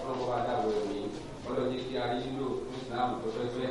ọlọ́kọ̀ bá dáwọ̀ ẹ̀mí ọlọ́jẹ́ kí a rí nílò fún ìsìláàmù tó fẹ́ fẹ́.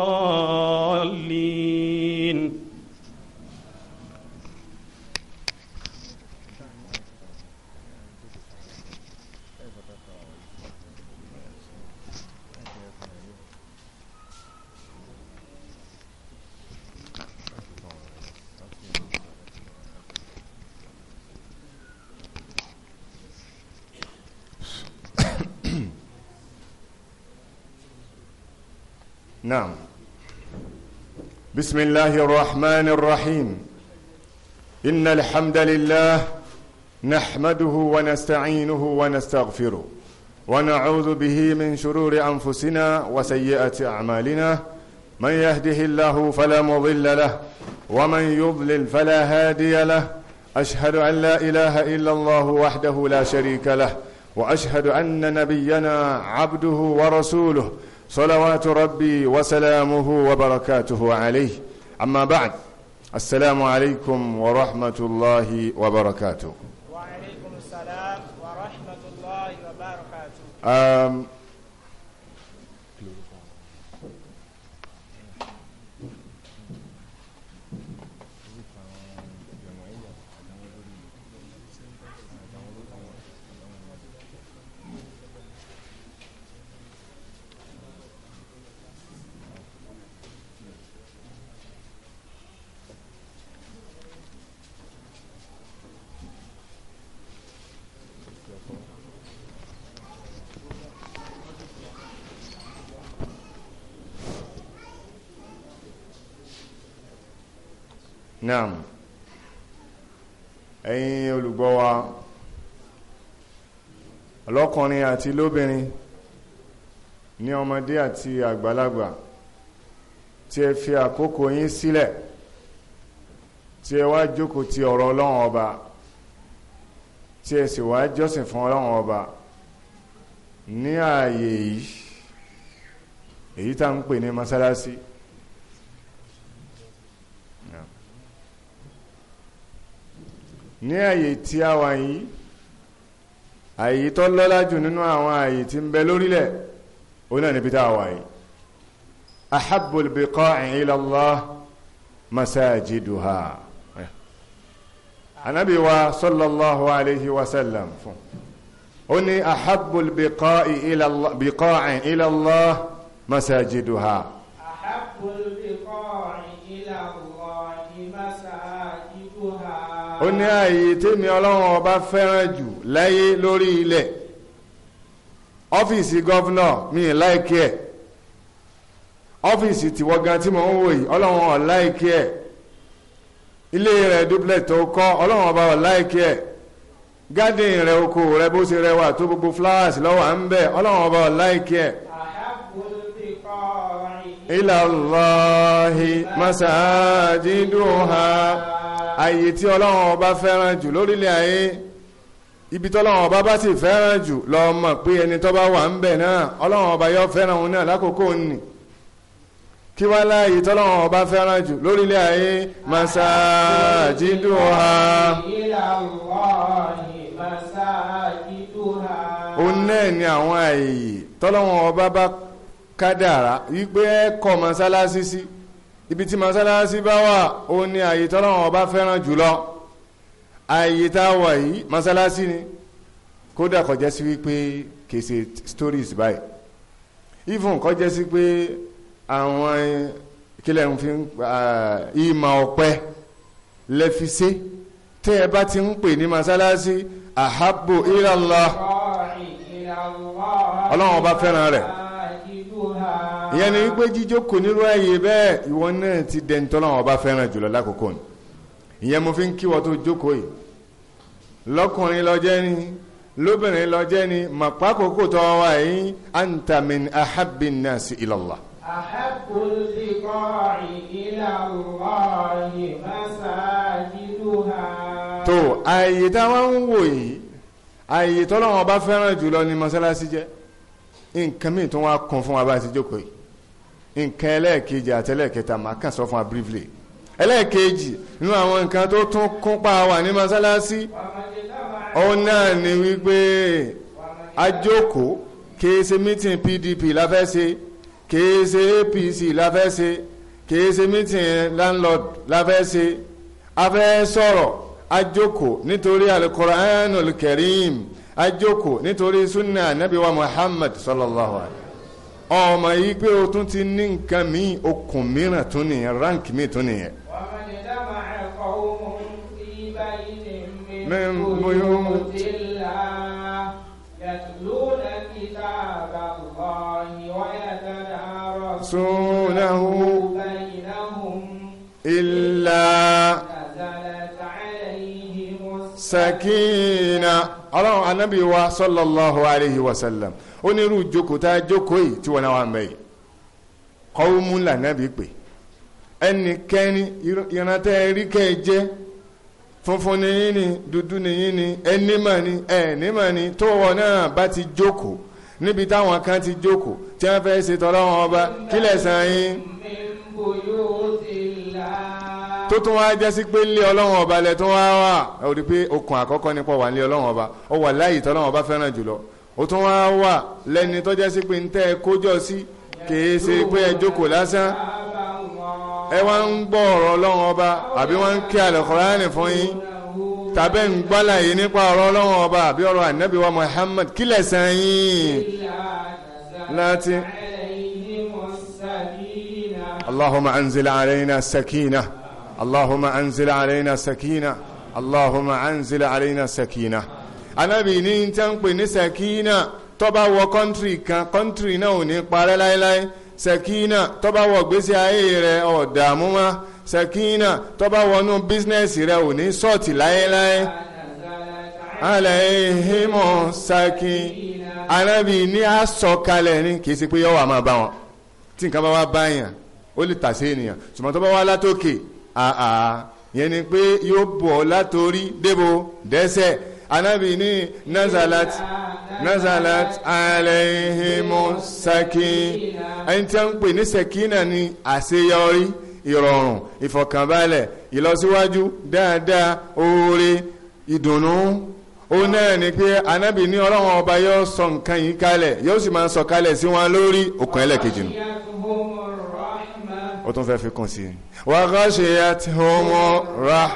نعم بسم الله الرحمن الرحيم إن الحمد لله نحمده ونستعينه ونستغفره ونعوذ به من شرور أنفسنا وسيئة أعمالنا من يهده الله فلا مضل له ومن يضلل فلا هادي له أشهد أن لا إله إلا الله وحده لا شريك له وأشهد أن نبينا عبده ورسوله صلوات ربي وسلامه وبركاته عليه أما بعد السلام عليكم ورحمة الله وبركاته وعليكم السلام ورحمة الله وبركاته naam ẹ̀yin olùgbọ́ wa ọlọ́kùnrin àti lóbìnrin ní ọmọdé àti àgbàlagbà tí ẹ fi àkókò yín sílẹ̀ tí ẹ wá jókòó ti ọ̀rọ̀ ọlọ́run ọba tí ẹ sì wá jọ́sìn fún ọlọ́run ọba ní ààyè yìí èyí tá ń pè ní mọ́sálásí. Si ní àyè tí a wà yìí àyè tó lọ́lá jù nínú àwọn àyè tí ń bẹ lórílẹ̀ òun náà níbi tá a wà yìí ahabbul biqa'i ila Allah masajiduha anabi wa sallallahu alayhi wa sallam fún ó ní ahabbul biqa'i ila Allah ó ní ààyè tèmi ọlọ́run ọba fẹ́ràn jù láyé lórí ilẹ̀ ọ́fíìsì gọ́vnà mi láìkí ẹ̀ ọ́fíìsì tìwọ́ gan tí mò ń wò yìí ọlọ́run ọ̀ láìkí ẹ̀ ilé rẹ̀ duplex tó kọ́ ọlọ́run ọba ọ̀ láìkí ẹ̀ gádìn rẹ̀ oko rẹ̀ bó ṣe rẹwà tó gbogbo flowers lọ́wọ́ à ń bẹ̀ ọlọ́run ọba ọ̀ ẹ̀ ilallahi masajiduha àyè tí ọlọ́run ọba fẹ́ràn jù lórílẹ̀ ayé ibi tọ́lọ́run ọba bá sì fẹ́ràn jù lọ mọ̀ pé ẹni tó bá wà ń bẹ̀ náà ọlọ́run ọba yọ fẹ́ràn òun náà lákòókò nì kí wá láàyè tọ́lọ́run ọba fẹ́ràn jù lórílẹ̀ ayé masajiduha ilallahi masajiduha òun náà ni àwọn àyè tọ́lọ́run ọba bá kádàrá wípé ẹ kọ́ mọ́sálásí sí ibi tí mọ́sálásí bá wà ó ní àyè tọ́lọ́wọ́n ọba fẹ́ràn jùlọ àyè tá a wà yìí mọ́sálásí ni kódà kọjá sí wípé kèsè stories báyìí even kọjá sí pé àwọn kílẹ̀ ń fi eh, ìmọ̀ ọ̀pẹ lẹ́fiṣẹ́ tẹ́ ẹ bá ti ń pè ní mọ́sálásí ahabbu ilallah ọlọ́run ọba fẹ́ràn rẹ̀ ìyẹn ni wípé jíjókòó nírú ààyè bẹ́ẹ̀ ìwọ náà ti dẹni tọ́lọ́wọ́n ọba fẹ́ràn jùlọ lákòókò ni ìyẹn mo fi ń kíwọ́ tó jókòó yìí lọ́kùnrin lọ́jẹ́ ni lóbìnrin lọ́jẹ́ ni màpá kòkó tó wà yìí antamin ahabin nasi ilallah. ahabul liqa'i ilallahi masajiduha. tó ààyè táwọn ń wò yìí ààyè tọ́lọ́wọ́n ọba fẹ́ràn jùlọ ni mọ́sálásí jẹ́ nǹkan mìíràn tó wá kún fún wa bá ti jókòó yìí nǹkan ẹlẹ́ẹ̀kejì àti ẹlẹ́ẹ̀kẹta máa kàn sọ fún wa briefly ẹlẹ́ẹ̀kejì nínú àwọn nǹkan tó tún kópa wà ní mọ́sálásí òun náà ni wípé Ajoko kìí ṣe meeting PDP la fẹ́ ṣe kìí APC la fẹ́ ṣe kìí ṣe meeting landlord la fẹ́ ṣe a fẹ́ sọ̀rọ̀ àjókòó nítorí al-Qur'anul Karim àjókòó nítorí sunna nabi wa Muhammad sallallahu alayhi ọmọ yìí pé o tún ti ní nǹkan míì okùn mìíràn tún nìyẹn rank míì tún nìyẹn. من بيوت الله يتلون كتاب الله ويتدارسونه بينهم إلا نزلت عليهم السكينة الله النبي صلى الله عليه وسلم onírú joko tá a jókòó yìí tí wọn náà wà mẹ́yìí kọ́wọ́mú lànàbí pè ẹnikẹ́ni ìrántẹ́ rí kẹ́ ẹ jẹ́ funfun ni yín ni dúdú ni yín ni ẹni mà ni ẹni mà ni tó wọ náà bá ti jókòó níbi táwọn kan ti jókòó tí wọ́n fẹ́ ṣe tọ́lọ́wọ́n ọba kílẹ̀ sàn yín tó tún wá jẹ́ sí pé lé ọlọ́run ọba lẹ̀ tó wá wà rí pé okùn àkọ́kọ́ nípa wà lé ọlọ́run ọba ó wà láyìí tọ́lọ́run ọba fẹ́ràn jùlọ ó tún wá wà lẹ́ni tó jẹ́ sí pé ń tẹ́ ẹ kójọ sí kìí ṣe pé ẹ jókòó lásán ẹ wá ń gbọ́ ọ̀rọ̀ ọlọ́run ọba àbí wọ́n ń kí àlùkùránì fún yín tàbẹ́ ń gbálà yìí nípa ọ̀rọ̀ ọlọ́run ọba àbí ọ̀rọ̀ ànábì wa Muhammad kílẹ̀ sàn yín láti. اللهم أنزل علينا السكينة اللهم أنزل علينا السكينة اللهم أنزل علينا السكينة anábì ní tẹ́ ń pè ní sẹ̀kínà tọ́ba wọ kọ́ńtírì kan kọ́ńtírì náà ò ní parẹ́ láéláé sẹ̀kínà tọ́ba wọ gbèsè ayé rẹ̀ ọ̀dààmú mọ́ sẹ̀kínà tọ́ba wọnú bísínẹ́sì rẹ̀ ò ní sọ́ọ̀tì láéláé aláìhímọ̀ sẹ́kí anábì ní àsọ̀kalẹ̀ ní kì í ṣe pé yọ wà máa bá wọn tí nǹkan bá wá báyàn ó lè tàsé ènìyàn ṣùgbọ́n tọ́ba wá látòkè àà yẹn ni pé yóò bọ̀ látòrí débò dẹ́sẹ̀ anabi ní nazalat nazalat alayhimu sakin ẹni tí wọ́n ń pè ní sakina ní àṣeyọrí ìrọ̀rùn ìfọ̀kànbalẹ̀ ìlọsíwájú dáadáa oore ìdùnnú ó náà ni pé anabi ní ọlọ́run ọba yóò sọ nǹkan yìí kalẹ̀ yóò sì máa sọ kalẹ̀ sí wọn lórí òkun ẹlẹ́kejì nù ó tún fẹ́ fi kún sí i wa ghashiyat humu rah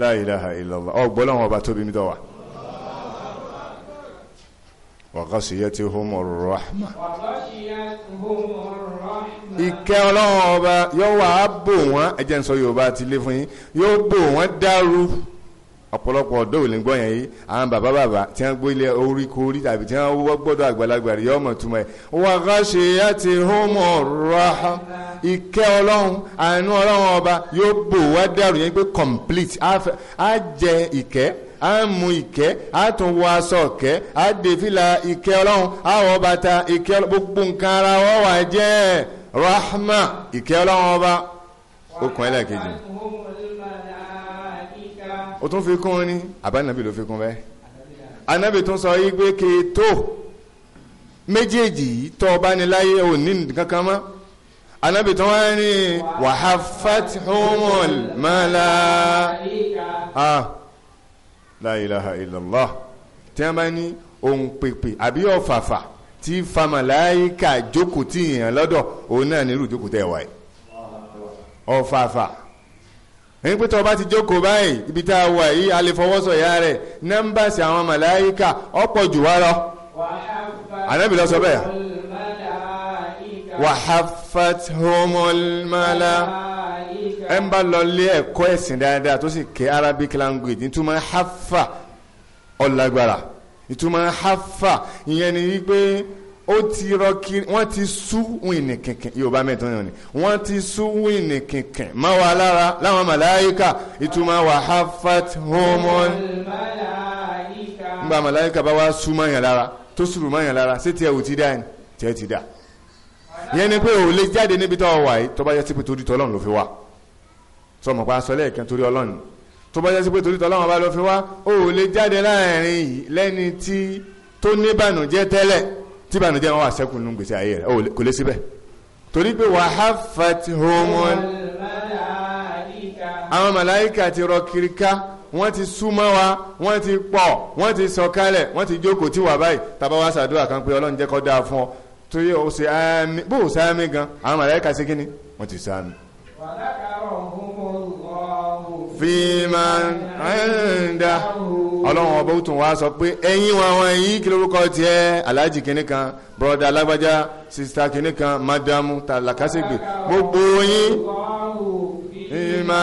la ilaha illallah ọgbọ́n lọ́wọ́ ọba tóbi mi dọ̀wà. وغشيتهم الرحمة ìkẹ́ ọlọ́run ọba yóò wá bò wọ́n ẹ jẹ́ n sọ yorùbá ti lé fún yín yóò bò wọ́n dàrú ọ̀pọ̀lọpọ̀ ọ̀dọ́ òní gbọ́ yẹn yìí àwọn bàbá bàbá tí wọ́n gbé ilé orí korí tàbí tí wọ́n gbọ́dọ̀ àgbàlagbà rẹ̀ yọ̀ọ́mọ̀ túmọ̀ ẹ̀. waghashiyatihumu rahma ìkẹ́ ọlọ́run àánú ọlọ́run ọba yóò bò wọ́n dàrú yẹn pé complete á jẹ ìkẹ́ á mú ìkẹ́ á tún wọ aṣọ ìkẹ́ á dé fìlà ìkẹ́ ọlọ́run á wọ bàtà ìkẹ́ ọlọ́run gbogbo nǹkan ara wọ́n wà jẹ́ rahma ìkẹ́ ọlọ́run ọba okùn ẹlẹ́ẹ̀kejì o tún fi kún un ní àbánabi ló fi kún bẹ́ẹ̀ anabi tún sọ yí pé kéètò méjèèjì yìí tọ́ ní láyé ò ní kankan mọ́ anabi tó wá ní wàhálà fatihumul mọ́lá la ilaha illallah tí wọ́n bá ní ohun pèpè àbí ọ̀fàfà tí famalaika jókòó tí èèyàn lọ́dọ̀ òun náà nílùú jókòó tẹ̀ wáyé ọ̀fàfà èyí pé tọ́ bá ti jókòó báyìí ibi tá a wà yìí a lè fọwọ́sọ̀yà rẹ̀ nọ́mbàsì àwọn màláíkà ọ̀pọ̀ jù wá lọ. ànábì lọ sọ bẹ́ẹ̀. wàhálà fathomol ẹ ń bá lọ lé ẹ̀kọ́ ẹ̀sìn dáadáa tó sì ké arabic language ìtumọ̀ hafa ọ̀làgbàrà ìtumọ̀ hafa ìyẹn ni wípé ó ti rọ kiri wọ́n ti sú wìnì kìnkìn yorùbá mẹ́tọ́ yẹn ni wọ́n ti sú wìnì kìnkìn má wà lára láwọn màláyíkà ìtumọ̀ wà hafat homon ngba màláyíkà bá wá sú mọ́yàn lára tó sùrù mọ́yàn lára ṣé tiẹ̀ ò ti dá ni tiẹ̀ ti dá yẹn ni pé ò lè jáde níbi tó wà yìí tó bá yẹ síbi tó di tọ́lọ́run ló fi wà sọmọ pa aṣọ lẹ́ẹ̀kan torí ọlọ́run tó bá jẹ́ sí pé torí tọ́lọ́run bá lọ fi wá ó lè jáde láàrin yìí lẹ́ni tí tó ní bànújẹ́ tẹ́lẹ̀ tí bànújẹ́ wọn wà sẹ́kùn nínú gbèsè ayé rẹ̀ kò lè síbẹ̀ torí pé wàhálàfàtì homun àwọn màláìkà ti rọ kiri wọ́n ti súnmọ́ wa wọ́n ti pọ̀ wọ́n ti sọ̀kalẹ̀ wọ́n ti jókòó tí wà báyìí tàbá wa ṣàdúrà kan pé ọlọ́run jẹ́ kó dáa fún ọ tó o ṣe àmì bó o ṣe gan àwọn màláìkà ṣe kí wọ́n ti ṣe àmì. wàhálà kàrọ̀ fíìmà ẹ̀ǹda ọlọ́run ọba ó tún wá sọ pé ẹ̀yin wọn àwọn ẹ̀yin kí lórúkọ tiẹ̀ aláàjì kìnní kan bọ́dà alágbájá sista kìnní kan madamu tàlàkàṣègbè gbogbo yín fíìmà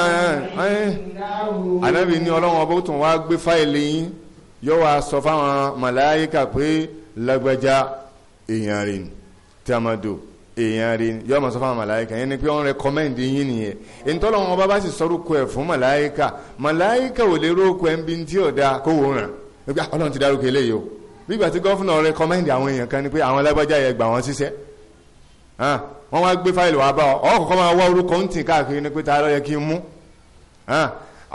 ẹ̀ǹda anábì ní ọlọ́run ọba ó tún wá gbé fáìlì yín yóò wá sọ fáwọn màláyíkà pé lágbájá èèyàn rìn tí a máa dò èèyàn rí yóò máa sọ fún àwọn màláìka yẹn ni pé wọ́n rẹkọmẹ́ndì yín nìyẹn ìtọ́lọ̀ wọn bá bá sì sọ́rùkọ ẹ̀ fún màláìka màláìka ò lè rókò ẹ̀ ń bí tí ò dáa kó wò ràn nígbà ah, ọlọ́run ti dárúkọ eléyìí o bígbà tí gọ́fúnà rẹkọmẹ́ndì àwọn èèyàn kan ni pé àwọn alágbájá yẹn gbà wọ́n síṣẹ́ wọ́n wá gbé fáìlì wá bá ọ ọkọ̀ọ̀kọ́ máa wá orúkọ ń tì káàkiri ni pé ta ló yẹ kí n mú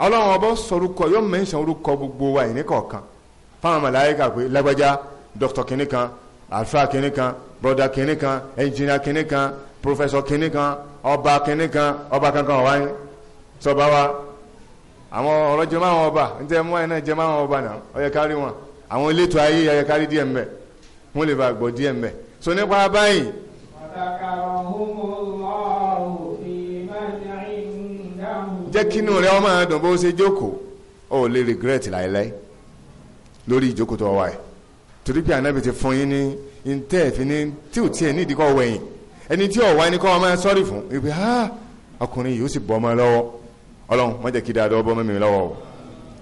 ọlọ́run broda kìnní kan ẹnjìnìà kìnní kan pòfẹsọ kìnní kan ọba kìnní kan ọba kankan ọ̀wá yín sọba wa àwọn ọ̀rọ̀ jẹ́ máa wọn ọba níta mú ẹ̀ náà jẹ́ máa wọn ọba náà ó yẹ kárí wọn àwọn elétò ayé ó yẹ kárí díẹ̀ mbẹ́ wọ́n lè bá gbọ́ díẹ̀ mbẹ́ so nípa báyìí. jẹ́ kínú rẹ ọmọ àdùn bó ṣe jókòó ó lè regret láéláé lórí ìjókòó tó wà yìí torí pé ànábì ti fún yín ní ntẹ́ ẹ̀fín ni tí ò tiẹ̀ ní ìdíkọ̀ wẹ̀yìn ẹni tí ọ̀wá ẹni kọ́ ọmọ ẹ sọ́rí fún ibi ha ọkùnrin yìí ó sì bọ́ ọmọ lọ́wọ́ ọlọ́run má jẹ́ kí dáadọ́ bọ́ mẹ́mi lọ́wọ́ o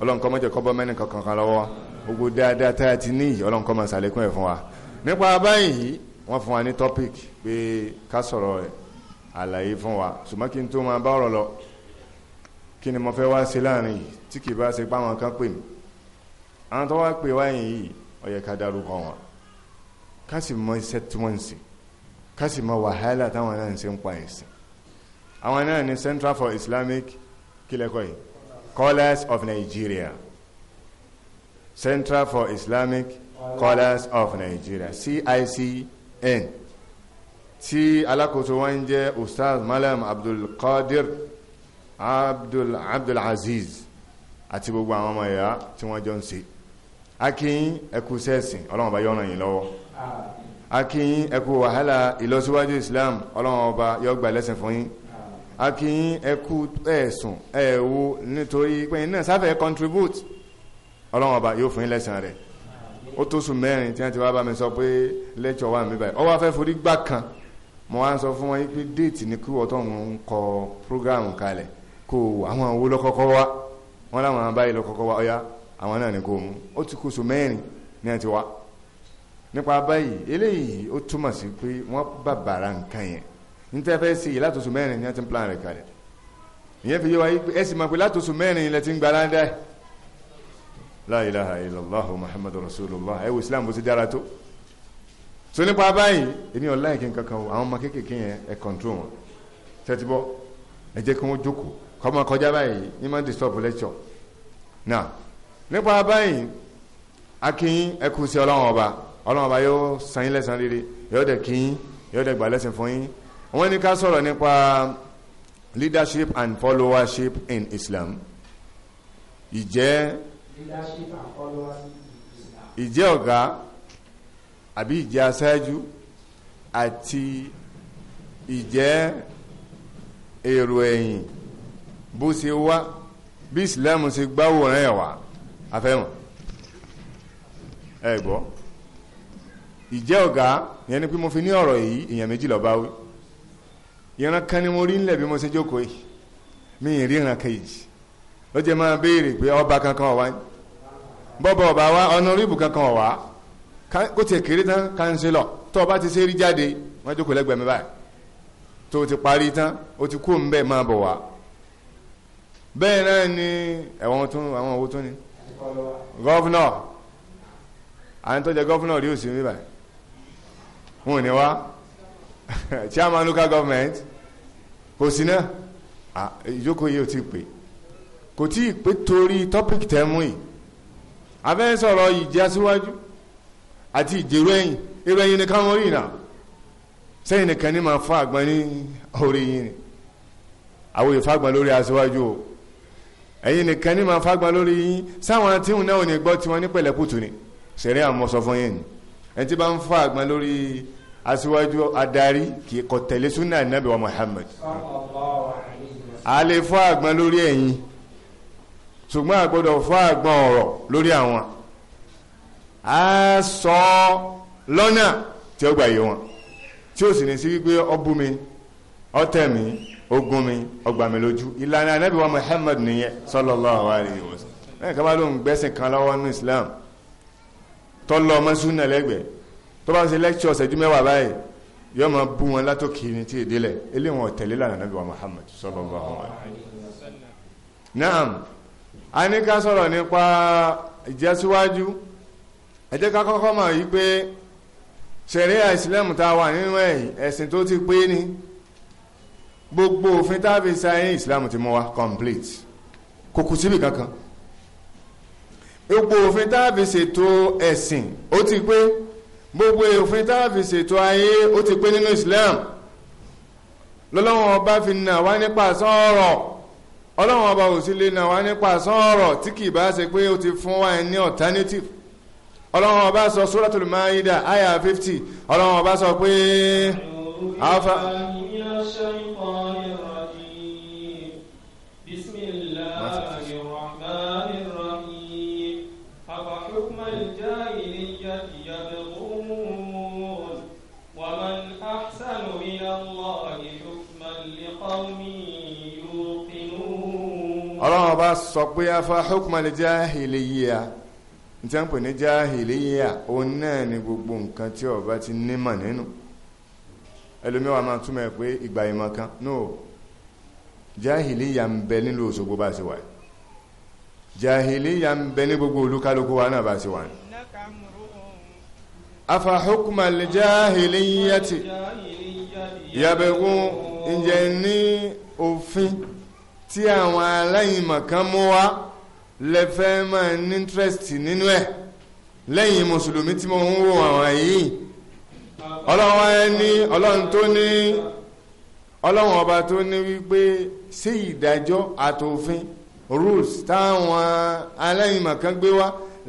ọlọ́run kọ́ má jẹ́ kọ́ bọ́ mẹ́ni kankan lọ́wọ́ gbogbo dáadáa tá a ti ní yìí ọlọ́run kọ́ máa ṣàlékún ẹ̀ fún wa nípa báyìí wọ́n fún wa ní topic pé ká sọ̀rọ̀ àlàyé fún wa ṣùgbọ́n kí n tó máa bá ọ̀rọ̀ lọ kí ni mo fẹ́ wá ṣe láàrin yìí tí kì í bá ṣe pé kan pè mí àwọn tó wá pè wáyìn yìí ó yẹ wọn kasi sì mọ iṣẹ́ tí wọ́n ń ṣe ká sì náà ń ṣe ń pa àwọn náà ni Central for Islamic kílẹ̀kọ́ yìí Scholars of Nigeria Central for Islamic Scholars of Nigeria CICN tí alákòóso wọn ń Ustaz Malam Abdulkadir Abdul Abdulaziz àti gbogbo àwọn ọmọ ẹ̀yà tí wọ́n jọ ń ṣe akínyìn ẹkú sẹ́ẹ̀sìn ọlọ́run bá yìí lọ́wọ́ akíyín ẹkù wàhálà ìlọsíwájú islam ọlọ́run ọba yóò gbà lẹ́sìn fún yín akíyín ẹkù ẹ̀sùn ẹ̀wò nítorí pé iná sáfẹ́ contribute ọlọ́run ọba yóò fún yín lẹ́sìn rẹ̀ ó tó sùn mẹ́rin tí wọ́n ti wá bá mi sọ pé lẹ́tọ̀ wà mí báyìí ọwọ́ afẹ́ forí gbà kan mo wá ń sọ fún wọn pé déètì ni kí wọ́tọ̀ ń kọ prógráàmù kalẹ̀ kó àwọn owó lọ́kọ́kọ́ wá wọn láwọn abáyé lọ́kọ́kọ́ wá ọ̀yá àwọn náà ni kò mú ó ti kó sùn mẹ́rin ní ẹ̀ ti wá nípa báyìí eléyìí ó túmọ̀ sí pé wọ́n bàbàrà nǹkan yẹn níta fẹ́ sí i látòsù mẹ́rin ni wọ́n ti ń plan rẹ̀ kalẹ̀ ìyẹn fi yé wa ẹ sì mọ̀ pé látòsù mẹ́rin ilẹ̀ ti ń gbalá dá ẹ̀ la ilaha illallah muhammadu rasulullah ẹ wo islam bó ti dára tó so nípa báyìí èmi ò láì kí n kankan o àwọn ọmọ kéékèèké yẹn ẹ kọ̀ǹtró wọn tẹ́tí bọ́ ẹ jẹ́ kí wọ́n jókòó kọ́ máa kọjá báyìí ọlọ́run ọba yóò san yín lẹ́san rere yóò dẹ̀ kí yín yóò dẹ̀ gbà lẹ́sìn fún yín wọ́n ní ká sọ̀rọ̀ nípa leadership and followership in Islam ìjẹ́ ìjẹ́ ọ̀gá àbí ìjẹ́ aṣáájú àti ìjẹ́ èrò ẹ̀yìn bó ṣe wá bí Islam ṣe gbáwòrán ẹ̀wà afẹ́mọ̀ ẹ̀gbọ́n. ìjẹ́ ọ̀gá yẹn ni pé mo fi ní ọ̀rọ̀ yìí èèyàn méjì lọ́ọ́ bá ìran kan ni mo rí nílẹ̀ bí mo ṣe jókòó yìí mi ì kejì jẹ́ máa béèrè pé ọba kankan ọ̀wá bọ́bọ̀ ọba wa ọ̀nàrìbù kankan ọwa. kó tiẹ̀ kéré tán kánsílọ̀ tó ti ṣe rí jáde wọ́n jókòó lẹ́gbẹ̀ẹ́ o ti parí tán o ti kú máa bọ̀ wá bẹ́ẹ̀ náà ni ẹ̀wọ̀n àwọn owó ni gọ́fúnọ̀ gọ́fúnọ̀ rí òsì wọn ò ní wá chairman local government kò sí náà ìjókòó yìí ò tí ì kò tí ì pé torí topic tẹ́mú yìí abẹ́ sọ̀rọ̀ ìjásíwájú àti ìjèrú ẹ̀yìn irú ẹ̀yìn nìkan wọ́n rí ìnà sẹ́yìn nìkan ní máa fọ́ àgbọn ní orí yìí ni àwọn ìfagbọn lórí aṣíwájú o ẹ̀yìn nìkan ní máa fagbọn lórí yìí sáwọn tíhun náà ò ní gbọ́ tiwọn ní pẹ̀lẹ́kùtù ni ṣẹ̀rí àmọ́ sọ fún yẹn ni ẹni tí bá ń fọ́ àgbọn lórí aṣíwájú adarí kì í kọ tẹ̀lé súnà nàbí wa Muhammad a lè fọ́ àgbọn lórí ẹ̀yìn ṣùgbọ́n a gbọ́dọ̀ fọ́ àgbọn ọ̀rọ̀ lórí àwọn a sọ lọ́nà tí ó gbà yé wọn tí ó sì ní sí wípé ọbú mi ọtẹ mi ogun mi ọgbà mi lójú ìlànà nàbí wa Muhammad nìyẹn sallallahu alaihi wasallam lẹ́yìn kábàlóhùn gbẹ́sìn kan lọ́wọ́ nínú Islam tọ́lọ́ ọmọ súnà lẹ́gbẹ̀ẹ́ tó bá ń ṣe lẹ́kṣọ̀ ṣẹ́jú mẹ́wàá báyìí yóò máa bú wọn látòkè ní tí èdè lẹ̀ tẹ̀lé lànà nàbí wa Muhammad sallallahu alaihi wasallam naam a ní ká sọ̀rọ̀ nípa ìjẹ́síwájú ẹ jẹ́ ká kọ́kọ́ mọ̀ yí pé ṣẹ̀ríà ìsìlẹ́mù tá a wà nínú ẹ̀yìn ẹ̀sìn tó ti pé ni gbogbo òfin tábí sáyẹn ìsìlámù ti mọ́ wa complete kò kù síbi kankan gbogbo òfin tábí ṣètò ẹ̀sìn ó ti pé gbogbo òfin táàfì ṣètò ayé ó ti pé nínú Islam lọ́lọ́wọ́n ọba fi nà wá nípa sọ́ọ̀rọ̀ ọlọ́wọ́n ọba ò sì lè nà wá nípa sọ́ọ̀rọ̀ tí kì bá ṣe pé ó ti fún wa ní alternative ọlọ́wọ́n ọba sọ Suratul Maida aya 50 ọlọ́wọ́n ọba sọ pé. àwọn ọba ní ọṣẹ́ ìpọ̀ ayọ̀. ọlọ́run ọba sọ pé afa hukmal jahiliya ntí wọ́n pè ní jahiliya òun náà ni gbogbo nǹkan tí ọba ti nímọ̀ nínú ẹlòmíwàá máa túmọ̀ ẹ̀ pé ìgbà ìmọ̀ kan no jahiliya ń bẹ nílùú Òṣogbo bá ṣe wà jahiliya ń bẹ ní gbogbo olúkálukú wa náà bá ṣe wà ní afa hukmal jahiliyati yabegun ǹjẹ́ ní òfin tí àwọn aláìmọ̀kan mú wá lẹ́fẹ́ máa ní interest nínú ẹ̀ lẹ́yìn mùsùlùmí tí mo ń wò àwọn yìí ọlọ́run ẹni ọlọ́run tó ní ọlọ́run ọba tó ní wípé sí ìdájọ́ àtòfin rules táwọn aláìmọ̀kan gbé wá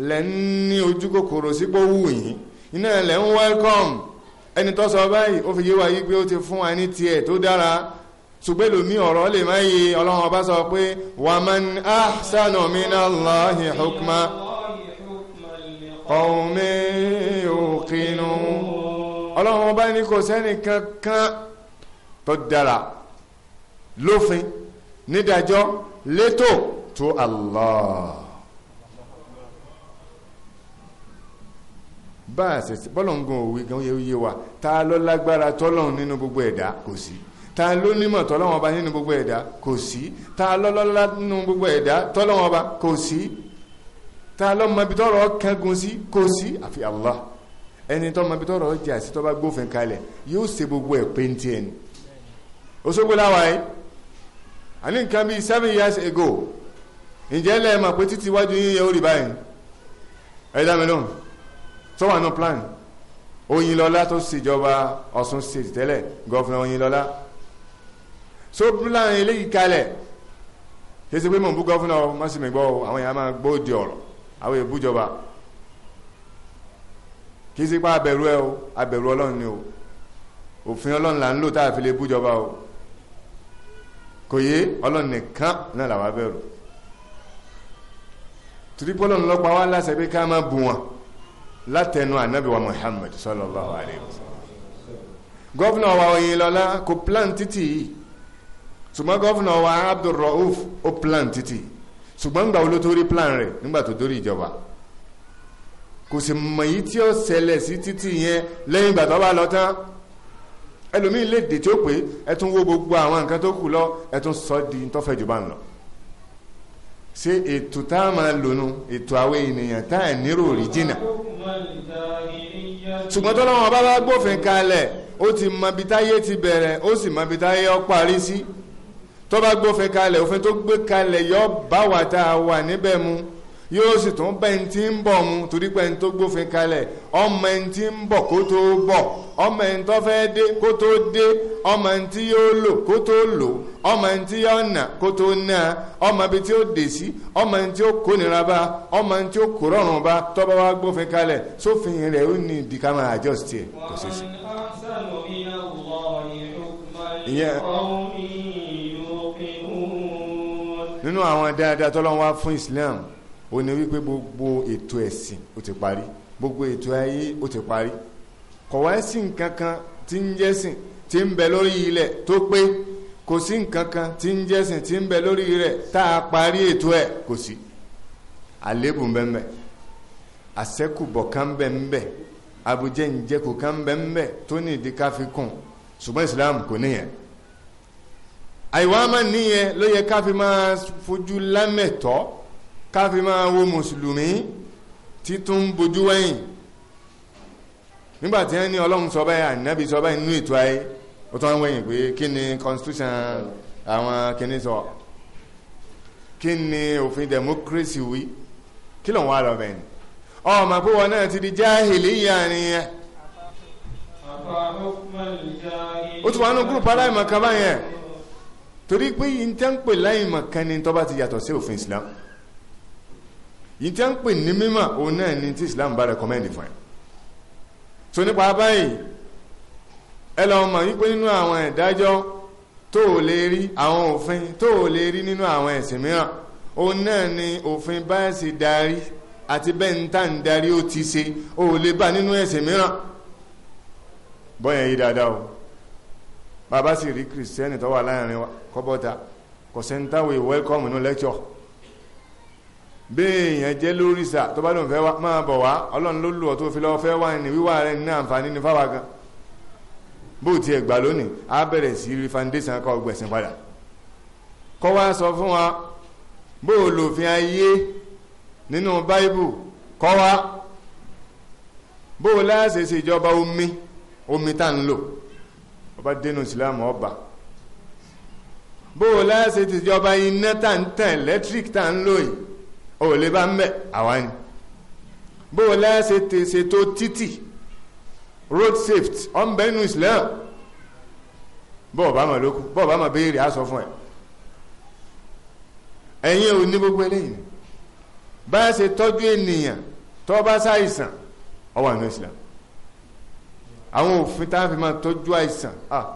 lẹ́ ní ojú kòkòrò sípò wù yín iná lẹ́ ń welcome ẹni tó sọ báyìí ó fi yé wa yí pé ó ti fún wa ní tiẹ̀ tó dára ṣùgbẹ́lò mí ọ̀rọ̀ lè máa yí ọlọ́run ọba sọ pé wà man ahsanu minallahi hukma qawmi yuqinu ọlọ́run ọba ní kò sẹ́ni kankan tó dára lófin nídàjọ́ létò tó Allah bá bọ́lọ̀ ń gun òwe gan yé wa ta ló lágbára tọ́lọ́run nínú gbogbo ẹ̀dá kò sí ta ló nímọ̀ tọ́lọ́wọ́n ọba nínú gbogbo ẹ̀dá kò sí ta lọ́lọ́lá nínú gbogbo ẹ̀dá tọ́lọ́wọ́n ọba kò sí ta lọ́mọbi tọ́rọ̀ kángun sí kò sí àfi Allah ẹni tọ́mọbi tọ́rọ̀ jà sí tọ́ba gbófin kalẹ̀ yóò ṣe gbogbo ẹ̀ péntì ẹni. Òṣogbo láwa yìí àní nǹkan bíi seven years ago ǹjẹ́ lẹ́ẹ̀ mọ̀ pé títí iwájú yín yẹ ó rí báyìí ẹ̀dá mi lóhùn tọ́wọ́ àná plan Oyinlọ́lá tó ṣèjọba Ọ̀ṣun state tẹ́lẹ̀ gọ́fìnà Oyinlọ́lá so búláwọn eléyìí kalẹ̀ kése pé mò ń bú gọ́fúnà ọ má sì mí gbọ́ àwọn èèyàn máa gbóòdì ọ̀rọ̀ àwọn èèyàn bújọba kì í sí pa abẹ̀rù ẹ o abẹ̀rù ọlọ́run ni o òfin ọlọ́run là ń lò tá a fi lè bújọba o kò yé ọlọ́run nìkan náà làwọn abẹ̀rù tiripolo ń lọ́pàá wá láṣẹ pé ká máa bù wọn látẹnu ànábì wa Muhammad sallallahu alayhi wa sallam gọ́fúnà wa Oyinlọ́lá kò plan títì yìí ṣùgbọ́n gọ́fúnà wa Abdulrauf ó plan títì ṣùgbọ́n gbà ló tó rí plan rẹ̀ nígbà tó dórí ìjọba kò sì mọ̀ yìí tí ó ṣẹlẹ̀ sí títì yẹn lẹ́yìn ìgbà tó bá lọ tán ẹlòmíín lè dè tí ó pé ẹ tún wo gbogbo àwọn nǹkan tó kù lọ ẹ tún sọ di tọ́fẹ́ jù bá ń lọ ṣé ètò tá a máa lònú ètò àwọn ènìyàn tá a nírò rí jìnnà ṣùgbọ́n tó lọ́wọ́ bá bá gbófin kalẹ̀ ó ti mọ ibi táyé ti bẹ̀rẹ̀ ó sì mọ ibi táyé ó parí sí. tó bá gbófin kalẹ̀ òfin tó gbé kalẹ̀ yọ bá wà tá a wà níbẹ̀ mu yóò sì tún bẹ́ẹ̀ ń tí ń bọ̀ mu torí pé ń tó gbófin kalẹ̀ ọmọ ẹni tí ń bọ̀ kó tó bọ̀ ọmọ ẹni tó fẹ́ dé kó tó dé ọmọ ẹni tí yóò lò kó tó lò ọmọ nà kó tó nà ọmọ tí ó nínú àwọn dáadáa tọ́lọ́run wá fún Islam ó ní wípé gbogbo ètò ẹ̀sìn ó ti parí gbogbo ètò ayé ó ti parí kò wá sí nǹkan kan tí ń jẹ́sìn tí ń bẹ lórí ilẹ̀ tó pé kò sí nǹkan kan tí ń jẹ́sìn tí ń bẹ lórí rẹ̀ tá a parí ètò ẹ̀ kò sí àlébù bẹ́ẹ̀ àṣẹ́kùbọ̀ kan bẹ́ẹ̀ abujẹ́ ìjẹ́kù kan bẹ́ẹ̀ tó ní ìdí ká fi kún ṣùgbọ́n Islam kò níyẹn àìwá má níyẹn ló yẹ ká fi máa fojú lámẹ̀tọ́ ká fi máa wo mùsùlùmí títún bojú wẹ̀yìn nígbàtí ẹni ọlọ́run sọ báyìí ànábì sọ báyìí nínú ètò ayé ó tán wẹ̀yìn pé kí ni constitution àwọn kìíní sọ kí ni òfin democracy wí kí lòun wà lọ bẹ́ẹ̀ ni ọmọ pé wọn náà ti di jahiliya nìyẹn ó ti wà nínú gúrùpù aláìmọ̀kan báyẹn torí pé yìí tẹ́ ń pè láì mọ̀kan ni tó bá ti yàtọ̀ sí òfin islam yìí tẹ́ ń pè ní mímọ̀ òun náà ni tí islam bá rẹ̀kọ́mẹ́ndì fún ẹ̀ so nípa báyìí ẹ lọ mọ̀ wípé nínú àwọn ìdájọ́ tó o lè rí àwọn òfin tó o lè rí nínú àwọn ẹ̀sìn mìíràn òun náà ni òfin bá sì darí àti bẹ́ẹ̀ ń tà ń darí ó ti ṣe o ò lè bá nínú ẹ̀sìn mìíràn bọ́yẹn yìí dáadáa o bàbá sì rí kìrìsìtẹ́nì tó wà láàrin kọ́bọ́ta kò sẹ́ńtàwé welcome inú lecture béèyàn jẹ́ lórí sà tó bá lóun fẹ́ wá máa bọ̀ wá ọlọ́run ló lù ọ́ tó fi lọ́ọ́ fẹ́ wá ní wíwá rẹ̀ ní àǹfààní ní fáwa gan bó tiẹ̀ gbà lónìí á bẹ̀rẹ̀ sí rí foundation kọ́ gbẹ̀sìn padà kọ́ wá sọ fún wa bó o lòfin ayé nínú báíbù kọ́ wá bó o láṣẹ ṣèjọba omi omi tá ń lò ọba dénú ìsìlámù ọba bó o láṣẹ ti jọba iná tá ń tàn electric tá ń lò yìí ò lè bá ń bẹ àwa ni bó o ti ṣètò títì road safety ọ̀nbẹ nínú ìsìlámù bó o bá mọ̀ lókù bó o bá mọ̀ béèrè á sọ fún ẹ ẹ̀yin ò ní gbogbo eléyìí bá ṣe tọ́jú ènìyàn tó ṣàìsàn ó wà ìsìlámù àwọn òfin tá a fi máa tọ́jú àìsàn ah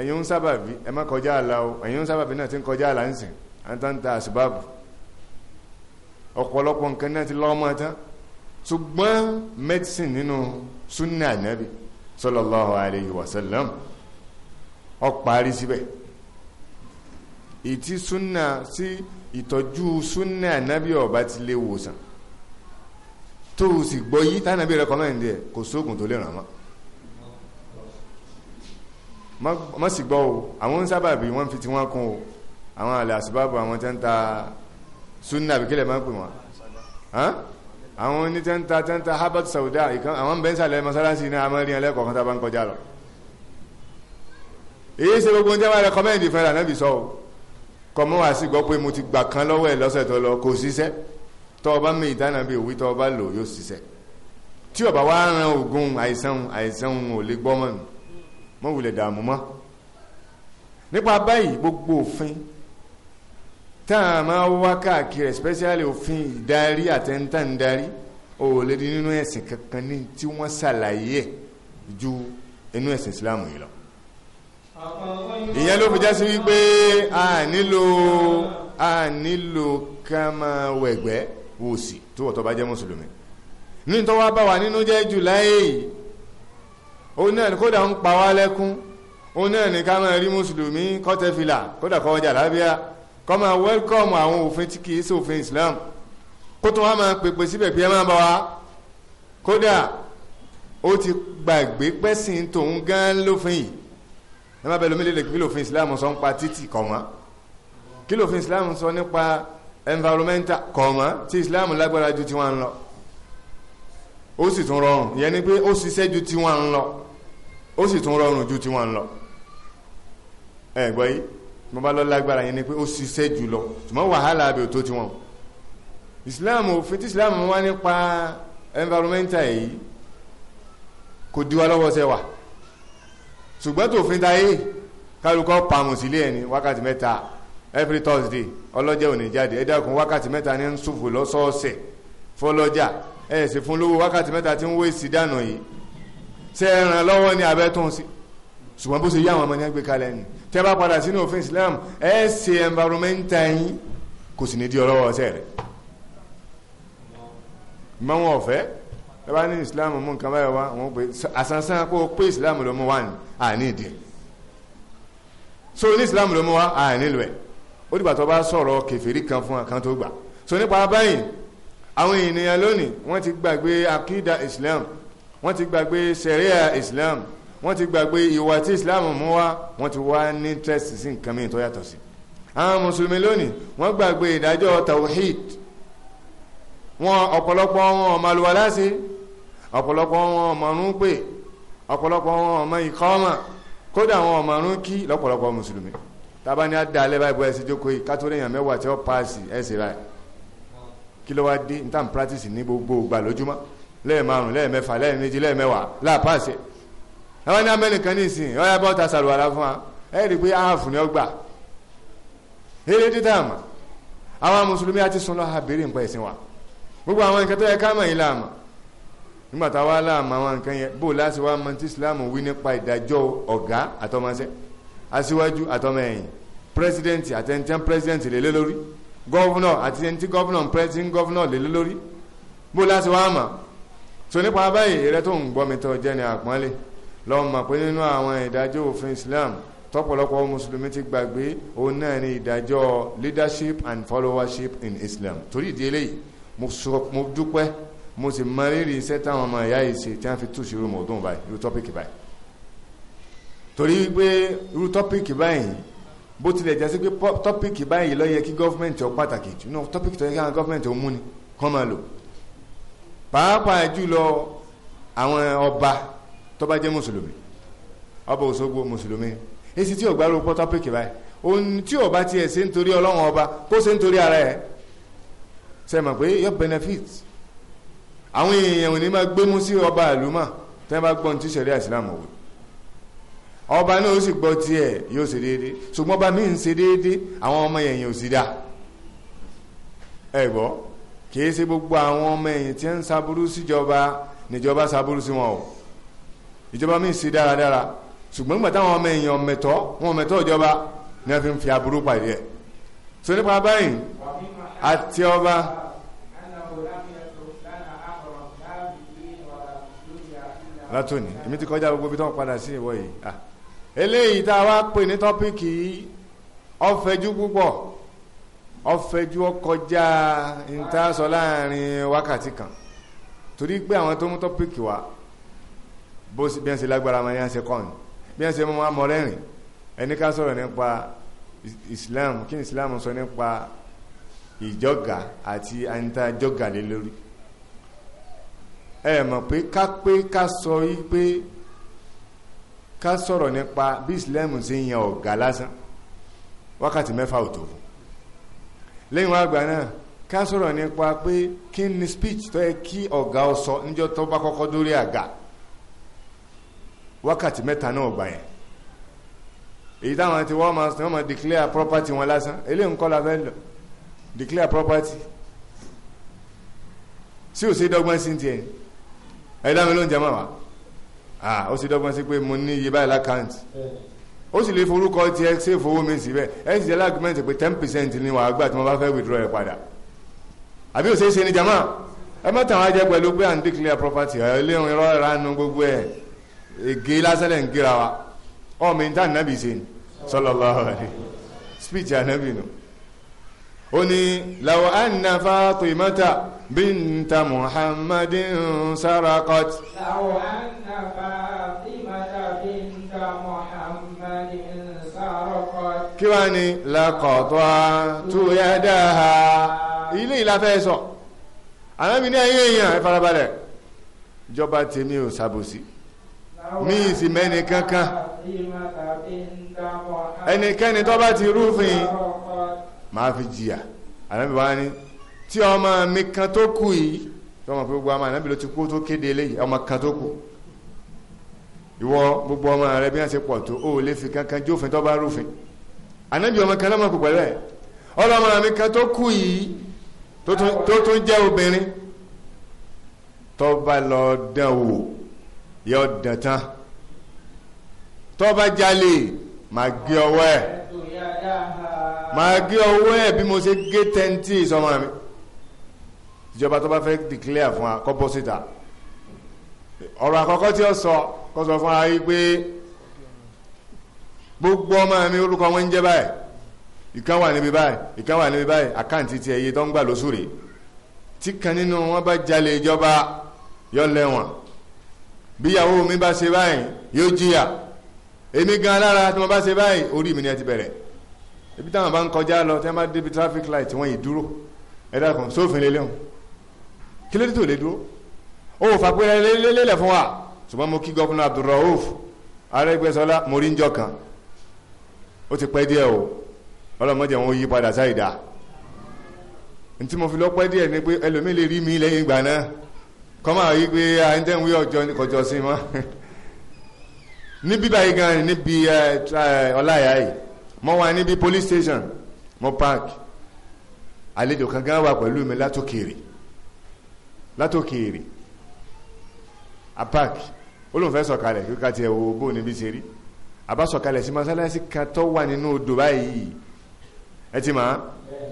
ẹ̀yin ń sábà bí ẹ má kọjá àlà o ẹ̀yin ń sábà bí náà ti ń kọjá àlà ń sìn àtàntà àṣìbáàbù ọ̀pọ̀lọpọ̀ nǹkan náà ti lọ́mọ tán ṣùgbọ́n medicine nínú sunna anabi sallallahu alayhi wa sallam parí síbẹ̀ ìtí sunna sí ìtọ́jú sunna anabi ọba ti lè wòsàn tó o sì gbọ́ yí táyà bí rẹkọmẹ́ndì ẹ̀ kò sóògùn tó lè ràn mọ́ má sì gbọ́ o àwọn ń sábà bí wọ́n fi ti wọ́n kún o àwọn àlẹ́ àṣìbábọ̀ àwọn tẹ́ ń ta sunna àbíkílẹ̀ máa ń pè wọ́n àwọn ní tẹ́ ń ta tẹ́ ń ta habat sauda àwọn bẹ́ńsàlẹ̀ mọ́sálásí ní amẹ́rin ẹlẹ́kọ̀ọ́ kan tá a bá ń kọjá lọ èyí ṣe gbogbo ndé wa rẹkọmẹ́ndì fẹ́ràn náà bì sọ o kọ́ mọ́ wá sí gbọ́ pé mo ti gbà kan lọ́wọ́ ẹ̀ lọ́sẹ̀ tó lọ kò síṣẹ́ tọ́ọ̀bá mi ìdáná bí òwí tọ́ọ̀bá lò yóò ṣiṣẹ́ tí ọba wá ran ogun àìsàn àìsàn ò lè gbọ́mọ̀ nù mọ́ wulẹ̀ dààmú mọ́ nípa báyìí gbogbo òfin tá a máa wá káàkiri especially òfin ìdarí àtẹ̀ntà ń darí ò lè di nínú ẹ̀sìn kankan ní tí wọ́n ṣàlàyé ẹ̀ ju inú ẹ̀sìn Islam yìí lọ ìyẹn ló fi já sí wípé a nílò a nílò ká máa wẹ̀gbẹ́ wò sí tó wọ́n tó bá jẹ́ mùsùlùmí ní tó wá bá wà nínú jẹ́ jùláyé yìí òun náà ni kódà ń pa wá lẹ́kún òun náà ni ká máa rí mùsùlùmí kọ́tẹ́fìlà kódà kọ́ ọjà lábíà kọ́ máa wẹ́lkọ̀mù àwọn òfin tí kìí sófin Islam kó tó wá máa pèpè síbẹ̀ pé ẹ máa bá wa kódà ó ti gbàgbé pẹ́sìn tòun gan lófin yìí ẹ má bẹ lómi lélẹ̀ kí lófin Islam sọ ń pa títì kọ̀ wọ́n kí lófin Islam sọ nípa environmental kọ̀ọ̀mọ́ tí islam lágbára ju tiwọn ń lọ ó sì tún rọrùn ìyẹn ni pé ó ṣiṣẹ́ ju tiwọn ń lọ ó sì tún rọrùn ju tiwọn ń lọ ẹ gbọ́ yìí mo bá lọ lágbára yẹn ni pé ó ṣiṣẹ́ jù lọ ṣùgbọ́n wàhálà abẹ́ òtó tiwọn islam òfin tí islam wá nípa environmental yìí kò diwa lọ́wọ́ sẹ́ wà ṣùgbọ́n tòfin ta yé kálukọ́ pàmò sílé ẹni wákàtí mẹ́ta every thursday ọlọ́jà ò ní jáde ẹ dákun wákàtí mẹ́ta ní ń ṣòfò lọ́sọ̀ọ̀sẹ̀ fọlọ́jà ẹ sì fún lówó wákàtí mẹ́ta tí ń wé sí dànù yìí ṣe é ràn lọ́wọ́ ní abẹ́tún sí ṣùgbọ́n bó ṣe yí àwọn ọmọ ní ẹgbẹ́ kalẹ̀ ni tẹ́ bá padà sínú òfin islam ẹ ṣe environmental yín kò sì ní di ọlọ́wọ́ ọ̀sẹ̀ rẹ̀ mọ́wọ́n ọ̀fẹ́ ẹ bá ní islam mú nǹkan báyọ̀ wá àwọn pé àsánsán kó o pé islam ló mú wá ní àní ìdí so ní islam ló mú wá àní ìlú ẹ̀ ó dìgbà tó bá sọ̀rọ̀ kèfèrí kan fún àkàn tó gbà so nípa báyìí àwọn ènìyàn lónìí wọ́n ti gbàgbé akida islam wọ́n ti gbàgbé sẹ̀ríà islam wọ́n ti gbàgbé ìwà tí islam mú wá wọ́n ti wá ní tẹ́sì sí nǹkan mìíràn tó yàtọ̀ sí àwọn mùsùlùmí lónìí wọ́n gbàgbé ìdájọ́ tawhid wọn ọ̀pọ̀lọpọ̀ wọn ọmọ àlùwàlá ṣe ọ̀pọ̀lọpọ̀ wọn ọmọ ọ̀run pè ọ̀pọ̀lọpọ̀ wọn ọmọ ìkọ́mà kódà wọn ọmọ ọ̀run kí lọ́pọ̀lọpọ̀ mùsùlùmí tábà ní àdá alẹ́ báyìí bọ́ ẹsẹ̀ jókòó yìí kátó rẹ̀yàn mẹ́wàá tí ó paasi ẹsẹ̀ rà kí ló wá dé níta practice ni gbogbo ìgbà lójúmọ́ lẹ́ẹ̀márùn lẹ́ẹ̀mẹ́fà lẹ́ẹ̀mejì lẹ́ẹ̀mẹ́wàá láàpáàsì tábà ní amẹ́nìkan ní ìsìn ọ̀yà bá ọ̀tà sàlùwàlà fún wa ẹ̀ rí i pé áàfù ni ó gbà eré dídá àmà àwọn mùsùlùmí àti sun lọ́ha béèrè nǹkan ẹ̀sìn wa gbogbo àwọn nǹkan tó yẹ ká mọ̀ yìí láàmà nígbà táwa láàmà àwọn nǹkan yẹn bó láti wá mọ aṣíwájú àtọmọ ẹ̀yìn pírẹsidẹ́ǹtì àtẹnitẹ́ pírẹsidẹ́ǹtì lélẹ́ lórí gọ́vnọ̀ àtẹnitẹ́ gọ́vnọ̀ pírẹsidẹ́ǹtì gọ́vnọ̀ lélẹ́ lórí bó láti wá mà tó nípa báyìí rẹ tó ń gbọ́ mi tó jẹ́ ni àpọ́nlé pé nínú àwọn ìdájọ́ òfin Islam tọ́pọ̀lọpọ̀ mùsùlùmí ti gbàgbé òun náà ni ìdájọ́ leadership and followership in Islam torí ìdí eléyìí mo dúpẹ́ mo sì mọ rírì iṣẹ́ táwọn ọmọ ìyá yìí ṣe tí wọ́n fi túṣìírò mọ̀ báyìí irú tọ́pìkì báyìí torí wípé irú tọ́pìkì báyìí bó tilẹ̀ jẹ́ sí pé tọ́pìkì báyìí ló yẹ kí gọ́fìmẹ̀ntì ọ pàtàkì nínú tọ́pìkì tó yẹ kí àwọn gọ́fìmẹ̀ntì ó mú ni kán máa lò pàápàá jùlọ àwọn ọba tó bá jẹ́ mùsùlùmí ọba Òṣogbo mùsùlùmí èsì tí ò gbárò pọ́ tọ́pìkì báyìí òun tí ò bá tiẹ̀ ṣe nítorí ọlọ́run ọba kó ṣe nítorí ara ẹ̀ ṣe mọ̀ pé yọ benefit àwọn èèyàn ò ní máa gbémú sí ọba àlùmọ̀ tẹ́ bá gbọ́n tí ṣẹ̀rí àìsílámù wò ọba náà ó sì gbọ́ tiẹ̀ yóò ṣe déédé ṣùgbọ́n ọba míì ń ṣe déédé àwọn ọmọ ẹ̀yìn ò sì dá ẹ gbọ́ kìí ṣe gbogbo àwọn ọmọ ẹ̀yìn tí ń ṣaburú síjọba níjọba ṣaburú sí wọn o ìjọba míì ṣe dáradára ṣùgbọ́n nígbà táwọn ọmọ ẹ̀yìn ọ̀mẹ̀tọ́ wọn ọ̀mẹ̀tọ́ ìjọba ni wọ́n fi ń fi aburú pàdé ẹ̀ so nípa báyìí àti ọba. látòní èmi ti kọjá gbogbo ibi tó ń padà sí ìwọ yìí ah eléyìí tá a wá pè ní tọ́píìkì yìí ọ̀fẹ́jú púpọ̀ ọ̀fẹ́jú ọkọjá ìtaṣọ láàrin wákàtí kan torí pé àwọn tó mú tọ́píìkì wá bó bí wọ́n ṣe lágbára wọn yẹn ṣe kọ́ni bí wọ́n ṣe mú wọn mọ̀rẹ́rìn ẹni ká sọ̀rọ̀ nípa Islam kí ni Islam sọ nípa ìjọga àti àìntajọga lé lórí ẹ mọ̀ pé ká pé ká sọ yí pé ká sọ̀rọ̀ nípa bí si ṣe ọga ọ̀gá lásán wákàtí mẹ́fà ò tó lẹ́yìn wá gbà náà ká sọ̀rọ̀ nípa pé kí ni speech tó yẹ kí ọ̀gá ọ sọ níjọ́ tó bá kọ́kọ́ dórí àga wákàtí mẹ́ta náà gbà yẹn èyí táwọn ti wọ́n máa wọ́n máa declare property wọn lásán eléyìí ń kọ́ la fẹ́ lọ declare property sí ò sí dọ́gbọ́n sí tiẹ̀ ẹ̀dá mi ló ń jẹ́ mọ́ wa. ó sì dọ́gbọ́n sí pé mo ní iye báyìí lákàntì ó sì lè forúkọ tiẹ̀ ṣe fowó mi síbẹ̀ ẹ̀ sì jẹ́ lágbẹ́mẹ̀ntì pé ten percent ni wàá gbà tí wọ́n bá fẹ́ withdraw ẹ̀ padà àbí ò ṣeé ṣe ni jama ẹ má tàn wá jẹ pẹ̀lú pé à ń declare property ẹ̀ ilé ìrọ̀ ìranu gbogbo ẹ̀ ègé lásán ń gíra wa ọmọ ìta nàbì ṣe ni sallallahu alaihi speech ànábì nù. No ó ní law anna Fatimata binta Muhammadin sarakot. law anna Fatimata binta Muhammadin sarakot. kí wàá ní lakọ̀tọ̀ tuyadaha ilé ìlàfẹ́ sọ àlámi ní ayé èèyàn ẹ farabalẹ̀ ìjọba tèmi ò ṣàbòsí mi ì sì mẹ́ni kankan ẹnikẹ́ni tó bá ti rúfin máa fi jìyà ànábì wa ni tí ọmọ mi kan tó kù yìí tí ọmọ pé gbogbo ọmọ ànábì ló ti kú tó kéde eléyìí ọmọ kan tó kù ìwọ gbogbo ọmọ rẹ bí wọn ṣe pọ̀ tó o lè fi kankan jófin tó bá rúfin ànábì ọmọ kan lọ́mọ kù pẹ̀lú ẹ̀ mi kan tó kù yìí tó tún jẹ́ obìnrin tó bá lọ dán wò yọ dán tán tó bá jalè máa gé ọwọ́ ẹ̀ máa gé ọwọ́ ẹ̀ bí mo ṣe gé tẹ́ntì ìsọmọ mi ìjọba tó bá fẹ́ declare fún wa kó bọ́ síta ọ̀rọ̀ àkọ́kọ́ tí ó sọ kó sọ fún wa yìí pé gbogbo ọmọ mi orúkọ wọn ń jẹ́ báyìí ìkan wà níbi báyìí ìkan wà níbi báyìí àkáǹtì tiẹ̀ iye tó ń gbà lóṣù rèé tí kan nínú wọn bá jalè ìjọba yọ lẹ́wọ̀n bíyàwó mi bá ṣe báyìí yóò jìyà èmi gan lára tí mo bá ṣe báyìí orí mi ni ẹ ti bẹ̀rẹ̀ ibi táwọn bá ń kọjá lọ tí wọ́n bá débi traffic light wọ́n yìí dúró ẹ̀dá kan sófin lélẹ̀ hàn kí ló dé tó lè dúró ó fà pé lélẹ̀ fún wa ṣùgbọ́n mo kí gọ́fúnà Abdulrauf Arẹ́gbẹ́ṣọlá moríńjọ kan ó ti pẹ́ díẹ̀ o ọlọ́mọdé wọn yí padà sáì dáa ntí mo fi lọ pẹ́ díẹ̀ ni pé ẹlòmíì lè rí mi lẹ́yìn ìgbà náà kọ́mọ àwọn yìí pé àyíntẹ́wé ọjọ́ kọjọ sí mọ́ ní bíbá yìí gan níbi ọláyà yìí mo wà níbi police station mo park àlejò kan gan wà pẹ̀lú mi látòkèrè látòkèrè a park olùfẹ́ sọ̀kalẹ̀ kíkà tiẹ̀ wo bó níbi ṣe rí àbá sọ̀kalẹ̀ sí mọ́sálásí kan tó wà nínú odò báyìí ẹ ti máa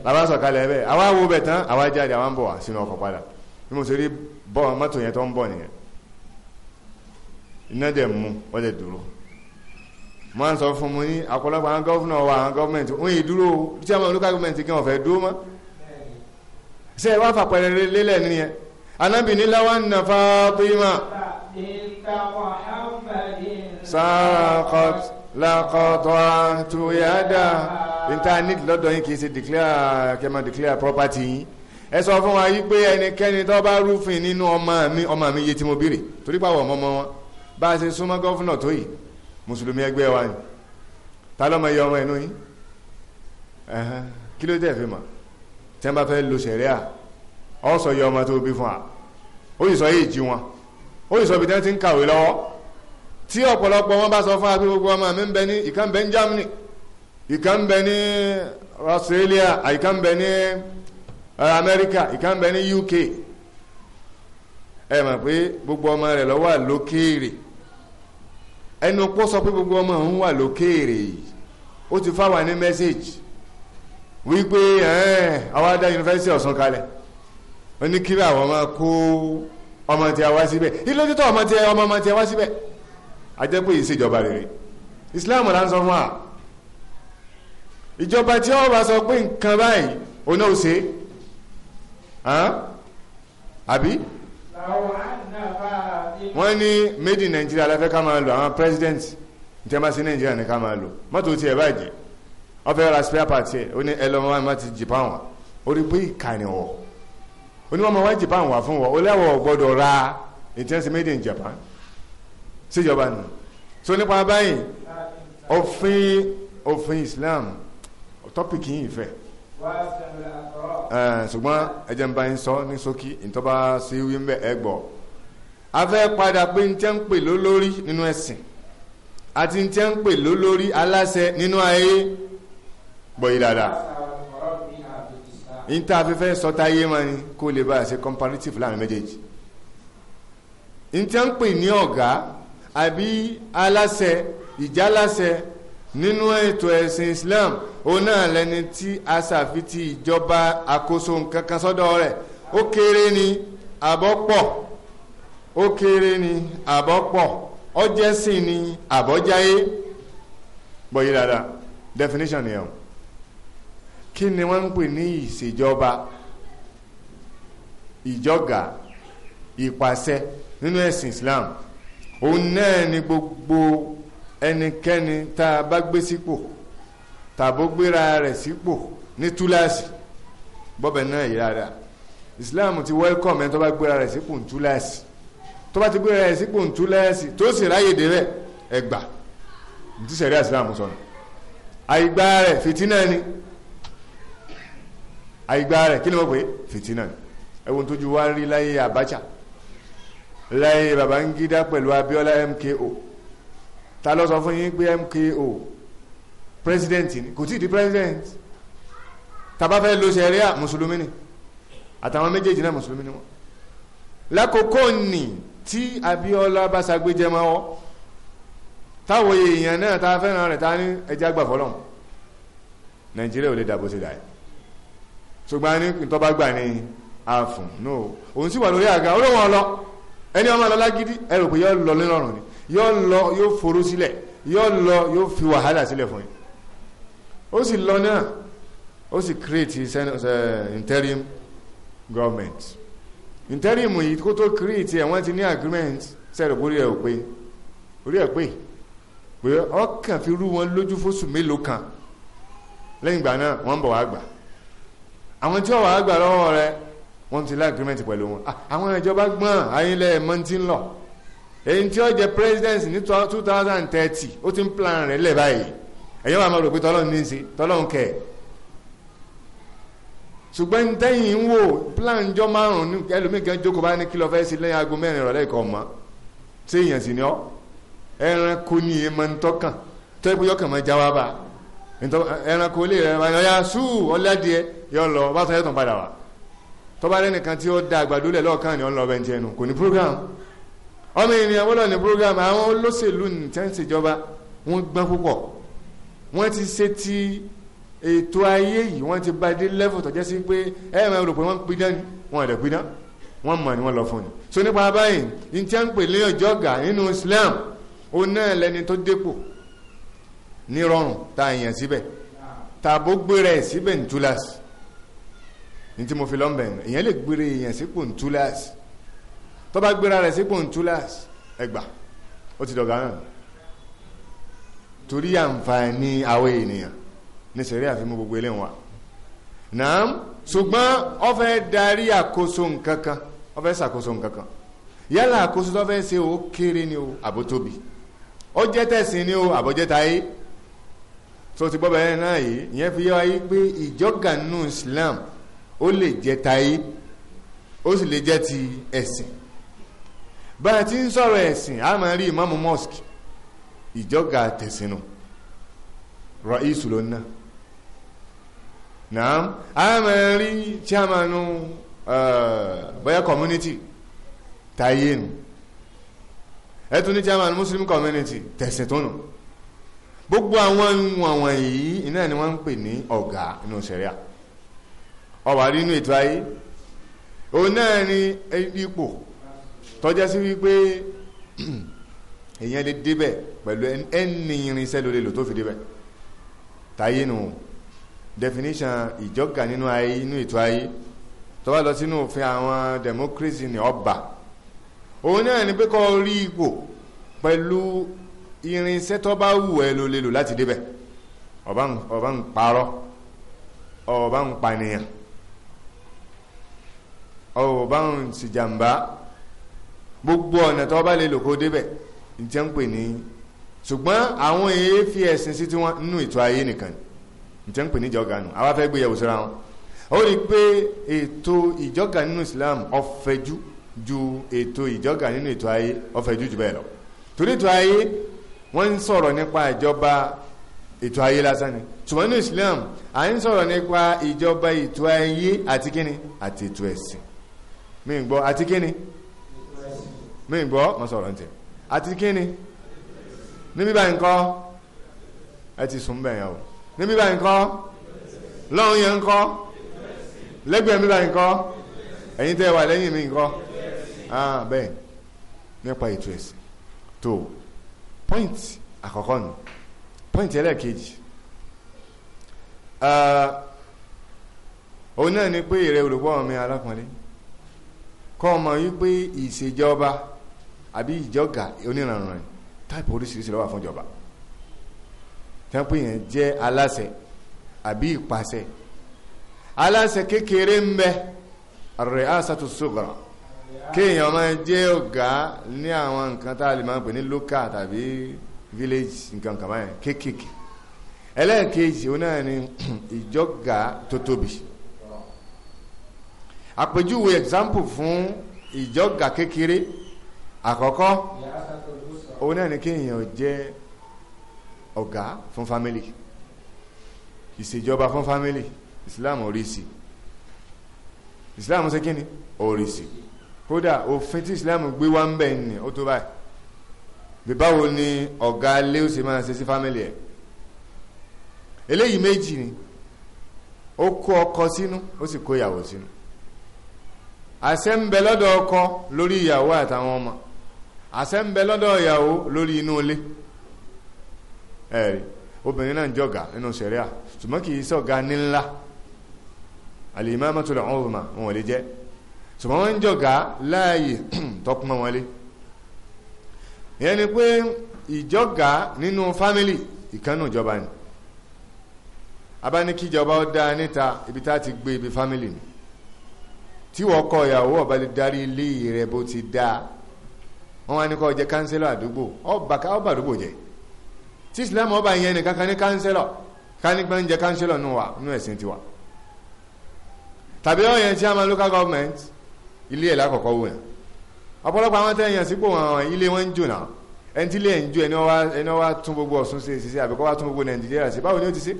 làbá sọ̀kalẹ̀ bẹ́ẹ̀ àwa wo bẹ̀ tán àwa jáde àwa ń bọ̀ sínú ọkọ̀ padà bí mo ṣe rí bọ́ mọ́tò yẹn tó ń bọ̀ nìyẹn iná dẹ̀ mú wọ́n dẹ̀ dúró mo ń sọ fún mu ní àpọ̀lọpọ̀ àwọn gọ́fúnà wa àwọn gọ́ọ̀mẹ̀ntì òun ìdúró tí àwọn olùkọ́ gọ́ọ̀mẹ̀ntì kí wọ́n fẹ́ dúró mọ́ ṣe wá fàpẹrẹ lélẹ̀ nìyẹn anábì ní láwọn nà Fátímà sàkọt làkọtọ àtúnyàdà níta ní lọ́dọ̀ yín kì í ṣe declare kẹ́ declare property yín ẹ sọ fún wa yìí pé ẹnikẹ́ni tó bá rúfin nínú ọmọ mi ọmọ mi yé tí mo bèrè torí pàwọ̀ ọmọ ọmọ wọn bá a ṣe súnmọ́ gọ́fúnà tó yìí mùsùlùmí ẹgbẹ́ wa ni ta lọ́mọ iye ọmọ ẹnu yín kí ló dẹ̀ fi mọ̀ tí wọ́n bá fẹ́ lo sẹ̀ríà ọ sọ iye ọmọ tó bí fún wa ó sì sọ yìí jí wọn ó sì sọ ibi tí wọ́n ti ń kàwé lọ́wọ́ tí ọ̀pọ̀lọpọ̀ wọn bá sọ fún wa pé gbogbo ọmọ mi ń bẹ ní ìkan bẹ ní Germany ìkan bẹ ní Australia ìkan bẹ ní eh, America ìkan bẹ ní UK ẹ mọ̀ pé gbogbo ọmọ rẹ̀ ló wà lókèèrè ẹnu pọ́ sọ pé gbogbo ọmọ òun wà lókèèrè ó ti fáwa ní mẹ́sẹ̀gì wípé àwa dá yunifásitì Ọ̀ṣun kalẹ̀ ó ní kí àwọn ọmọ kó ọmọ tí a wá síbẹ̀ ilójútọ̀ ọmọ tí ọmọ ọmọ tí a wá síbẹ̀ ajẹ́pẹ́ yìí ṣèjọba rere Islam là ń sọ fún wa ìjọba tí ó bá sọ pé nǹkan báyìí oná ò ṣe àbí wọ́n ní made in Nigeria la fẹ́ ká máa lò àwọn president tẹ́ bá sí Nigeria ní ká máa lò mọ́tò tiẹ̀ bàjẹ́ wọ́n fẹ́ ra spare part tiẹ̀ ó ní ẹlọ́mọ wa má ti japan wá ó rí pé ìkànnì wọ̀ ó ní wọ́n máa wá japan wá fún wọ́n ó lẹ́wọ̀ gbọ́dọ̀ ra intense made in japan síjọba nù so nípa báyìí òfin òfin Islam topic yìí fẹ́. wàá sẹ́nu Eh, ṣùgbọ́n ẹjẹ́ ń bá yín sọ ní ṣókí ìtọ́ba sí wí ń bẹ̀ ẹ gbọ́ afẹ́ padà pé ń tẹ́ ń pè lólórí nínú ẹ̀sìn àti ń tẹ́ ń pè lólórí aláṣẹ nínú ayé bọ̀yì dáadáa ìta afẹ́fẹ́ sọta ayé máa ni kó lè bá ṣe comparative láàrin méjèèjì ń tẹ́ ń pè ní ọ̀gá àbí aláṣẹ ìjáláṣẹ nínú ètò ẹ̀sìn Islam òun náà lẹni tí aṣàfitì ìjọba àkóso nǹkan kan sọ́dọ̀ rẹ̀ ó kéré ni àbọ̀pọ̀ ó kéré ni àbọ̀pọ̀ ọjẹ́sìn ni àbọ̀jáyé bọ̀yí dáadáa definition nìyẹn kí ni wọ́n ń pè ní ìṣèjọba ìjọga ìpàṣẹ nínú ẹ̀sìn Islam òun náà ni gbogbo ẹnikẹ́ni tá a bá gbé sípò tàbó gbéra rẹ̀ sípò ní túláàsì bọ́bẹ̀ náà yìí rárá Islam ti welcome ẹni tó bá gbéra rẹ̀ sípò ní túláàsì tó bá ti gbéra rẹ̀ sípò ní túláàsì tó sì ráyè débẹ̀ ẹgbà tí sẹ̀rí Islam sọnù àìgbà rẹ̀ fìtínà ni àìgbà rẹ̀ kí ni wọ́n pè é fìtínà ni ẹ̀wọ̀n tójú wa rí láyé Abacha láyé Babangida pẹ̀lú Abiola MKO ta ló sọ fún yín pé MKO president ni kò tí ì di president tàbá fẹ́ lo sẹ̀ríà mùsùlùmí ni àtàwọn méjèèjì náà mùsùlùmí ni wọn lákòókò nì tí Abíọ́lá bá sagbéjẹ mọ́ ọ táwọn èèyàn náà tá a fẹ́ràn rẹ̀ ta ní ẹjẹ́ àgbà fọlọ́n Nàìjíríà ò lè dàbò sí dàí ṣùgbọ́n ní ìtọ́ba gbà ní àfùn no òun sì wà lórí àga olóhùn ọlọ ẹni ọmọ ọlọ lágídí ẹ rò pé yọ lọ nínú ni yóò lọ yóò forú sílẹ̀ yóò lọ yóò fi wàhálà sílẹ̀ fún yín ó sì lọ náà ó sì create eh, interim government interim yìí kó tó create ẹ̀ wọ́n ti ní agreement sẹ́rẹ̀ bórí ẹ̀ ò pé orí ẹ̀ pé pé ọkàn fi rú wọn lójú fóṣù mélòó kan lẹ́yìn ìgbà náà wọ́n ń bọ̀ gbà àwọn tí wọ́n wà gbà lọ́wọ́ rẹ wọ́n ti lá agreement pẹ̀lú wọn ah, àwọn ìjọba gbọ́n ayé lẹ́ẹ̀mọ́ ti ń lọ èyí tí ó jẹ president ní two thousand thirty ó ti ń plan rẹ̀ lẹ̀ báyìí ẹ̀yọ́ wa máa rò pé tọ́lọ́run ní í ṣe tọ́lọ́run kẹ̀ ṣùgbọ́n tẹ́yìn ń wò plan jọ márùn-ún ẹlòmíì kan jókòó bá ní kí lọ fẹ́ ṣe lẹ́yìn aago mẹ́rin ìrọ̀lẹ́ ìkọ̀ mọ́ ṣé èèyàn sì ni ọ́ ẹranko ní iye máa ń tọ́kàn tó yẹ kó yọkàn máa já wá bá ẹranko lè rẹ wá ọ̀yà sùúrù ọ̀làdìẹ yọ lọ bá sọ yẹ tàn padà wá tọ́ba rẹ nìkan tí ó da àgbàdo lẹ̀ lọ́ọ̀kan ni ó ń lọ bẹ́ẹ̀ tiẹ̀ nù kò ní program ọmọ ènìyàn wọ́n lọ ní program àwọn olóṣèlú nìtẹ́ ń ṣèjọba wọ́n gbọ́n púpọ̀ wọ́n ti ṣe ti ètò ayé yìí wọ́n ti bá dé level tó jẹ́ sí pé ẹ máa rò pé wọ́n pidán ni wọ́n ẹ̀dẹ̀ pidán wọ́n mọ̀ ni wọ́n lọ fún ni so nípa báyìí ní tí ń pè léyìn ọjọ́ nínú Islam ó náà lẹni tó dépò nírọ̀rùn tá a yàn síbẹ̀ tàbó gbéra ẹ̀ síbẹ̀ ní túláàsì ní tí mo fi lọ́nbẹ̀ẹ́ tó bá gbéra rẹ̀ sípò ń túláàsì ẹgbà ó ti dọ̀gá náà torí àǹfààní àwọn ènìyàn ní sẹ̀rí àfimú gbogbo ilé wa náà ṣùgbọ́n ó fẹ́ darí àkóso nǹkan kan ó ṣàkóso nǹkan yálà àkóso tó ṣe ó kéré ni o àbótóbi ó jẹ́ tẹ̀sìn ni o àbójẹ́tayé tó ti gbọ́bẹ̀ náà yìí ìyẹn fi yé wa pé ìjọ́gànú Islam ó lè jẹ́ tayé ó sì lè jẹ́ ti ẹ̀sìn báyìí tí ń sọ̀rọ̀ ẹ̀sìn a máa rí ìmáàmù mosque ìjọga tẹ̀sínú ra'ísù ló ná náà a máa rí chairmanu bóyá community tayé nù ẹtún ní chairman muslim community tẹ̀sìn tó nù gbogbo àwọn ìwọ̀n yìí iná ni wọ́n ń pè ní ọ̀gá inú sẹ̀ríà ọ̀wà rí inú ètò ayé òun náà ni ipò tọ́já sí wípé èèyàn lè débẹ̀ pẹ̀lú ẹni irinṣẹ́ ló lè lò tó fi débẹ̀ táyé nù definition ìjọ́gà nínú ayé inú ètò ayé tó bá lọ sínú òfin àwọn democracy ní ọba òun náà ni pé kó rí ipò pẹ̀lú irinṣẹ́ tó bá wù ẹ́ ló lè lò láti débẹ̀ ọba ń parọ́ ọba ń pànìyàn ọba ń ṣìjàmbá. Si gbogbo ọ̀nà tó bá lè lò kó débẹ̀ ìjẹ́ ń pè ní ṣùgbọ́n àwọn èyí fi ẹ̀sìn sí tiwọn nínú ètò ayé nìkan ìjẹ́ ń pè ní ìjọganu àwa fẹ́ gbéyàwó síra wọn ó rí i pé ètò ìjọga nínú Islam ọ̀fẹ́jú ju ètò ìjọga nínú ètò ayé ọ̀fẹ́jú jù bẹ́ẹ̀ lọ torí ètò ayé wọ́n ń sọ̀rọ̀ nípa ìjọba ètò ayé lásán ni ṣùgbọ́n nínú Islam à ń sọ̀rọ̀ nípa ìjọba ètò ayé àti kíni àti ètò ẹ̀sìn mi ń gbọ́ àti kíni mi ń gbọ́ mọ́ sọ̀rọ̀ ntì àti kíni níbí báyìí ńkọ́ ẹ ti sùn bẹ̀yẹn o níbí báyìí ńkọ́ lọ́run yẹn ńkọ́ lẹ́gbẹ̀ẹ́ mi báyìí ńkọ́ ẹ̀yin tẹ́ wà lẹ́yìn mi ńkọ́ bẹ́ẹ̀ nípa ètò ẹ̀sìn tó point àkọ́kọ́ nù point ẹlẹ́ẹ̀kejì òun náà ni pé ìrẹ́ olùgbọ́ mi alákùnrin kọ́ ọmọ yìí pé ìṣèjọba àbí ìjọga onírànràn táìpù oríṣiríṣi ló wà fún ìjọba tẹ́pù yẹn jẹ́ aláṣẹ àbí ìpàṣẹ aláṣẹ kékeré ń bẹ rẹ̀ àṣàtò sógbọ̀rọ̀ kéèyàn máa jẹ́ ọ̀gá ní àwọn nǹkan tá a lè máa pè ní local tàbí village nǹkan kan báyẹn kéékèèké ẹlẹ́ẹ̀kejì ó náà ni ìjọga tó tóbi àpèjúwe example fún ìjọga kékeré àkọ́kọ́ òun náà ni kí èèyàn jẹ́ ọ̀gá fún family, ìṣèjọba fún fámílì islam oríṣi islam ṣe kí ni oríṣi kódà òfin tí islam gbé wá ń bẹ̀ ni ó tó báyìí bí báwo ni ọ̀gá ilé ó ṣe máa ṣe sí fámílì ẹ̀ eléyìí méjì ni ó kó ọkọ sínú ó sì kó ìyàwó sínú àṣẹ ń bẹ lọ́dọ̀ ọkọ lórí ìyàwó àtàwọn ọmọ àṣẹ ń bẹ lọ́dọ̀ ìyàwó lórí inú ilé ẹ̀rí obìnrin náà ń jọ̀gá nínú sẹ̀ríà ṣùgbọ́n kì í sọ̀gá nílá al-imamatul uzma wọn ò lè jẹ́ ṣùgbọ́n wọ́n ń jọ̀gá láàyè tọpọ́n wọn lé ìyẹn ni pé ìjọ̀gá nínú fámìlì ìkànnù ìjọba ni abánikíjọba ó dá níta ibi tá a ti gbé ibi fámìlì ni tí wọ́n kọ ìyàwó ọ̀bá lè darí ilé rẹ̀ bó ti dáa wọ́n wá ní kó jẹ́ kánsílọ̀ àdúgbò ọba ọba àdúgbò jẹ́ tí islam ọba yẹn nìkan kan ní kánsílọ̀ kánígbà ń jẹ́ kánsílọ̀ nù wà nù ẹ̀sìn tiwa tàbí ọ̀yẹn chairman local government ilé ẹ̀ lákọ̀ọ́kọ́ wò yẹn ọ̀pọ̀lọpọ̀ àwọn tẹ́ yẹn sípò wọn ilé wọn ń jò náà ẹni tí ilé ẹ̀ ń jò ẹni wá tún gbogbo Ọ̀ṣun ṣe ṣiṣẹ́ àbíkọ́ wá tún gbogbo Nàìjíríà ṣe báwo ni ó ti ṣe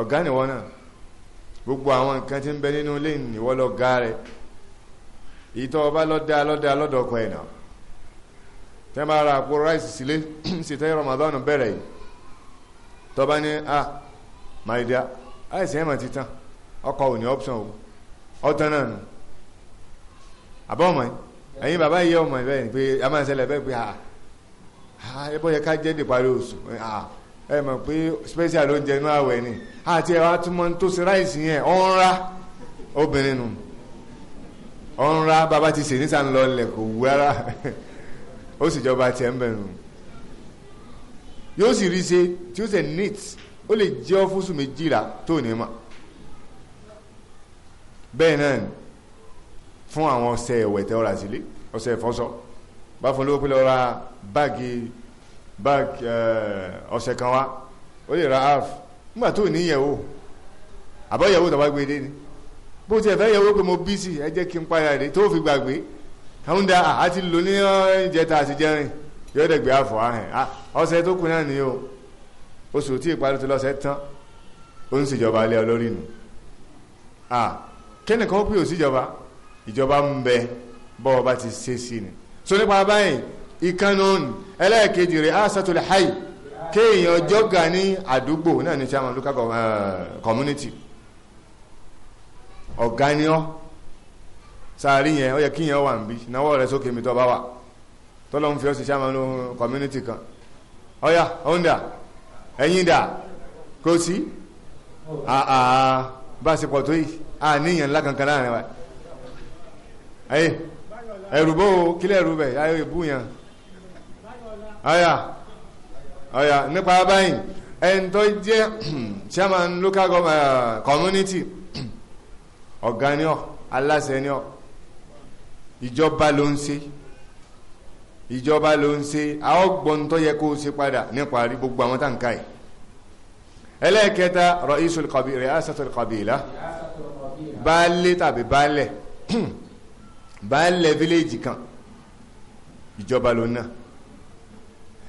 ọ̀gá nìwọ náà gbogbo àwọn nǹkan ti ń bẹ nínú ilé ìníwọ́ lọ gá rẹ̀ ìtọ́ ọba lọ́dá lọ́dá lọ́dọ̀ọ̀kọ̀ ẹ̀nà tẹ́ máa ra àpò ráìsì sílé sì tẹ́ Ramadan bẹ̀rẹ̀ yìí tọ́ba ní a ah, màìdá ráìsì ẹ̀mà ti tán ọkọ̀ ò ní option o ọ̀tán náà nù àbọ̀ ẹ̀yin bàbá yìí ọmọ yìí pé a máa ń ṣẹlẹ̀ bẹ́ẹ̀ pé a ah, ah, ẹ bọ́ yẹ ká jẹ́ oṣù ẹ mọ̀ pé special ló ń jẹ inú àwẹ̀ ni àti ẹ̀ wá túmọ̀ tó ṣe ráìsì yẹn ọ̀nra obìnrin nù ọ̀nra bàbá ti ṣe nísà ń lọ ilẹ̀ kò wú ara ó sì jọba tiẹ̀ ń bẹ̀ nù yóò sì rí ṣe tí ó ṣe neat ó lè jẹ́ ọ́fúsù méjìlá tó ní mọ̀ bẹ́ẹ̀ náà fún àwọn ọṣẹ ìwẹ̀tẹ́ ọ̀rà sílé ọṣẹ ìfọṣọ bá fún lówó pé lọ́ra báàgì bag e, ọsẹ kan o ó lè ra half nígbà tó níyẹ̀wò àbọ̀yẹ̀wò tó bá gbé dé ni bó ti ẹ̀fẹ́ yẹ̀wò pé mo bí sí ẹ jẹ́ kí n payà rè tó fi gbàgbé káwọn dá àti lò ní jẹrin yóò dẹ̀ gbé ọsẹ tó o oṣù tí ìparí tó tán ó ń ṣèjọba kẹ́nìkan ó ti ṣe sí ni so nípa ìkànnùn ẹlẹ́ẹ̀kejì rẹ̀ asatul hayy kéèyàn jọ́gà ní àdúgbò náà ní chairman local eh, community ọ̀gá ni ọ́ sáàrí yẹn ó yẹ kí yẹn wà ń bí náwó rẹ̀ sókè mi tó bá wà tọ́lọ́ ń fi ọ́ sí chairman community kan ọ̀yà òun dà ẹ̀yìn dà kò sí àà bá a ṣe pọ̀ tó yìí àníyàn ńlá kankan láàrin wa ẹ̀rù bó kílẹ̀ ẹ̀rù bẹ̀ ayọ̀ ìbú yẹn ọ̀yà ọ̀yà nípa báyìí ẹni tó jẹ́ chairman local government eh, community ọ̀gá ni ọ́ aláṣẹ ni ọ́ ìjọba ló ń ṣe ìjọba ló ń ṣe àwọn gbọ́n tó yẹ kó o ṣe padà nípa rí gbogbo àwọn tá n ká yìí ẹlẹ́ẹ̀kẹta ra'isul qabila ri'asatul qabila baálé tàbí baálẹ̀ baálẹ̀ fíléèjì kan ìjọba ló náà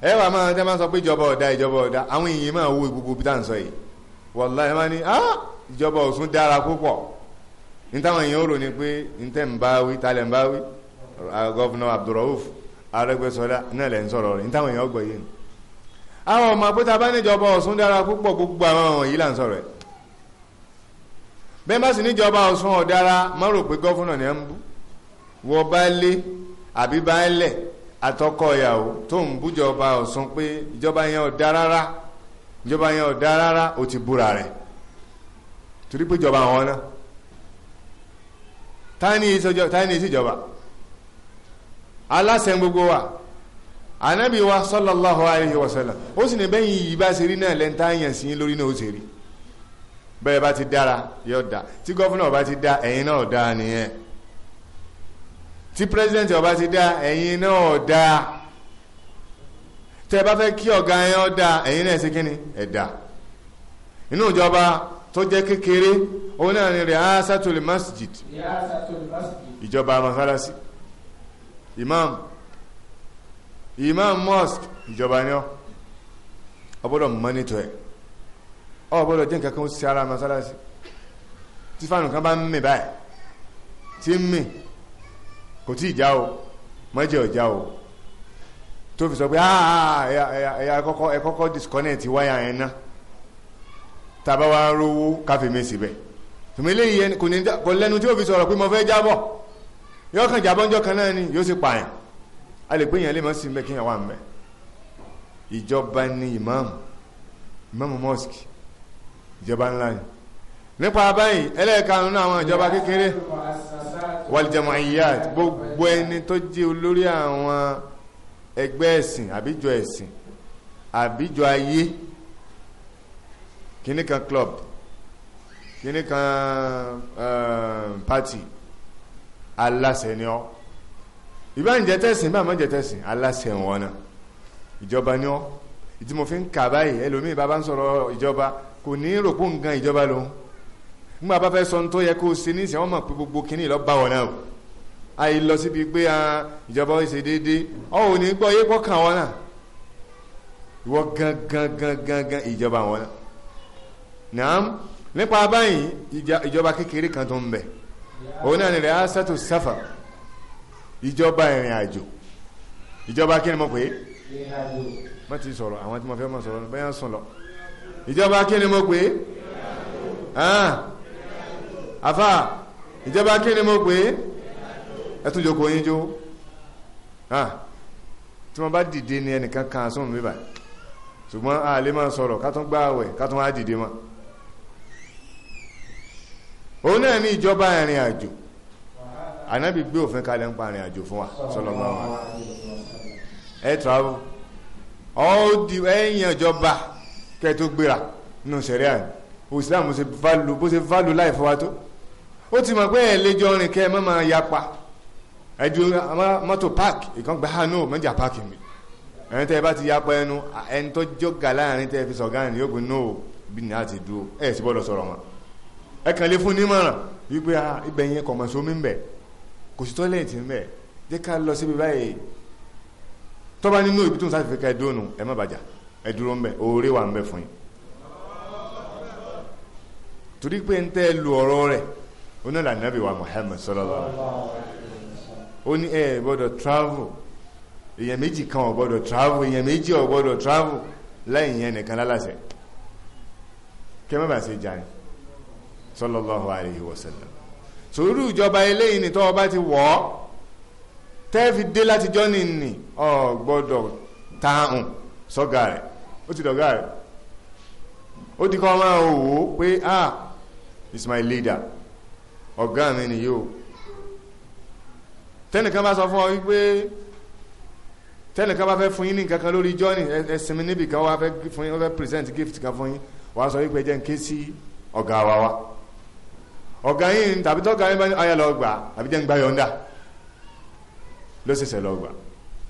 ẹ wà máa jẹ́ máa sọ pé ìjọba ọda ìjọba ọda àwọn èèyàn máa wo gbogbo bí táà ń sọ yìí wàláhì máa ní ah, ìjọba Ọ̀ṣun dára púpọ̀ ní táwọn èèyàn rò ní pé ní ń bá wí talẹ̀ ń bá wí gọ́vùnà Abdulrauf Arẹ́gbẹ́ṣọlá náà lẹ́ ń sọ̀rọ̀ rẹ̀ ní táwọn èèyàn ọmọ pé tábà dára púpọ̀ gbogbo àwọn àtọkọ ìyàwó tó ń bújọba Ọ̀ṣun pé ìjọba yẹn ò dá rárá ìjọba yẹn ò dá rárá ó ti búra rẹ̀ torí pé ìjọba àwọn náà tani ìsìjọba aláṣẹ gbogbo wa anabi wa sallallahu alayhi wa sallam ó sì ní bẹ́yìn yìí bá ṣe rí náà lẹ́ńtà yàn sí lórí náà ó ṣe rí bẹ́ẹ̀ bá ti dára yóò dá tí gọ́fúnà bá ti dá ẹ̀yin náà dá nìyẹn tí president ọba ti dá ẹ̀yin náà dá tẹ́ ẹ bá fẹ́ kí ọ̀gá yẹn ó dá ẹ̀yin náà ṣe kíni ẹ̀dá inú ìjọba tó jẹ́ kékeré òun náà ni riasatul masjid ìjọba masalasi imam imam mosque ìjọba ni ọ ọgbọ́dọ̀ mọ́nítọ̀ ẹ̀ ọgbọ́dọ̀ jẹ́ nǹkan kan ó sí ara masalasi tí fáànù kan bá ń mì báyìí tí ń mì kò tí ì já o mọ́jẹ́ ọ̀já o tó fi sọ pé ah, ah, ah, ẹ̀yà ẹ kọ́kọ́ disconnect wáyà yẹn ná tàbá wa rówó káfíńmé síbẹ̀ tùmí léyìí ẹni kò lẹ́nu tí ó fi sọ̀rọ̀ pé mo fẹ́ jábọ̀ yóò kàn jábọ̀ ńjọ́ kan náà ni yóò sì pààyàn a lè pé èèyàn lè mọ́ sí mbẹ́ kí èèyàn wà mbẹ́ ìjọba ni ìmáàmù ìmáàmù mosque ìjọba ńlá ni nípa báyìí ẹlẹ́ẹ̀kanú náà àwọn ìjọba kékeré wàlìjàmáyíyàt gbogbo ẹni tó jẹ́ olórí àwọn ẹgbẹ́ ẹ̀sìn àbíjọ ẹ̀sìn àbíjọ ayé kìíní kan club kìíní kan ehm, party aláṣẹ ni ọ́ ìbá ń jẹ́tẹ̀sìn bá mọ́ jẹ́tẹ̀sìn aláṣẹ wọn náà ìjọba ni ọ́ ìdí mo fi ń kà báyìí ẹlòmíì bá bá ń sọ̀rọ̀ ìjọba kò ní rò nǹkan ìjọba lòun nígbà bá fẹ́ sọ tó yẹ kó o ṣe níṣẹ́ wọ́n mọ̀ pé gbogbo kínní lọ bá wọn náà o àyè lọ síbi pé ìjọba ó ṣe déédéé ọ ò ní gbọ́ yé kọ́ kàn náà ìwọ gan ìjọba wọn náà naam nípa báyìí ìjọba kékeré kan tó ń bẹ òun náà nìrẹ̀ asatu safa ìjọba ìrìn àjò ìjọba kí ni mo pè é má ti sọ̀rọ̀ àwọn tí mo fẹ́ mọ̀ sọ̀rọ̀ bẹ́ẹ̀ sùn lọ ìjọba kí ni mo afa ìjọba kí ni mo pè é ẹ tún jókòó yín jó tí wọ́n bá dìde ni ẹnìkan kan sóhun mi báyìí ṣùgbọ́n a lè máa sọ̀rọ̀ ká tún gbá àwẹ̀ ká tún á dìde mọ́ òun náà ní ìjọba ìrìn àjò ànábì gbé òfin kalẹ̀ ń pa ìrìn àjò fún wa sallallahu alaihi ẹ travel ọ di ẹ̀yìn ìjọba kẹ́ tó gbéra nù sẹ̀ríà ní òsìlámù bó ṣe fálù láì fọwọ́ tó ó ti mọ̀ pé ẹ̀ lè jọ rìn kẹ́ ẹ mọ́ máa yapa ẹ̀dù mọ́tò park ìkan gba hànú ah, mọ́jà park mi ẹni tẹ́ ẹ bá ti yapa ẹnu ẹni tó jọ́gà láàrin tẹ́ ẹ fi sọ̀gá ni yóò gbé no bí ní àti dúró ẹ̀ sì bọ́dọ̀ sọ̀rọ̀ wọn. ẹ kàn lè fún nímọ̀ràn wípé ah, ibẹ̀ yẹn kọ̀ mọ̀ sómi ń bẹ̀ kò sí tọ́lẹ̀tì ń bẹ̀ jẹ́ ká lọ síbi báyìí tọ́ba nínú ibi tó ń sáfìfẹ́ ká ẹ dóònù ẹ má bàjá ẹ dúró ń bẹ̀ oore wà ń bẹ̀ fún yín torí pé ń tẹ́ lu ọ̀rọ̀ rẹ̀ oní lànàbí wa Muhammad sallallahu alaihi wasallam ó eh, ẹ gbọ́dọ̀ travel èèyàn méjì kan ò gbọ́dọ̀ travel èèyàn méjì ò gbọ́dọ̀ travel láì yẹn nìkan lálàsẹ̀ kẹ́ mẹ́bàá ṣe jà ní sallallahu alaihi wasallam sòrú ìjọba eléyìí ni tọ́wọ́ bá ti wọ̀ ọ́ tẹ́ẹ̀fì dé láti jọ́ ní nì ọ̀ gbọ́dọ̀ tààhùn sọ́gà rẹ̀ ó ti dọ̀gà rẹ̀ ó ti kọ́ ọmọ òwò pé ah is my leader ọ̀gá mi nìyí o tẹ́nìkan bá sọ fún ọ wípé tẹ́nìkan bá fẹ́ fún yín ní nǹkan lórí jọ́ọ̀nì ẹ̀sìnmi níbì kan wá fẹ́ fún yín wọ́n fẹ́ present gift kan fún yín wà á sọ wípé jẹ́ ń ké sí ọ̀gá wa wa ọ̀gá yín tàbí tọ́ka yín bá ní ayé lọ gbà àbí jẹ́ ń gbá yọ̀ǹda ló ṣẹ̀ṣẹ̀ lọ gbà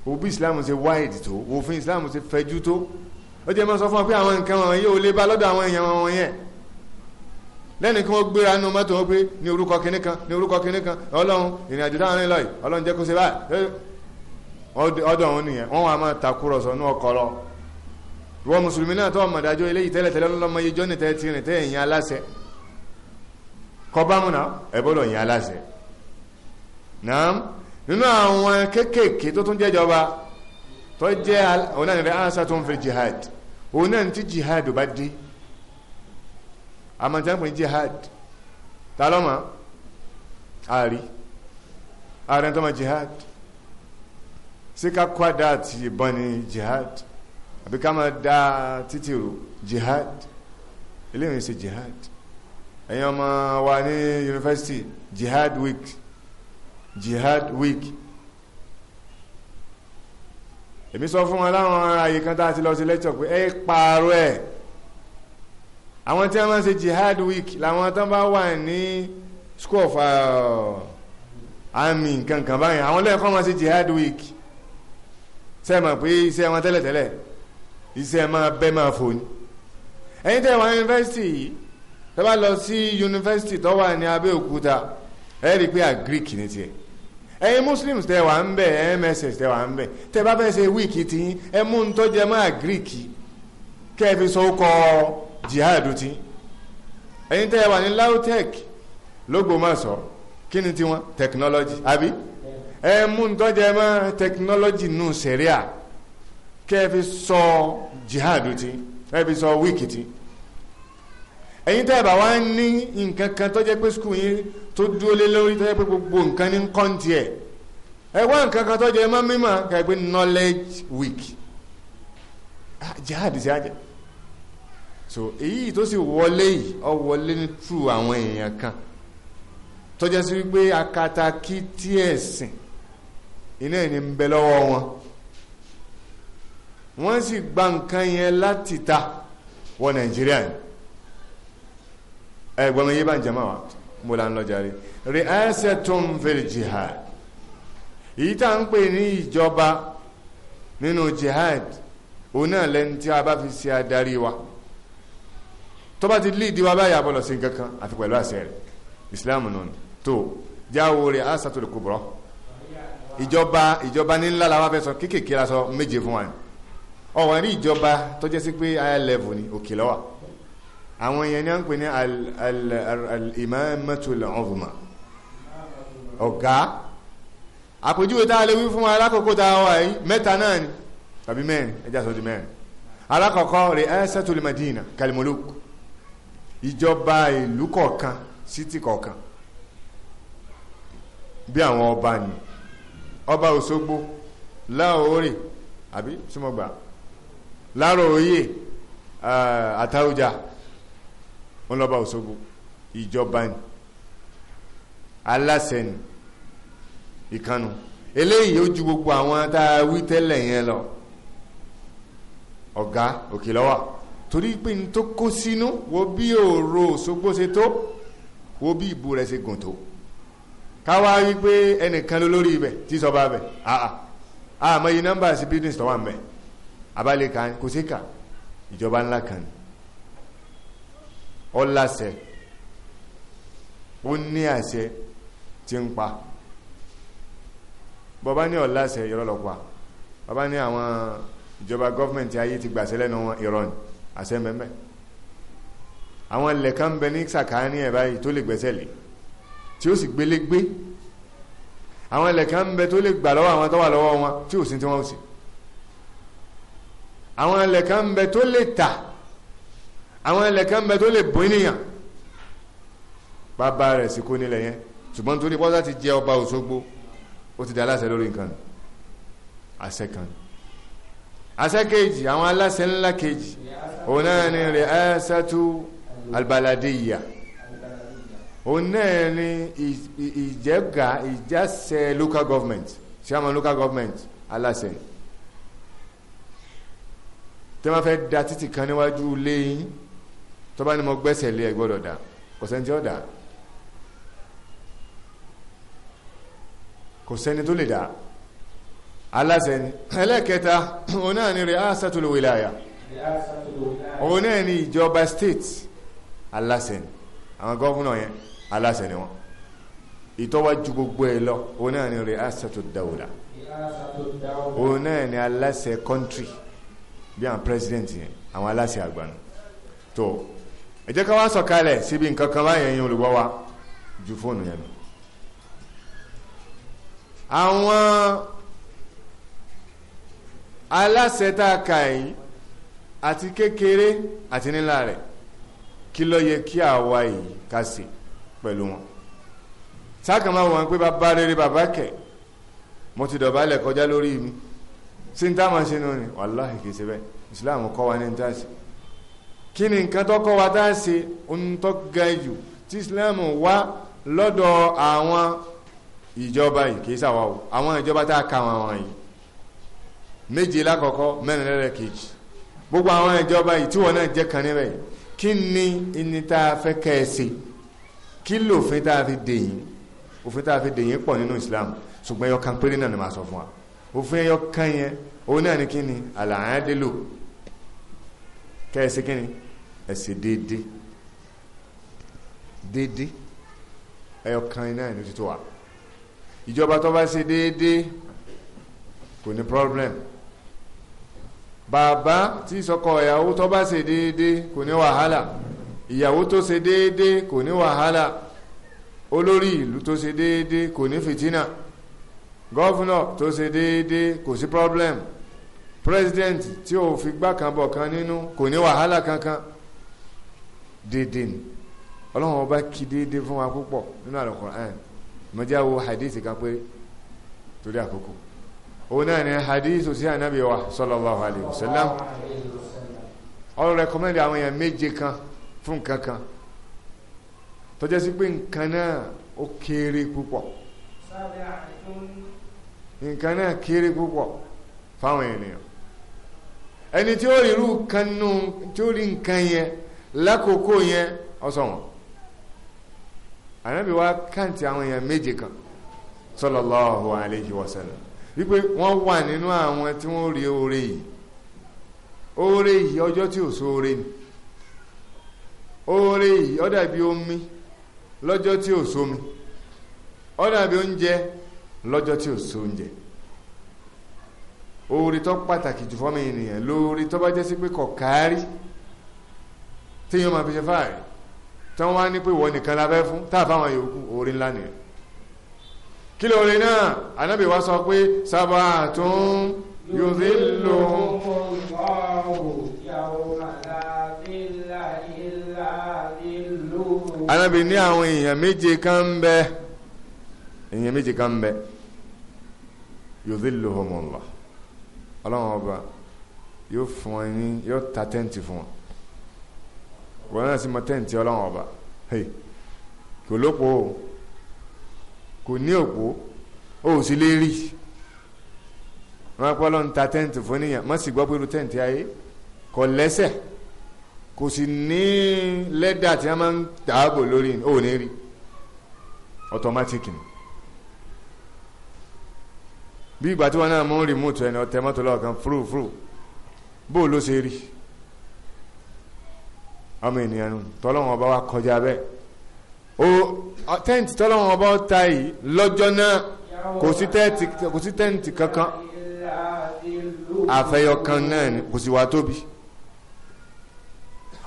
òbí Islam ṣe wide tó òfin Islam ṣe fẹjú tó ó jẹ́ mọ́ sọ fún ọ pé àwọn nǹkan wọn yóò lé bá lọ́dọ̀ àwọn èèyàn wọn yẹn lẹ́nu kí wọ́n gbéra nínú mọ́tò wọn pé ní orúkọ kìnní kan ní orúkọ kìnní kan ọlọ́run ìrìn àjò táwọn ń lọ yìí ọlọ́run jẹ́ kó ṣe báyìí ọ̀dọ̀ òun nìyẹn wọ́n wà máa takùrọ̀sọ ní ọkọ̀ lọ wọ́n mùsùlùmí náà tó ọmọ ìdájọ́ eléyìí tẹ́lẹ̀ tẹ́lẹ̀ lọ́mọ yìí jọ́nì tẹ́ ti rìn tẹ́ ẹ̀yìn aláṣẹ aláṣẹ nínú àwọn kéékèèké tó tún tó jẹ́ ansa tó ń fi jihad jihad bá dé àmọ̀tẹ́kùn jihad ta lọ́mọ àárí ààrẹ tó jihad sí ká kó àdá àti jihad àbí ká máa dá títì rò jihad eléyìí jihad ẹ̀yin ọmọ wa ní yunifásitì jihad week jihad week èmi sọ fún wọn láwọn ààyè kan tá a ti lọ sí lẹ́tọ̀ pé ẹ pààrọ̀ ẹ̀ àwọn tí wọ́n máa ń ṣe jihad week làwọn tó bá wà ní school of uh, army kankan báyìí àwọn lẹ́ẹ̀kọ́ máa ṣe jihad week ṣe mọ̀ pé iṣẹ́ wọn tẹ́lẹ̀tẹ́lẹ̀ iṣẹ́ máa bẹ́ máa fò ní ẹ̀yin tẹ́ wọn yunifásitì yìí tẹ́ bá lọ sí yunifásitì tó wà ní Abẹ́òkúta ẹ rí i pé agric ní tiẹ̀ ẹ̀yin muslims tẹ́ wà ń bẹ̀ mss tẹ́ wà ń bẹ̀ tẹ́ bá fẹ́ ṣe wíìkì tiyín ẹ mú un tó jẹ mọ́ agric kẹ́ ẹ fi so kọ́ ọ jihadu ti ẹ̀yin tẹ́ ẹ wà ní lautech lÓgbómọ̀ṣọ́ kí ni tiwọn technology àbí ẹ mú ntọ́jà mọ́ technology nù sẹ̀ríà kẹ́ ẹ fi sọ jihadu ti ẹ fi sọ wíìkì ti ẹ̀yin tẹ́ ẹ bá wá ní nǹkan kan tó jẹ́ pé skul yín tó dúró lé lórí tó pé gbogbo nǹkan ní kọ́ńtì ẹ̀ ẹ wá nǹkan kan tó jẹ́ mọ́ mímọ́ kẹ́ pé knowledge week ah, jihadu ṣe àjẹ́ so èyí tó sì wọlé yìí ọ wọlé ní tru àwọn èèyàn kan tọ́já sí wípé akatakí tí ẹ̀sìn iná ẹni ń bẹ lọ́wọ́ wọn wọ́n sì gba nǹkan yẹn láti ta wọ nàìjíríà ni ẹgbọ́n mi yé bá ń jẹ́ máa mo là ń lọ jàre ri'asatun fil jihad èyí tá ń pè ní ìjọba nínú jihad òun náà lẹni tí a bá fi ṣe adarí wa tó bá ti lé ìdíwá báyìí àbọ̀lọ̀ sí nǹkan kan àti pẹ̀lú àṣẹ rẹ̀ ìsìláàmù náà tó jáwo rẹ̀ àṣàtò lè kó bọ̀rọ̀ ìjọba ìjọba ní ńlá la wá fẹ́ sọ kéékèèké la sọ méje fún wa ni ọ̀wọ́ ní ìjọba tó jẹ́ sí pé high level ni òkè lọ́wọ́ àwọn èèyàn ní à ń pè ní imamatul uzma ọ̀gá àpèjúwe tá a lè wí fún wa alákòókò tá a wà yìí mẹ́ta náà ni tàbí mẹ́rin ẹja sọ di mẹ́rin alákọ̀ọ́kọ́ ri'asatul madina kalimoluk ìjọba ìlú kọ̀ọ̀kan sítì kọ̀ọ̀kan bí àwọn ọba ni ọba Òṣogbo láòórè àbí súnmọ́gbà láròóyè eh, àtàrújà wọn lọ́ba Òṣogbo ìjọba ni aláṣẹ ni ìkànnù eléyìí ó ju gbogbo àwọn tá a wí tẹ́lẹ̀ yẹn lọ ọ̀gá òkè lọ́wọ́ torí pé n tó kó sínú wo bí òòrò Òṣogbo ṣe tó wo bí ìbú rẹ̀ ṣe gùn tó káwá wípé ẹnìkan lólórí ibẹ̀ tí sọba bẹ̀ àà àmọ́ yìí sí business tó wà mẹ́ abálẹ̀ kan kò sí kà ìjọba ńlá kan ni ọlásẹ̀ ó ní àṣẹ tí ń pa bọ́bá ní ọlásẹ̀ ìrọ̀lọ́pàá bọ́bá ní àwọn ìjọba gọ́ọ̀mẹ̀ntì ayé ti gbàṣẹ́ lẹ́nu wọn ìrọ̀ àṣẹ́mbẹ̀mbẹ̀ àwọn ilẹ̀ kan bẹ ní sàkáání ẹ̀ báyìí tó lè gbẹ́sẹ̀ lé tí ó sì gbélé gbé àwọn ilẹ̀ kan bẹ tó lè gbà lọ́wọ́ àwọn tó wà lọ́wọ́ wọn tí ò sí tí wọ́n sì àwọn ilẹ̀ kan bẹ tó lè tà àwọn ilẹ̀ kan bẹ tó lè bọ́ ènìyàn bàbá rẹ̀ sì kó nílẹ̀ yẹn ṣùgbọ́n nítorí pọ́sá ti jẹ ọba Òṣogbo ó ti dá aláṣẹ lórí nǹkan àṣẹ kan asákejì àwọn aláṣẹ ńlá kejì òun náà ni ri'asatu albaladiya òun náà ni ìjẹ́gà ìjásẹ̀ local government chairman local government aláṣẹ tí wọ́n fẹ́ da títì kan níwájú léyìn tó bá ní mo gbẹ́sẹ̀ lé ẹ gbọ́dọ̀ dà kò sẹ́ni tó lè dà aláṣẹ ni ẹlẹ́kẹta òun náà ni riasatul wilaya òun náà ni ìjọba state aláṣẹ ni àwọn gọ́fúnà yẹn aláṣẹ ni wọn ìtọ́wá ju gbogbo ẹ lọ òun náà ni riasatul dawla òun náà ni aláṣẹ country bí àwọn president yẹn àwọn aláṣẹ àgbàna tó ẹ ká wá sọ̀kalẹ̀ síbi nǹkan kan báyẹn yín olùgbọ́ wa ju fóònù yẹn lọ àwọn aláṣẹ tá a kà yìí àti kékeré àti nílá rẹ̀ kí ló yẹ kí àwa yìí ká ṣe pẹ̀lú wọn sáàkà máa wọ̀n pé bàbá rere bàbá kẹ̀ mo ti dọ̀bálẹ̀ kọjá lórí mi sí ní táwọn ṣe nù ni wàláhì kìí ṣe bẹ́ẹ̀ Islam kọ́ wa ní tá a ṣe kí ni nǹkan tó kọ́ wa tá a ṣe ohun tó ga jù tí Islam wá lọ́dọ̀ àwọn ìjọba yìí kìí ṣàwọ̀ àwọn ìjọba tá a kà wọ́n wọ̀nyí méje lákọ̀ọ́kọ́ mẹ́rin lẹ́rẹ̀ kejì gbogbo àwọn ìjọba yìí tí wọ́n náà jẹ́ kan níbẹ̀ kí ni ẹni tá a fẹ́ kẹ́ ẹ ṣe kí lòfin tá a fi dèyìn òfin tá a fi dèyìn pọ̀ nínú Islam ṣùgbọ́n ẹyọ kan péré náà ni màá sọ fún wa òfin ẹyọ kan yẹn òun náà ni kí ni àlàáńdélò kẹ́ ẹ ṣe kí ni ẹ ṣe déédéé déédéé ẹyọ kan náà ni ó wa ìjọba tó bá ṣe déédéé kò ní problem bàbá tí sọkọ ìyàwó tó bá ṣe déédé kò ní wàhálà ìyàwó tó ṣe déédé kò ní wàhálà olórí ìlú tó ṣe déédé kò ní fìtínà gọ́vnọ̀ tó ṣe déédé kò sí problem president tí ò fi gbá kan bọ̀ kan nínú kò ní wàhálà kankan déédé ni ọlọ́run ọba kí déédé fún wa púpọ̀ nínú Al-Qur'an mọ̀jáwó hadith kan pé torí àkókò òun náà ni hadith sí ànábì wa sallallahu alayhi wa sallam ó recommend àwọn èèyàn méje kan fún nǹkan kan tó jẹ́ sí pé nǹkan náà ó kéré púpọ̀ nǹkan náà kéré púpọ̀ fáwọn ènìyàn ẹni tí ó rí irú kan tí ó rí nǹkan yẹn lákòókò yẹn ọ̀sọ̀wọ̀n ànábì wa kàǹtì àwọn èèyàn méje kan sallallahu alayhi wa sallam wípé wọ́n wà nínú àwọn tí wọ́n rí oore yìí oore yìí ọjọ́ tí ò sóore ni oore yìí ó dàbí omi lọ́jọ́ tí ò sómi ó dàbí oúnjẹ lọ́jọ́ tí ò sóúnjẹ oore tó pàtàkì jù fọ́mọ ènìyàn lóore tó bá jẹ́ sí pé kọ̀ kárí téèyàn máa fi ṣe fáàrí tí wọ́n wá ní pé wọ́n nìkan la fẹ́ fún táà fáwọn yòókù oore ńlá nìyẹn kí lóore náà anábì wá sọ pé sábà tún yóò sí lò anábì ní àwọn èèyàn méje kan ń bẹ èèyàn méje kan ń bẹ yóò sí lò ọmọlá ọlọ́run ọba yóò fún wọn ní yóò ta tẹ́ǹtì fún wọn wọn náà sì mọ tẹ́ǹtì ọlọ́run ọba kò lóko o. kò ní òpó ó sì lè rí wọn pọ́ lọ́n ta tẹ́ǹtì fún níyàn mọ́ sì gbọ́ pé irú tẹ́ǹtì ayé kò lẹ́sẹ̀ kò sì ní lẹ́dà tí wọ́n máa ń dààbò lórí ó ní rí ọ̀tọ́mátìkì ni bí ìgbà tí wọn náà mú rìmúùtù ẹni ọtẹ mọ́tò lọ́ọ̀kan fúrúfúrú bó ló ṣe rí ọmọ ènìyàn nù tọ́lọ́wọ́n ọba wa kọjá bẹ́ẹ̀ o tent tọ́lọ́wọ́n ọba ta yìí lọ́jọ́ náà kò sí tẹ́ǹtì kò sí tẹ́ǹtì kankan àfẹyọkan náà ni kò sì wá tóbi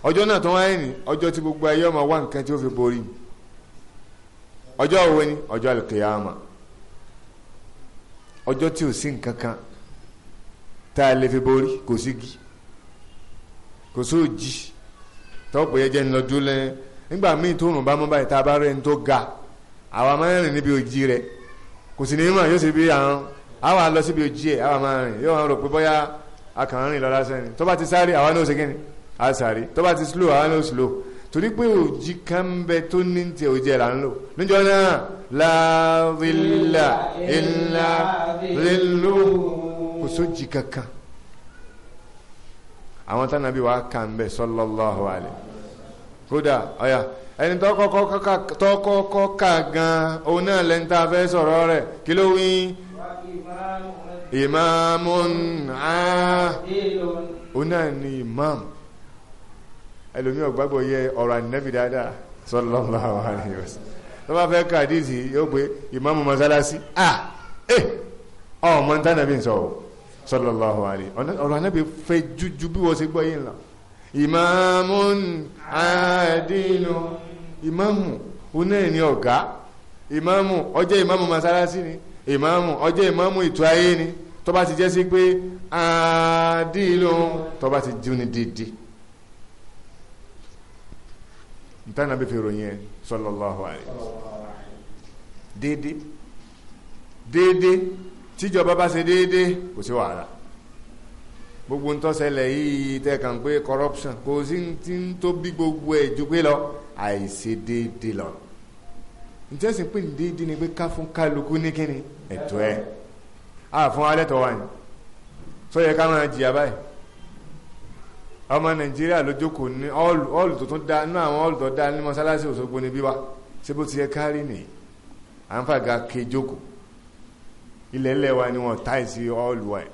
ọjọ́ náà tó wáyé ni ọjọ́ tí gbogbo ayé ọmọ wá nǹkan tí ó fi borí ọjọ́ òwe ni ọjọ́ àlùkìyàmà ọjọ́ tí ò sí nǹkan kan tá a lè fi borí kò sí gi kò sí òjì tọ́pọ̀ yẹn jẹ́ lẹ́yìn nígbà míì tó rùn bá mú báyìí tá a bá rẹ̀ ń tó ga àwa máa ń rìn níbi òjì rẹ̀ kò sì ní mọ̀ yóò sì bí àwọn àwa lọ síbi òjì ẹ̀ àwa máa rìn yóò rò pé bóyá a kàn ń rìn lọ lásán tó bá ti sáré àwa náà ó ṣe kí ni a sáré tó bá ti slow àwa náà ó slow torí pé òjì kan ń bẹ tó ní ti òjì ẹ̀ là ń lò níjọ náà láàrínlá ìlà kò sójì kankan àwọn tánàbí wa kà ń bẹ sallallahu alaihi kódà ọ̀yà ẹni tọ́kọ́kọ́ ká gan òun náà lẹ́ni tá a fẹ́ sọ̀rọ̀ rẹ̀ kí ló wí. ìmáàmù òun náà ni ìmáàmù ẹlòmí ọ̀gbàgbọ́ yẹ ọ̀rọ̀ ànínẹ́bì dáadáa sallallahu alaihi wasallam tó bá fẹ́ kàdíìsì yóò pé ìmáàmù mọ́sálásí à ẹ̀ eh, ọmọ ntánàbí sọ̀rọ̀ sallallahu alaihi ọ̀rọ̀ ànínẹ́bì fẹ́ jújú bí wọ́n ṣe gbọ́ yìí lọ. imamu ni adi ilu imamu una eni oga imamu oje imamu masarasi ni imamu oje imamu ito aye ni toba ti je si pe adi ilu toba ti ji uni di di ntana befe onye soloolo ahu aye di di di di di chijio babasi di di osiwara gbogbo ntọ́sẹ̀lẹ̀ yìí tẹ̀kàn pé corruption kò sí ti ń tó bí gbogbo ẹ̀ ju pé lọ àìṣedéédé lọ ntẹ́sìn pé déédé ni pé ká fún kálukú ní kíni ẹ̀tọ́ ẹ̀ á fún alẹ́ tọ́ wa ni sọ yẹ ká máa jìyà báyìí ọmọ nàìjíríà ló jókòó ní ọ́ọ̀lù tó tún dá nínú àwọn ọ́ọ̀lù tó dá ní mọ́sálásí òṣogbo ní bíwá ṣé bó ti yẹ kárí nìyí à ké jókòó ilẹ̀ ńlẹ̀ wa ni wọ́n táì sí ọ́ọ̀lù wa yìí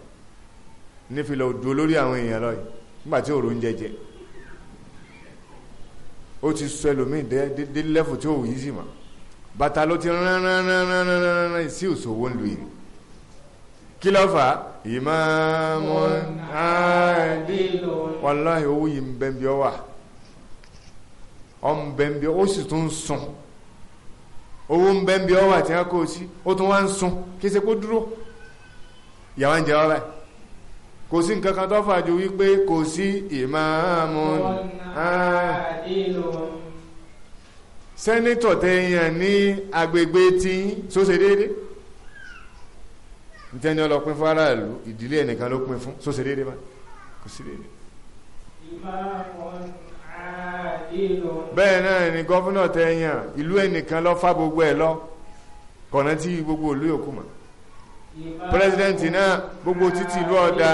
nífilọ òdò lórí àwọn èèyàn lọ nígbà tí òòrùn jẹjẹ ó ti sọ ẹlòmíì dé lẹ́fù tí òòrùn yìí sì mọ̀ bàtà ló ti rán rán rán rán rán rán rán sí òṣòwò ń lu yìí kí ló fà á ìmáàmù àdìlò wàláhì owó yìí ń bẹ́ ń bí ọ wà ọ ń bẹ́ ń bí ọ ó sì tún ń sun owó ń bẹ́ ń bí ọ wà tí wọ́n kó o sí ó tún wá ń sun kí ṣe kó dúró ìyàwó ń jẹ ọ báyìí kò sí nǹkan kan tó fà ju wípé kò sí ìmáàmù sẹ́nítọ̀ tẹ̀yàn ní agbègbè tí sóṣe déédéé ntẹ́ni ọlọ́pin fún aráàlú ìdílé ẹnìkan ló pin fún sóṣe déédéé bá kò sí déédéé. bẹ́ẹ̀ náà ni gọ́fúnà tẹ̀yàn ìlú ẹnìkan lọ fà gbogbo ẹ̀ lọ kọ̀nà tí gbogbo ìlú yòókù mọ̀ pírẹsidẹ́ǹtì náà gbogbo títí ìlú ọ̀dà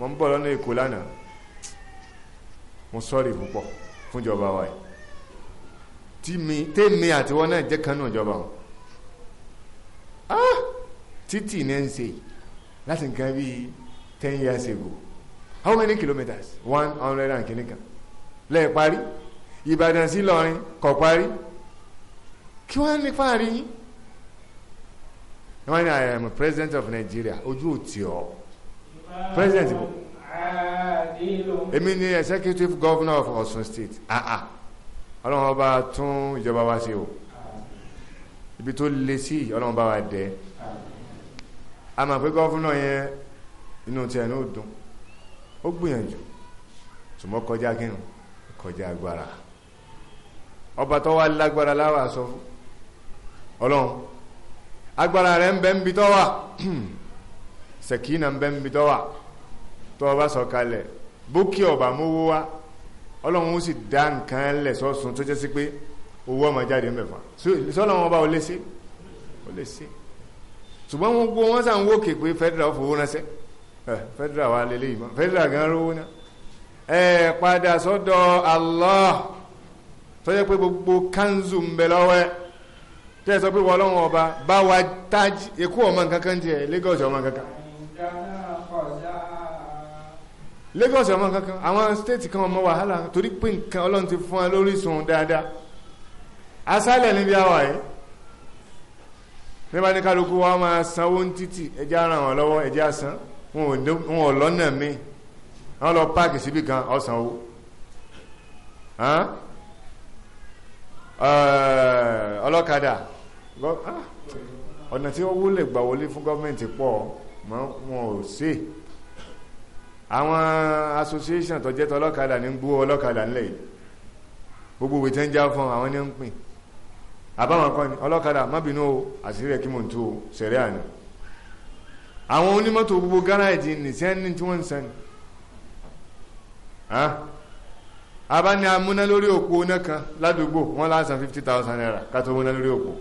mo ń bọ̀ lọ́nà èkó lánàá mo sọ́ọ̀rì púpọ̀ fúnjọba wa yìí tèmi tèmi àtiwọ́n náà jẹ́ kanú ìjọba wọn ah! títì ní ń ṣe láti nǹkan bíi ten years ago how many kilometres one hundred and kìíní kan lẹ́ẹ̀ parí ìbàdàn sí lọrin kọ̀ parí kí wọ́n ní fáàrí yín wọ́n ní I am president of Nigeria ojú ò tì ọ́ president bo èmi ni executive governor of Ọ̀ṣun state ah, ah, ọlọ́run ọba tún ìjọba wa ṣe o ibi tó le sí ọlọ́run bá wa dẹ a mọ̀ pé gọ́fúnà yẹn inú tí ẹnu dùn ó gbìyànjú ṣùgbọ́n kọjá kínú kọjá agbára ọba tó wá lágbára láwà ọlọ́run agbára rẹ̀ ń bẹ ń bi wà sẹ̀kínà ń bẹ́ ń bi tọ́wà tó o bá sọ kalẹ̀ bókì ọ̀bà mówó wá ọlọ́run ó sì dá nǹkan lẹ̀ sọ́sùn tó jẹ́ sí pé owó ọmọ jáde ń bẹ̀ fún sọ́lọ́run ọba ò ṣùgbọ́n wọn gbó wọn sàn wókè pé federal fowó ránṣẹ́ eh, federal wa lélẹ́yìí mọ́ federal gan rówó náà ẹ padà sọ́dọ̀ Allah tó jẹ́ pé gbogbo kanzu ń bẹ lọ́wọ́ ẹ tẹ́ sọ pé wọ́n ọlọ́run ọba bá tájì Èkó ọmọ nǹkan kan tiẹ̀ Lagos ọmọ nǹkan kan Lagos ọmọ kankan àwọn state kan ọmọ wàhálà torí pé nǹkan Ọlọ́run ti fún wa lórí sùn dáadáa asálẹ̀ níbi àwà yìí nígbà ní kálukú wa máa sanwó ní títì ẹjẹ́ ara wọn lọ́wọ́ ẹjẹ́ àsán wọn ò lọ́nà míì àwọn lọ páàkì síbì kan ọ̀sán owó ọlọ́kadà ah, ọ̀nà tí ó wúlẹ̀ gbà wọlé fún gọ́ọ̀mẹ̀ntì pọ̀ ọ́ ṣùgbọ́n wọn ò ṣe àwọn association tó jẹ́ tọlọ́kadà ní gbó ọlọ́kadà ńlẹ̀ yìí gbogbo òwe tẹ́ ń já fún àwọn ní ń pìn àbáwọn kan ní ọlọ́kadà má bínú o àṣírí rẹ̀ kí mò ń tú o ṣẹ̀rẹ́ àná àwọn onímọ́tò gbogbo gáràjì ní sẹ́ni tí wọ́n ń sẹ́ni abáni amúná lórí òpó oná kan ládùúgbò wọ́n lásan fifty thousand naira ká tó múná lórí òpó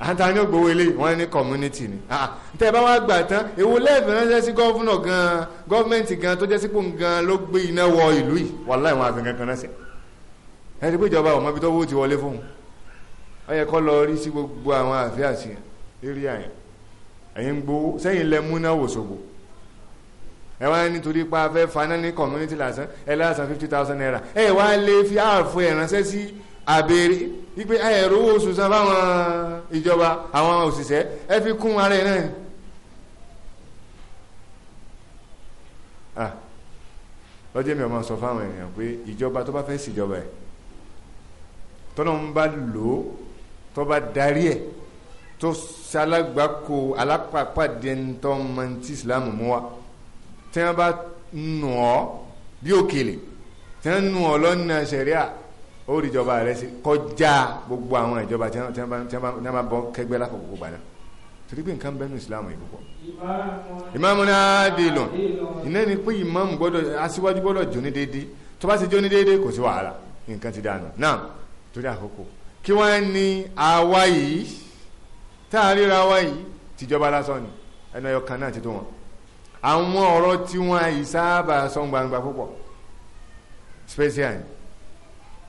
àtà ní ògbówó ilé wọn ní community ni ah, ah. tẹ bá wá gbà tán èwo lẹ́ẹ̀fẹ̀ ránṣẹ́ sí gọ́fúnà gan gọ́fúnmẹ́ǹtì gan tó jẹ́ sípò gan ló gbé iná wọ ìlú yìí wàláhì wọn àfihàn kan ránṣẹ́ ẹ ti pé ìjọba ọmọ ibi tó wó ti wọlé fóun ó yẹ kó lọ rí sí gbogbo àwọn àfíà sí eré àyàn ẹ̀yin gbowó sẹ́yìn lẹ múná wòṣogbo ẹ wá nítorí pa afẹ́ faná ní community lásán ẹ lásán fifty thousand naira ẹ wá lé fi ààfo ẹ̀ ránṣẹ́ àbèrè wípé ẹ̀rọ owó oṣù san fáwọn ìjọba àwọn òṣìṣẹ́ ẹ fi kún ara ẹ̀ náà ah, lọ́jọ́ mi ọmọ sọ fáwọn èèyàn pé ìjọba tó bá fẹ́ ṣèjọba ẹ̀ tọ́nà ń bá lò ó tó bá darí ẹ̀ tó ṣalágbákò alápàpàdé ńtọ́ mọ́ntí ìsìlámù mú wa tí wọ́n bá nù ọ́ bí òkèlè tí wọ́n nù ọ́ lọ́nà ṣẹ̀ríà ó rí ìjọba rẹ sí kọjá gbogbo àwọn ìjọba tí wọ́n bá bọ́ kẹgbẹ́ lákòókò gbàdá torí pé nǹkan bẹ́ẹ̀ ní ìsìlámù yìí púpọ̀. ìmáàmù náà dè lọ iná ni pé ìmáàmù gbọ́dọ̀ aṣíwájú gbọ́dọ̀ jó ní déédéé tó bá ti jó ní déédéé kò sí wàhálà nǹkan ti dànù náà torí àkókò kí wọ́n ní àwa yìí tá a ríra wa yìí tìjọba lásán ni ẹnu ẹyọ kan náà ti tó wọn àwọn ọ̀rọ̀ tí wọ́n yìí sábà sọ special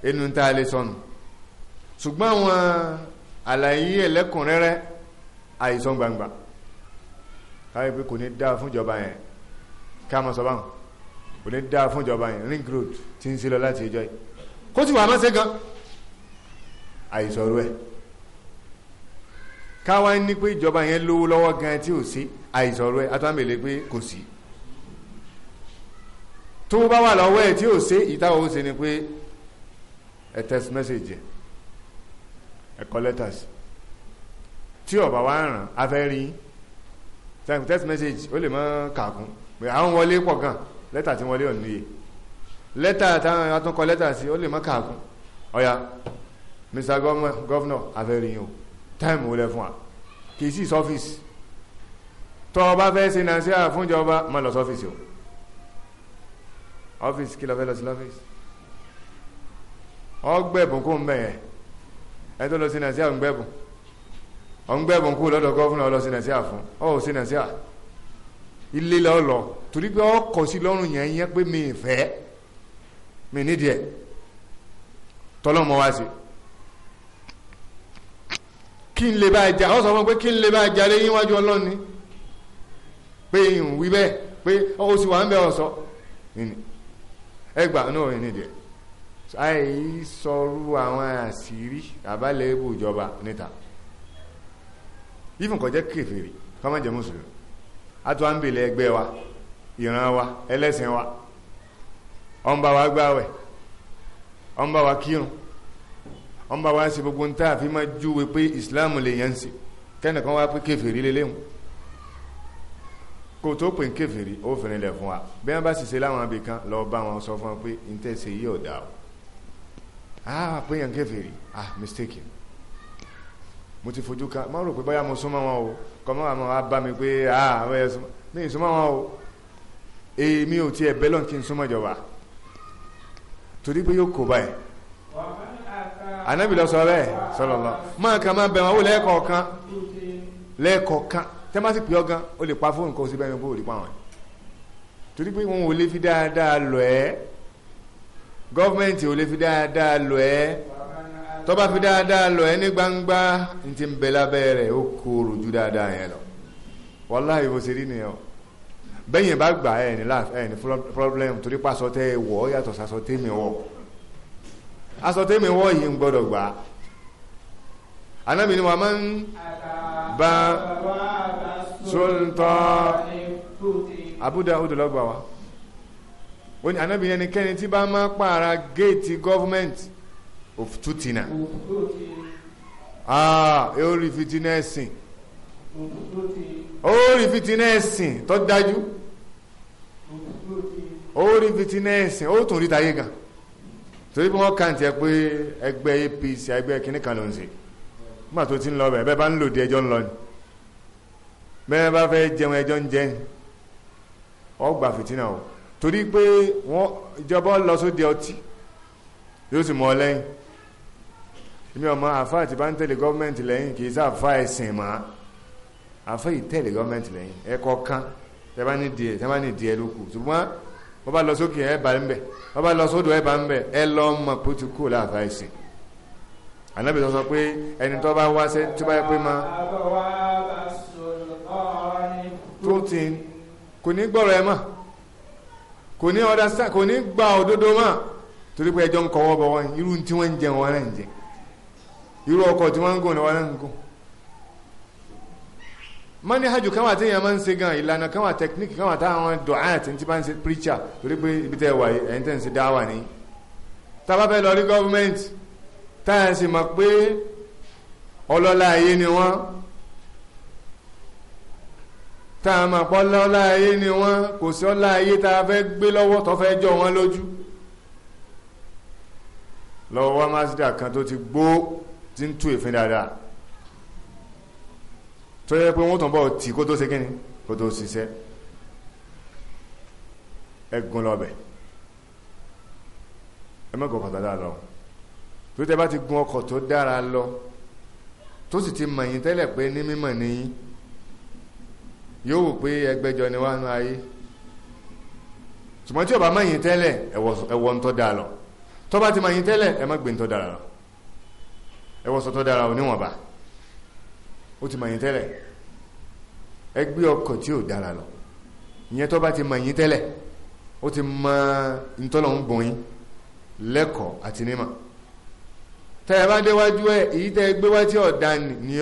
ẹnu tá a lè sọnù ṣùgbọ́n àwọn àlàyé ẹlẹ́kùnrẹ́rẹ́ àìsàn gbangba káyọ̀ pé kò ní dáa fúnjọba yẹn ká mọ̀ sọ́bà kò ní dáa fúnjọba yẹn ring road ti ń sí lọ láti ìjọ yìí kó sì wà má ṣe gan àìsọ̀rọ̀ ẹ̀ káwa ní pé ìjọba yẹn lówó lọ́wọ́ gan tí ò sí àìsọ̀rọ̀ ẹ̀ àtàmìlẹ̀ pé kò sí tó bá wà lọ́wọ́ ẹ̀ tí ò sí ìtawọ̀ ó ṣe ni pé ẹ text message ẹ kọ letters tí ọba wa ràn á fẹ́ rí yín text message ó lè mọ́ kàkún pé àwọn wọlé pọ̀ gan lẹ́tà tí wọlé ọ̀nà yìí lẹ́tà táwọn atúnkọ lẹ́tà sí ó lè mọ́ kàkún ọ̀ya mr governor á fẹ́ rí yín o táìmù ó lẹ fún wa kì í sí sọ́fíìsì tọ́ ọba fẹ́ ṣe nàìjíríà fúnjọba má lọ sọ́fíìsì o ọ́fíìsì kí lọ lọ sí lọ́fíìsì ọgbẹ̀bùn kò ń bẹ̀ yẹn ẹ tó lọ sí nàìjíríà ń gbẹ̀bùn ọ̀n gbẹ̀bùn kò lọ́dọ̀ gọ́fúnà lọ sí nàìjíríà fún ọ ò sí nàìjíríà ilé lọ lọ torí pé ọ kọ sí lọ́rùn yẹn yẹn pé mi fẹ́ mi nídìí ẹ̀ tọ́lọ́mọ wá sí kí n lè bá jà ọ sọ fún pé kí n lè bá jà lé yíwájú ọlọ́ni pé ìhùn wí bẹ́ẹ̀ pé ó sì wà ń bẹ́ ọ̀sọ́ ẹgbàá náà ẹ̀ nídìí ẹ̀ àì sọrú àwọn àṣírí àbálẹ̀ ibò ìjọba níta even kọjá kèfèrí kọ́mọ̀ jẹ́ mùsùlùmí àtúwà ń bèèrè ẹgbẹ́ wa ìran wa ẹlẹ́sìn wa ọ̀n bá wa gbáwẹ̀ ọ̀n bá wa kírun ọ̀n bá wa ṣe gbogbo ń tá àfi máa júwe pé ìsìláàmù lè yẹn ń ṣe kẹ́nìkan wá pé kèfèrí lélẹ́hùn kò tó pè ń kèfèrí ó fìrìnlẹ̀ fún wa bí wọ́n bá sì láwọn abìkan lọ bá wọn sọ fún wọn pé ń tẹ̀sẹ̀ yìí ọ̀dà o ah pé yàn kèfèrí ah mistake mo ti fojú kan má rò pé bóyá mo súnmọ́ wọn o kọ́ mọ́ àwọn wa bá mi pé ah àwọn yẹn súnmọ́ mi ì súnmọ́ wọn o èmi ò tiẹ̀ bẹ́lọ̀ kí n súnmọ́ ìjọba torí pé yóò kó báyìí anabi lọ sọ bẹ́ẹ̀ sọlọ lọ máa kà máa bẹ̀ wọn ó lẹ́ẹ̀kọ̀ọ̀kan lẹ́ẹ̀kọ̀ọ̀kan tẹ́másì pé ọgán ó lè pa fóònù kan ó sì bẹ́ẹ̀ ni bó ò lè pa wọn torí pé wọn ò lè fi dáadáa lọ ẹ́ gọọmenti ò lè fi dáadáa lọ ẹ tó fi dáadáa lọ ní gbangba ní ti ń ó ju dáadáa yẹn lọ wàláhì rí nìyẹn o bá gbà ní láàf ní problem torí pa aṣọ tẹ́ ẹ wọ̀ ọ́ yàtọ̀ sasọ tẹ́mi wọ̀ aṣọ tẹ́mi yìí ń gbà ni wa máa ń ba Abu Dawud lọ́gbà wa. ó ní anábì ẹnikẹ́ni tí bá máa pààrà géètì gọ́fúmẹ́ǹtì òfútútìnà ah, ó rí fitinà ẹ̀sìn ó rí fitinà ẹ̀sìn tó dájú ó rí fitinà ẹ̀sìn ó tún rí tayé gan torí bí wọ́n kàn tiẹ̀ pé ẹgbẹ́ APC ẹgbẹ́ kínní kan ló ń ṣe nígbà tó ti ń lọ bẹ̀ bẹ́ẹ̀ bá ń lòdì ẹjọ́ ń lọ ni bẹ́ẹ̀ bá fẹ́ jẹun ẹjọ́ ń jẹ́ ọgbà fitinà o torí pé wọ́n ìjọba lọ sóde ọtí yóò sì mọ́ lẹ́yìn èmi ọmọ àfa àti bá ń tẹ̀lé gọ́ọ̀mẹ̀ntì lẹ́yìn kì í sáfà ẹ̀sìn mọ́ àfa ìtẹ̀lé gọ́ọ̀mẹ̀ntì lẹ́yìn ẹ̀kọ́ kan tẹ́bá ní díẹ̀ tẹ́bá ní díẹ̀ ló kù ṣùgbọ́n wọ́n bá lọ sókè ẹ̀ bá ń bẹ̀ wọ́n bá lọ sódò ẹ̀ bá ń bẹ̀ ẹ lọ́ mọ̀ pé ó ti kú láàfà ẹ̀sìn ànábì sọ pé ẹni tó bá wá sẹ́ tó bá yẹ pé máa tó ti kò ní gbọ́rọ̀ ẹ mọ́ kò ní understand kò ní gba òdodo mọ́ torí pé ẹjọ́ ń kọ́wọ́ bọ̀ wọ́n irú tí wọ́n ń jẹ wọn náà ń jẹ irú ọkọ̀ tí wọ́n ń gùn ni wọ́n náà ń gùn mọ́ni hajj preacher torí pé ibi tẹ́ wà ẹ̀yìn tẹ́ ń ṣe dáwà ní tábà fẹ́ lọ rí gọ́ọ̀mẹ́ntì táyà sì mọ̀ pé ọlọ́lá ayé ni wọ́n tá a máa pọ́ lọ́lá ayé ni wọ́n kò sí ọlá ayé tá a fẹ́ gbé lọ́wọ́ tó fẹ́ jọ wọ́n lójú lọ́wọ́ wá mazda kan tó ti gbó tí ń tú èéfín dáadáa tó yẹ pé wọ́n tàn bọ̀ tì kó tó ṣe kíni kó tó ṣiṣẹ́ ẹgùn lọ́bẹ̀ ẹ mọ́gàn ọkọ̀ dáadáa lọ tó tẹ bá ti gun ọkọ̀ tó dára lọ tó sì ti mọ̀ tẹ́lẹ̀ pé ní mímọ̀ nìyí yóò wò pé ẹgbẹ́jọ ni wọ́n ayé tí ọba máa yin tẹ́lẹ̀ ẹ̀wọ̀ ń da lọ tọ́ba ti máa yin tẹ́lẹ̀ ẹ má gbé ń da lọ ẹ̀wọ̀ sọ da lọ níwọ̀nba ó ti máa yin tẹ́lẹ̀ ẹ ọkọ̀ tí ò dára lọ ìyẹn tọ́ba ti máa yin tẹ́lẹ̀ ó ti mọ ntọ́lọ̀ ń bọ̀ lẹ́kọ̀ọ́ àti nímọ̀ tẹ́ ẹ bá déwájú ẹ èyí tẹ́ ẹ gbé ọ̀dà ni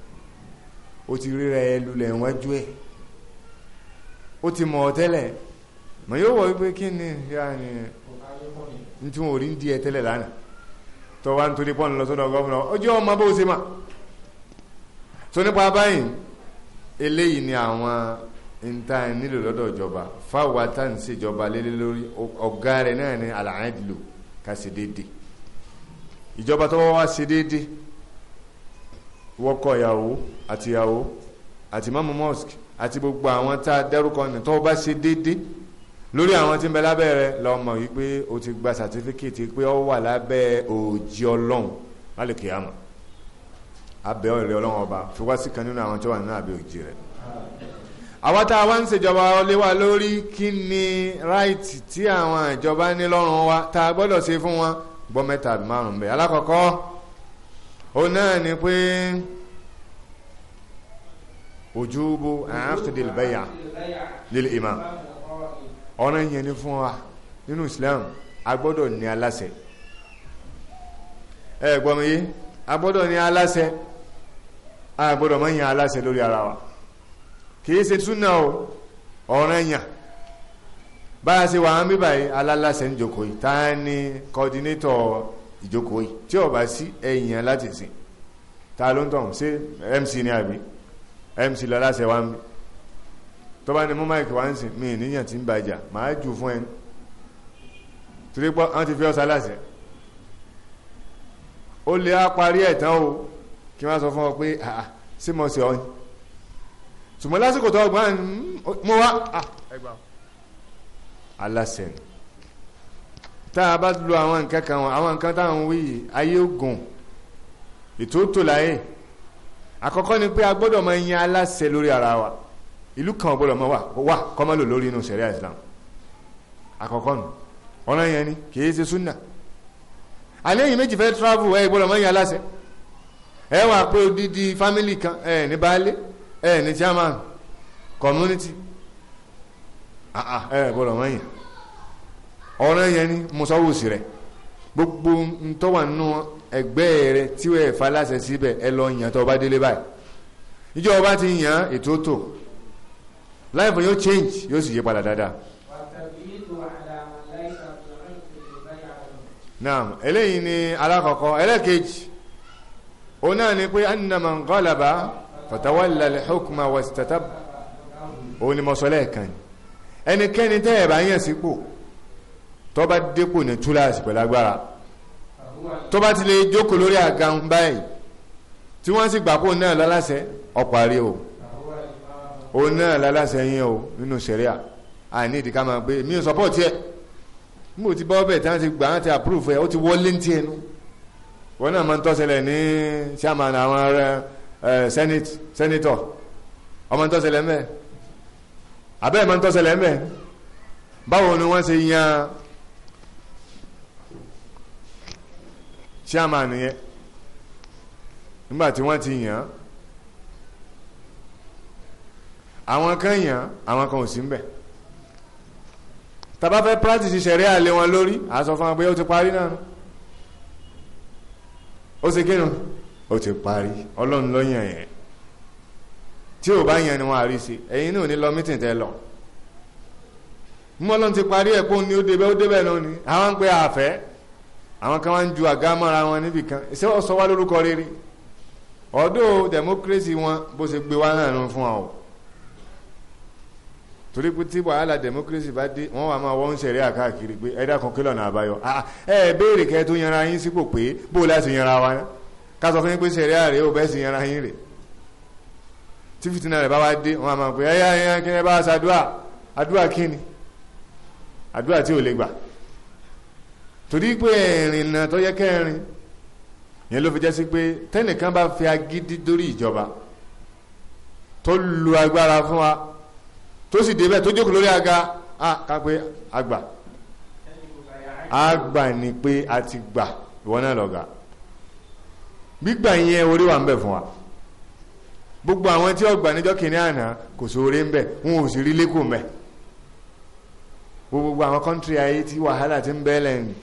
o ti ríra elu lulẹ̀ wájú ẹ̀ ti mọ̀ ọ́ mọ̀ yóò wọ̀ wípé kí ni yáni ní tí wọn ò rí ń di ẹ tẹ́lẹ̀ lánàá tó wá pọ́n lọ sọ́dọ̀ gọ́fúnà ojú ọmọ bó ṣe mà tó nípa báyìí eléyìí ni àwọn nta nílò lọ́dọ̀ ìjọba fáwọn ń ṣèjọba lélẹ́ lórí ọ̀gá rẹ̀ náà ni àlàyé dìlò ká ṣe déédéé ìjọba tó wá wá ṣe déédéé wọ́kọ̀ ìyàwó àti ìyàwó àti mọ́mú mosque àti gbogbo àwọn tá a dẹ́rùkọ ní tó bá ṣe déédéé lórí àwọn tí ń bẹ lábẹ́ rẹ lọ́mọ yìí pé o ti gba sàtífíkẹ́tì pé ọ wà lábẹ́ òòjì ọlọ́run lálẹ́ kìámà abẹ́ ọ̀rẹ́ ọlọ́run ọba fi sí kan nínú àwọn tí wà nínú àbẹ̀ òòjì rẹ̀ àwa tá a wá ń ṣèjọba lé wa lórí kí ni right tí àwọn ìjọba ní lọ́rùn wa tá a gbọ́dọ̀ ṣe fún wọn gbọ́ mẹ́ta àbí márùn-ún bẹ́ẹ̀ alákọ̀ọ́kọ́ ó náà ni pé ojúbó àákìdì bẹ́yà lílì imam ọ̀nà yẹn ni fún wa nínú Islam a gbọ́dọ̀ ní aláṣẹ ẹ gbọ́ mi yé a gbọ́dọ̀ ní aláṣẹ a gbọ́dọ̀ mọ́ yẹn aláṣẹ lórí ara wa kìí ṣe súnà o ọ̀nà yẹn bá a ṣe wà á ń bíbáyé alálàṣẹ ń ìjókòó yìí tí ó bá sí ẹ̀yìn láti sìn ta ló ń tọ̀ ṣé mc ni àbí mc lọ láṣẹ wa ń bí tó bá ní mú máìkì wá ń sìn mí níyàn tí ń bàjà máa jù fún ẹni torí pọ́ wọ́n ti fi ọ́ sálàṣẹ ó lè á parí ẹ̀ o kí wọ́n sọ fún ọ pé àà sí mọ̀ sí ọ yìí ṣùgbọ́n lásìkò tó ọgbọ́n hmm, mo wá ah, aláṣẹ ni tá a bá lo àwọn nǹkan kan wọn àwọn nǹkan táwọn wí yìí ayé ògùn ètò òtò láyé àkọ́kọ́ ni pé a gbọ́dọ̀ máa yan aláṣẹ lórí ara wa ìlú kan gbọ́dọ̀ máa wà wà kọ́mọ́lò lórí inú sẹ̀ríà Islam àkọ́kọ́ nù ọ̀nà yẹn ni kì í ṣe súnà àléyìn méjì fẹ́ travel ẹ gbọ́dọ̀ máa yan aláṣẹ ẹ wà pé odidi family kan ẹ ní baálé ẹ ní chairman community ẹ gbọ́dọ̀ máa yan ọ̀rẹ́ yẹn ni mọ̀sáwòsì rẹ̀ gbogbo ntọ́wà nù ẹgbẹ́ rẹ̀ tí wọ́n ẹ̀fà láṣẹ síbẹ̀ ẹ lọ yàn tó bá délé báyìí ìjọ ọba ti yàn ètò tó life yóò change yóò sì yí padà dáadáa. naam eléyìí ni alákọ̀ọ́kọ́ ẹlẹ́kejì òun náà ni pé annama ngọ́laba fatawalla al-hukma wastatab òun ni mọ̀sọ́lẹ̀ kan ẹnikẹ́ni tẹ́ ẹ̀ bá yàn sípò. Si tó bá dépò ní túláàsì pẹ̀lú agbára tó bá ti lè jókòó lórí àga ń báyìí tí wọ́n sì gbà pò náà lálàṣẹ ọ̀parí o òun náà lálàṣẹ yín o nínú sẹ̀ríà àní ìdíkà máa gbé mi ò sọ́pọ̀ tiẹ̀ mo ti bọ́ bẹ̀ tí wọ́n ti gbà wọ́n ti approve ẹ̀ ó ti wọlé ní tiẹ̀ nu wọn náà máa ń tọ́sẹ̀lẹ̀ ní chairman àwọn senate senator ọmọ ń tọ́sẹ̀lẹ̀ mẹ́ abẹ́ẹ̀ máa ń tọ́sẹ̀lẹ̀ mẹ́ báwo ni wọ́n ṣe yan chairman nìyẹn nígbà tí wọ́n ti yàn án àwọn kan yàn án àwọn kan ò sí mbẹ̀ tàbá fẹ́ practice ṣẹ̀rí àlẹ́ wọn lórí àsọ fún wọn pé ó ti parí náà ó ṣe kí ni ó ti parí ọlọ́run ló yàn yẹn tí ò bá yàn ni wọn àrí sí ẹ̀yin náà ní lọ mítìn tẹ lọ mú ọlọ́run ti parí ẹ̀ pé ni ó débẹ̀ ó débẹ̀ náà àwọn ń pe àfẹ́ àwọn kan wá ń ju àga mọ́ra wọn níbì kan ṣé wọ́n sọ wá lórúkọ rere ọ̀dọ́ democracy wọn bó ṣe gbé wá náà nù fún ọ torí pé tí wàhálà democracy bá dé wọ́n wà máa wọ́n ń ṣẹ̀rí àkáàkiri pé ẹ̀dá kan kí lọ́nà àbáyọ ẹ béèrè kẹ́ tó yanra yín sípò pé bó láti yanra wa ná ká sọ fún yín pé ṣẹ̀rí àrè ó bẹ́ẹ̀ sì yanra yín rè tí fìtínà rẹ̀ bá wá dé wọ́n á máa ẹ̀yà ẹ̀yà kí ẹ bá ṣàdúà àdúà kí ni àdúà tí ò lè gbà torí pé ìrìnà tó yẹ kẹrin yẹn ló fi pé tẹ́nìkan bá fi agídí dórí ìjọba tó lu agbára fún wa tó sì débẹ̀ tó jókòó lórí aga a ká pé àgbà àgbà ni pé a ti gbà ìwọ náà lọ́gà gbígbà yẹn orí wa ń fún wa gbogbo àwọn tí ọgbà níjọ́ kìíní àná kò sóore ń bẹ wọn ò sì rí ti ń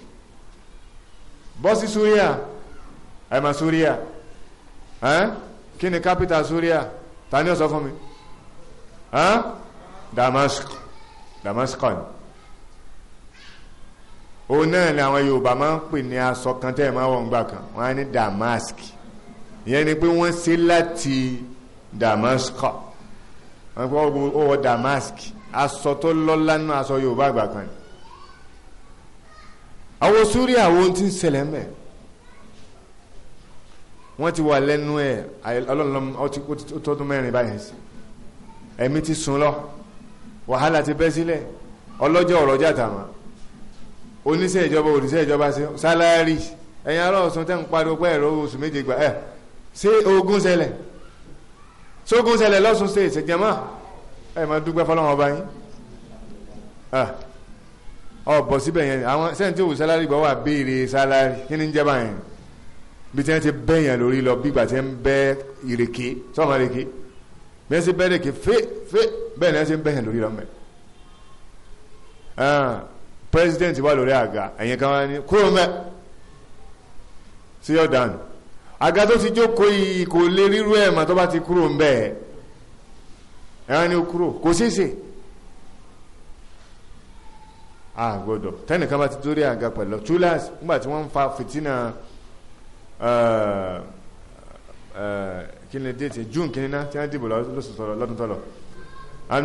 bọ́ Suria ẹ mọ̀ Suria ẹ́n kí ni capital Suria ta ni ó fún mi ẹ́n Damask, Damaskan. ni òun náà ni àwọn Yorùbá máa ń pè ní aṣọ kan tẹ́ ẹ̀ máa wọ̀ ńgbà kan wọ́n á ní Damask ìyẹn ni pé wọ́n ṣe láti Damascus wọ́n pẹ́ wọ́n wọ Damask aṣọ tó lọ́lá nínú aṣọ Yorùbá àgbà kan ni àwọn Súríà àwọn tí ń ṣẹlẹ̀ mẹ́ wọ́n ti wà lẹ́nu ẹ̀ ọlọ́run ó tọ́dún mẹ́rin báyìí sí ẹ̀mí ti sùn lọ wàhálà ti bẹ́ sílẹ̀ ọlọ́jọ́ ọ̀rọ̀ jàtàmà oníṣẹ́ ìjọba òníṣẹ́ ìjọba sálárì ẹ̀yin ará Ọ̀ṣun tẹ́ ń pariwo pé ẹ̀rọ oṣù méje gbà ẹ̀ ṣé ogun ṣẹlẹ̀ ṣógun ṣẹlẹ̀ lọ́sùn state ṣèjẹmọ́ ẹ̀ máa dúpẹ́ fọlọ́wọn ọba yín ọ bọ̀ síbẹ̀ yẹn àwọn sẹ́ńtì òwò sálárì gbọ́ wà béèrè sálárì kí ni ń jẹ́ báyẹn bí tí wọ́n ti bẹ́ yẹn lórí lọ bí ìgbà tí wọ́n bẹ́ ìrèké sọ́ọ̀mọ́ ìrèké bí wọ́n ti bẹ́ ìrèké fé fé bẹ́ẹ̀ ni wọ́n ti bẹ́ yẹn lórí lọ mẹ́ president wà lórí àga ẹ̀yìn kan wá ní kúrò mẹ́ sí ọ̀dàn àga tó ti jókòó yìí kò lè rírú ẹ̀ mà tó bá ti kúrò ń bẹ́ẹ̀ ẹ̀ wá kúrò kò sí sí agodo; tẹ́nìkan bá ti torí àga pẹ̀lú tulas nígbà tí ń fa kí june eh, eh, kí ni ná tí dìbò ah,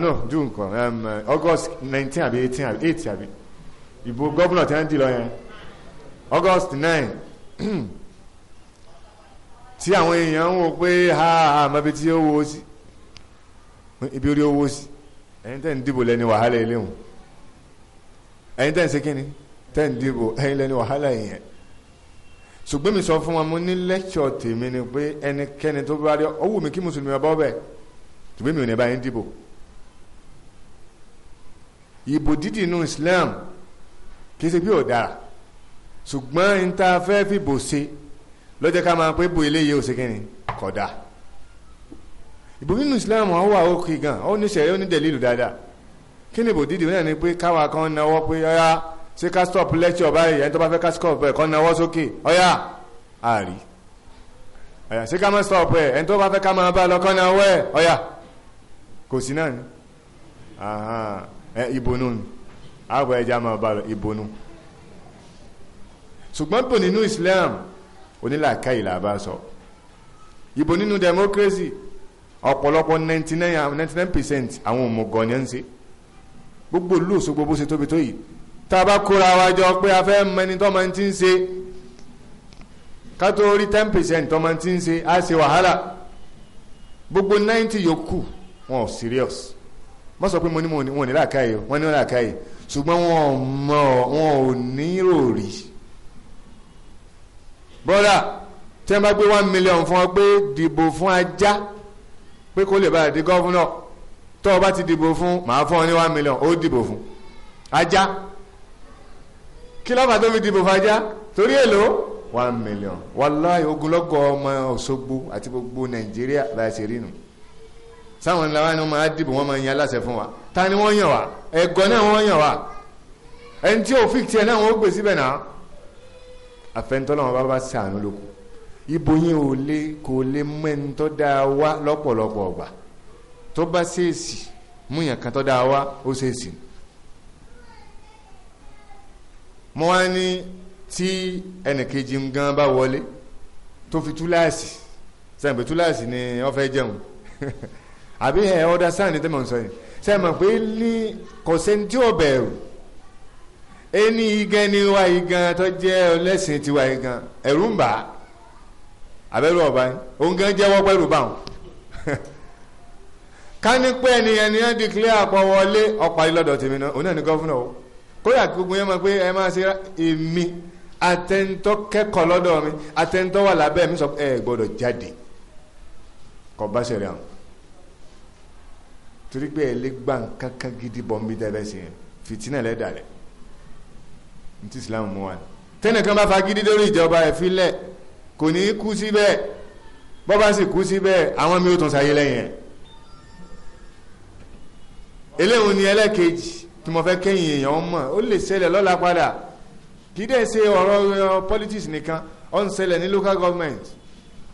august nineteen àbí eighteen àbí eight àbí ìbò tí lọ yẹn august nine tí àwọn èèyàn ń pé ha tí ó ibi orí ó wo sí tẹ́ ń dìbò lẹ́ni wàhálà ẹ̀yin tẹ́ ń ṣe ni tẹ́ ń dìbò ẹ̀yin lẹ́ni wàhálà yìí yẹn ṣùgbọ́n mi sọ fún wọn mo ní lẹ́kṣọ̀ tèmi ni pé ẹnikẹ́ni tó bá rí ọwọ́ mi kí mùsùlùmí ọba ọbẹ̀ ṣùgbọ́n mi ò ní bá yín dìbò ìbò dídì inú Islam kì í ṣe bí ò dára ṣùgbọ́n n ta fẹ́ fi bò ṣe lọ́jọ́ ká máa pé bò eléyìí ò ṣe kí ni kódà ìbò nínú Islam wọn wà ó kí gan ó ní sẹ̀rẹ́ ó ní dẹ̀lílù dáadáa kí ni ìbò dídì náà ni pé káwa kan náwó pé ọyá ṣé ká stop lecture báyìí ẹni tó bá fẹ́ ká stop ẹ̀ kan náwó sókè ọyá àrí ọyá ṣé ká má stop ẹ̀ ẹni tó bá fẹ́ ká máa bá lọ kan náwó ẹ̀ ọyá kò sí náà ni ẹ ìbònú ni àbọ̀ ẹja máa bá lọ ìbònú ṣùgbọ́n bò nínú Islam onílàkàyè là sọ ìbò nínú democracy ọ̀pọ̀lọpọ̀ ninety nine percent àwọn òmùgọ̀ ni ẹ̀ ń ṣe gbogbo ìlú Òṣogbo bó ṣe tóbi tó yìí tá a bá kóra pé a fẹ́ mọ ẹni tó ti ń ṣe ká tó ten percent tó máa ti ń ṣe á ṣe wàhálà gbogbo ninety yòókù wọn ò serious wọ́n sọ pé mo ní mo wọn ní làákàyè wọ́n ní làákàyè ṣùgbọ́n wọn ò mọ wọn ò ní ròrí bọ́dà tẹ́ ń bá gbé one million fún ọ pé dìbò fún ajá pé kó lè bá di gọ́fúnà tó o bá ti dìbò fún màá fún ọ ní one million ó dìbò fún ajá kí lọ́ba tó fi dìbò fún ajá torí èlò one million wàláhì ogunlọ́gọ̀ ọmọ Òṣogbo àti gbogbo Nàìjíríà bá a ṣe rí nù sáwọn ńlá wa ni wọ́n máa dìbò wọ́n máa yan aláṣẹ fún wa ta ni wọ́n yàn wá ẹ̀gọ́ náà wọ́n yàn wá ẹni tí òfin tiẹ̀ náà wọ́n gbé síbẹ̀ náà àfẹnutọ́lọ́wọ́n bá bá ṣàánú lóko ibo yẹn ò lè kò lè mẹ́ńtọ́ dáa wá lọ́pọ̀lọpọ̀ ọgbà tó bá ṣèèsì múyàn kan tó dáa wá ó ṣèèsì mo wá ní tí ẹnìkejì gan bá wọlé tó fi túláàsì sẹ́yìn túláàsì ni wọ́n fẹ́ jẹun àbí ẹ̀ ọ̀dà sáà ní tẹ́mọ̀ sọ yìí sẹ́yìn pé ní kọ̀sẹ́ni tí ò bẹ̀rù ẹni igan ni wá igan tó jẹ́ ọlẹ́sìn tiwa igan ẹ̀rù ń bà á abẹ́rù ọ̀bá yìí òun gan jẹ́wọ́ pẹ̀lú báwọn. ká ní pé ẹnìyẹn ni wọ́n declare àpọ̀ wọlé ọ̀parí lọ́dọ̀ tèmi náà òun náà ni gọ́fúnà o kóyà gbogbo yẹn mọ̀ pé ẹ máa ṣe èmi atẹ́ntọ́ kẹ́kọ̀ọ́ lọ́dọ̀ mi atẹ́ntọ́ wà lábẹ́ mi sọ ẹ gbọ́dọ̀ jáde kọ bá ṣẹlẹ̀ àwọn torí pé ẹ lè gbà kankan gidi bọ́ mi dẹ́bẹ̀ sí yẹn fìtínà lẹ́dà rẹ̀ ní ti Islam mú wa tẹ́nìkan bá fa gidi lórí ìjọba ẹ̀ fílẹ̀ kò ní kú síbẹ̀ bọ́ bá sì kú síbẹ̀ àwọn mi ò tún sáyé lẹ́yìn ẹ̀ eléyìí ni ẹlẹ́kejì tí mo fẹ́ kẹ́yìn èèyàn mọ̀ ó lè ṣẹlẹ̀ lọ́la padà kì í dẹ̀ ṣe ọ̀rọ̀ politics nìkan ó ń ṣẹlẹ̀ ní local government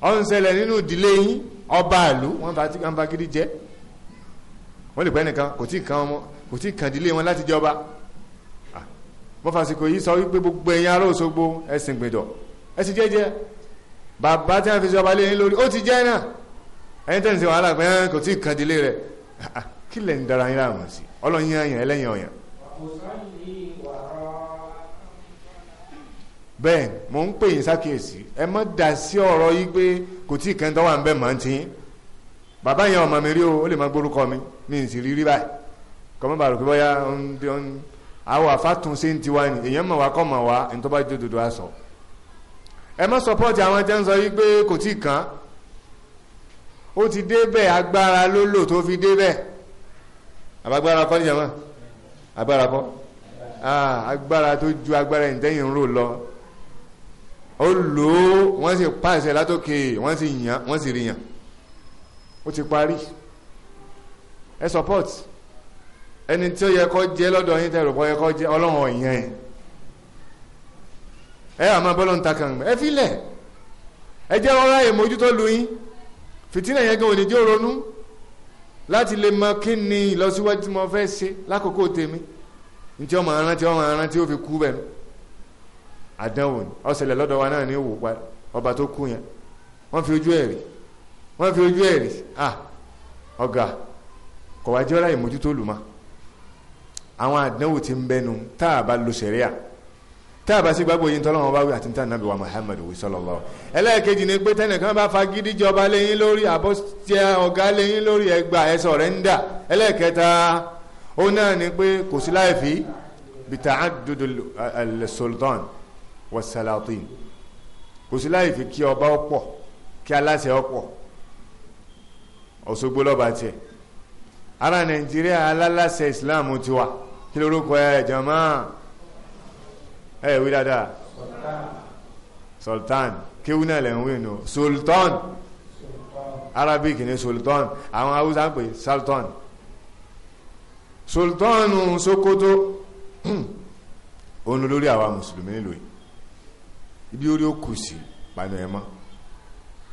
ó ń ṣẹlẹ̀ nínú ìdílé yín ọba àlú wọn bá ti kàn bá gidi jẹ́ wọ́n lè pẹ́ nìkan kò tí ì kan wọn kò tí ì kan ìdílé wọn láti jọba mo fàsìkò yìí sọ wípé gbogbo ẹ̀yin ará Òṣogbo ẹ̀sìn gbìndọ̀ ẹ̀sìn jẹ́jẹ́ bàbá tí wọ́n fi jọba lé yín lórí ó ti jẹ́ náà ẹ̀yin tẹ̀sí wàhálà pé kò tí kan ìdílé rẹ̀ kí lẹ̀ ń dara yín láàmú sí ọlọ́yin àyàn ẹlẹ́yìn ọ̀yàn. bẹ́ẹ̀ mò ń pè yín sákèésí ẹ mọ́ dà sí ọ̀rọ̀ yìí pé kò tí ì kan tó wà ń bẹ̀ mọ́ ti yín bàbá yẹn ọmọ mi rí o ó lè má gbórúkọ mi mi ì sì rí rí báyìí kọ́mọ́ bàrò pé bóyá àwọn àfàtúnṣe ń tiwa ni èèyàn mọ̀ wá kọ́ mọ̀ wá ní tó bá jó dodo aṣọ ẹ mọ́ sọpọ́ọ̀tì àwọn jẹ́ ń sọ yìí pé kò tí ì kan ó ti débẹ̀ agbára ló tó fi débẹ̀ àbágbára kọ́ níjàmá agbára kọ́ agbára tó ju agbára ìtẹ́yìn ń rò lọ ó lò ó wọ́n sì pàṣẹ látòkè wọ́n sì yàn wọ́n sì rí yàn ó ti parí ẹ support ẹni tí ó yẹ kó jẹ́ lọ́dọ̀ yín tẹ̀rù kọ́ yẹ kó jẹ́ ọlọ́run ọ̀yàn ẹ̀ ẹ àmọ́ bọ́lọ̀ ń ta kàn ẹ filẹ̀ ẹ jẹ́ ọ̀rá ìmójútó lu yín fìtínà yẹn gan òní jẹ́ ronú láti lè mọ kí ni ìlọsíwájú tí mo fẹ́ ṣe lákòókò tèmi ntí ọmọ aran tí ọmọ aran tí ó fi kú bẹ́ẹ̀ nù àdánwò ni ọ̀sẹ̀lẹ̀ lọ́dọ̀ wa náà ní wò pa ọba tó kú yẹn wọ́n fi ojú ẹ̀ rí wọ́n fi ojú ẹ̀ rí ah ọ̀gá kọ̀wájọ́ra ìmójútó lùmọ́ àwọn àdánwò ti ń bẹnu tá a bá lo sẹ̀ríà táàbà sí gbàgbọ́ yìí tọ́lọ́wọ́n bá wí àti níta nàbí wa Muhammadu wí sallallahu ẹlẹ́ẹ̀kejì ni pé tẹnìkan bá fagídí jọba lẹ́yìn lórí àbọ̀tẹ ọ̀gá lẹ́yìn lórí ẹgbà ẹ sọ̀rẹ́ńdà ẹlẹ́ẹ̀kẹta ó náà ni pé kò sí láì fi bita'addud al-sultan was-salatin kò sí láì fi kí ọba ọ̀pọ̀ kí aláṣẹ ọ̀pọ̀ Òṣogbo lọ́ba tiẹ̀ ara Nàìjíríà alálàṣẹ Islam tiwa kí lórúkọ ẹ̀ jàmáà ẹ eh, wí dáadáa sultan kéwú náà lẹ̀ wí nù sultan arabic ni sultan àwọn haúsá ń pè sultan sultanu sokoto òun lórí àwa mùsùlùmí nílò yìí ibi orí ó kù sí pàdé ẹ mọ́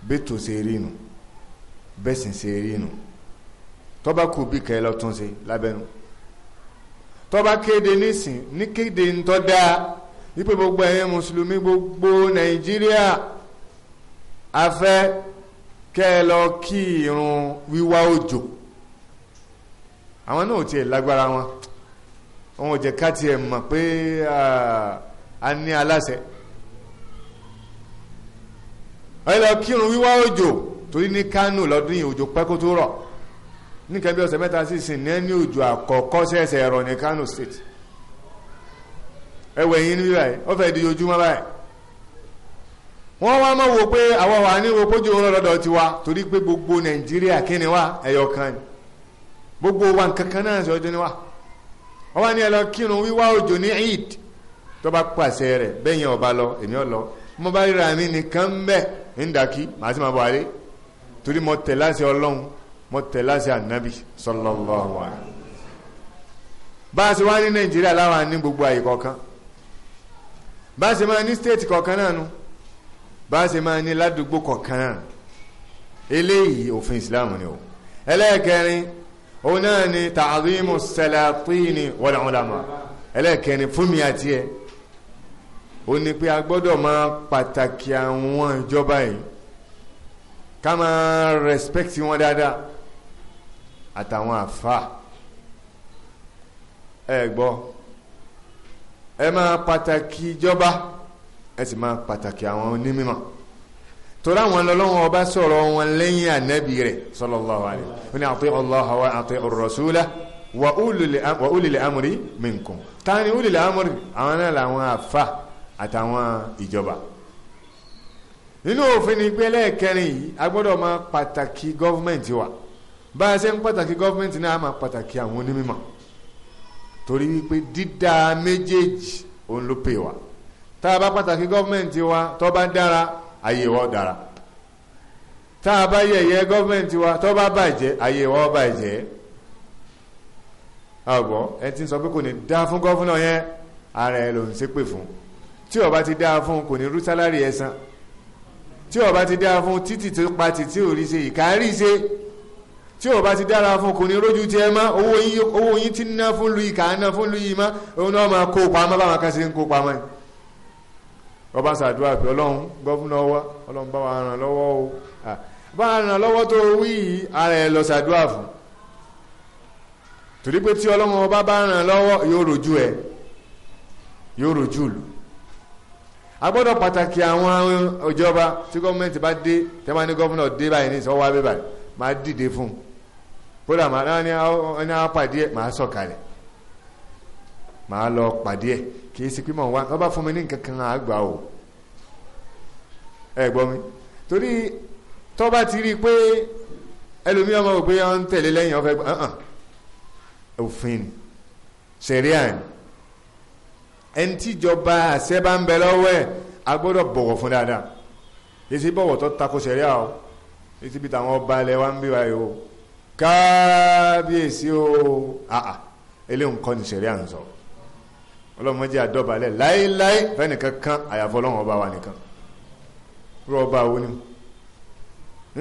bẹ́tò ṣe rí nù bẹ́sìn ṣe rí nù tọ́ba kù bí kẹ́ lọ́tún ṣe lábẹ́nu tọ́ba kéde nísìn ní kéde ń tọ́ dáa wípé gbogbo ẹ̀yin mùsùlùmí gbogbo nàìjíríà afẹ́ kẹ́ ẹ lọ kí irun wíwá òjò àwọn náà ò tiẹ̀ lágbára wọn wọn ò jẹ́ ká tiẹ̀ mọ̀ pé a ní aláṣẹ ẹ lọ kírun wíwá òjò torí ní kánò lọ́dún yìí òjò pẹ́ kó tó rọ̀ ní kẹ́bí ọ̀sẹ̀ mẹ́ta sí ìsìn ní ẹni òjò àkọ́kọ́ sẹ́sẹ̀ ẹ̀rọ ní kánò state ẹwẹ̀ yín níbí báyìí ó fẹ́ di ojúmọ́ báyìí wọ́n wá mọ̀ wò pé àwọn wà ní òun tiwa torí pé gbogbo nàìjíríà kí ni gbogbo wa nǹkan kan náà wa. ni wá wọ́n wá ní ẹ lọ kírun wíwá òjò eid tó bá pàṣẹ bẹ́ẹ̀ yẹn ọba lọ èmi ọ lọ mo bá ríra mi nìkan bẹ́ẹ̀ ń màá sì máa bọ̀ àlẹ́ torí mo mo gbogbo àyè kọ̀ọ̀kan bá a ṣe máa ní stéètì kọ̀ọ̀kan náà nu bá a ṣe máa ní ládùúgbò kọ̀ọ̀kan náà eléyìí òfin islam ni o ẹlẹ́ẹ̀kẹrin òun náà ni ta'zimu salatini wal ulama ẹlẹ́ẹ̀kẹrin fún mi àti ẹ o ní pé a gbọ́dọ̀ máa pàtàkì àwọn ìjọba yìí ká máa rẹ́spẹ́kìtì wọn dáadáa àtàwọn àfa ẹ gbọ́. ẹ máa pàtàkì ìjọba ẹ sì máa pàtàkì àwọn onímọ̀ torí àwọn ọlọ́wọ́n ọba sọ̀rọ̀ wọn lẹ́yìn ànábì rẹ̀ sallallahu alaihi wọn ni àti Allah wa àti ar-rasula wa ta ni àwọn náà làwọn àfa àtàwọn ìjọba nínú òfin ni pé yìí a wa bá a ṣe ń pàtàkì náà torí wípé dídá méjèèjì òun ló pè wá tá a bá pàtàkì gọ́ọ̀mẹ̀ntì wa tó bá dára ayé wa dára tá a bá yẹ̀yẹ́ gọ́ọ̀mẹ̀ntì wa tó bá bàjẹ́ ayé wa bàjẹ́ ọgbọ́n ẹ ti sọ pé kò ní dá fún gọ́fúnà yẹn ara ẹ ló ń ṣépè fún tí ó bá ti dá fún kò ní rú sálárì ẹ san tí ó ti dá fún títì tó pa títí òrí ìkárí ṣe tí ò bá ti dára fún kò ní rójú tí ẹ mọ́ owó yín ti ná fún lu ìkà ná fún lu yìí mọ́ òun náà máa kó pamọ́ báwọn kan ṣe ń kó pamọ́ yìí ọba ṣàdúrà pé ọlọ́run gọ́fúnà wa ọlọ́run bá wa ràn lọ́wọ́ o bá wa ràn lọ́wọ́ tó wí ara ẹ̀ lọ ṣàdúrà fún torí pé tí ọlọ́run ọba bá ràn lọ́wọ́ yóò rojú ẹ̀ yóò rojú lù a gbọ́dọ̀ pàtàkì àwọn ìjọba tí gọ́ọ̀mẹ̀ntì bá dé tẹ́wọ́n ní gọ́fúnà dé báyìí ní ìṣọ́wọ́ abẹ́bàá máa dìde fún un kódà máa ní àwọn pàdé ẹ̀ máa sọ̀kalẹ̀ máa lọ pàdé ẹ̀ kì í sí pé mọ̀ wá wọ́n bá fún mi ní nǹkan kan àgbà o ẹ gbọ́ mi torí tó bá ti rí i pé ẹlòmí ọmọ òpé ọ ń tẹ̀lé lẹ́yìn ọ̀fẹ́ gbọ́n òfin ṣẹ̀ríà ni ẹni tíjọba àṣẹ bá ń bẹ lọ́wọ́ ẹ̀ a gbọ́dọ̀ bọ̀wọ̀ fún dáadáa èsì bọ̀wọ̀ tó tako ṣẹ̀ríà o èsì bí tàwọn ọba ilẹ̀ wa ń bí wa o kábíyèsí o ah, eléhùn kọ́ ni sẹ̀rí à ń sọ ọlọ́mọdé àdọ́balẹ̀ láéláé fẹ́nìkan kan àyàfọ́ ọlọ́run ọba wa nìkan rọ ọba wo ni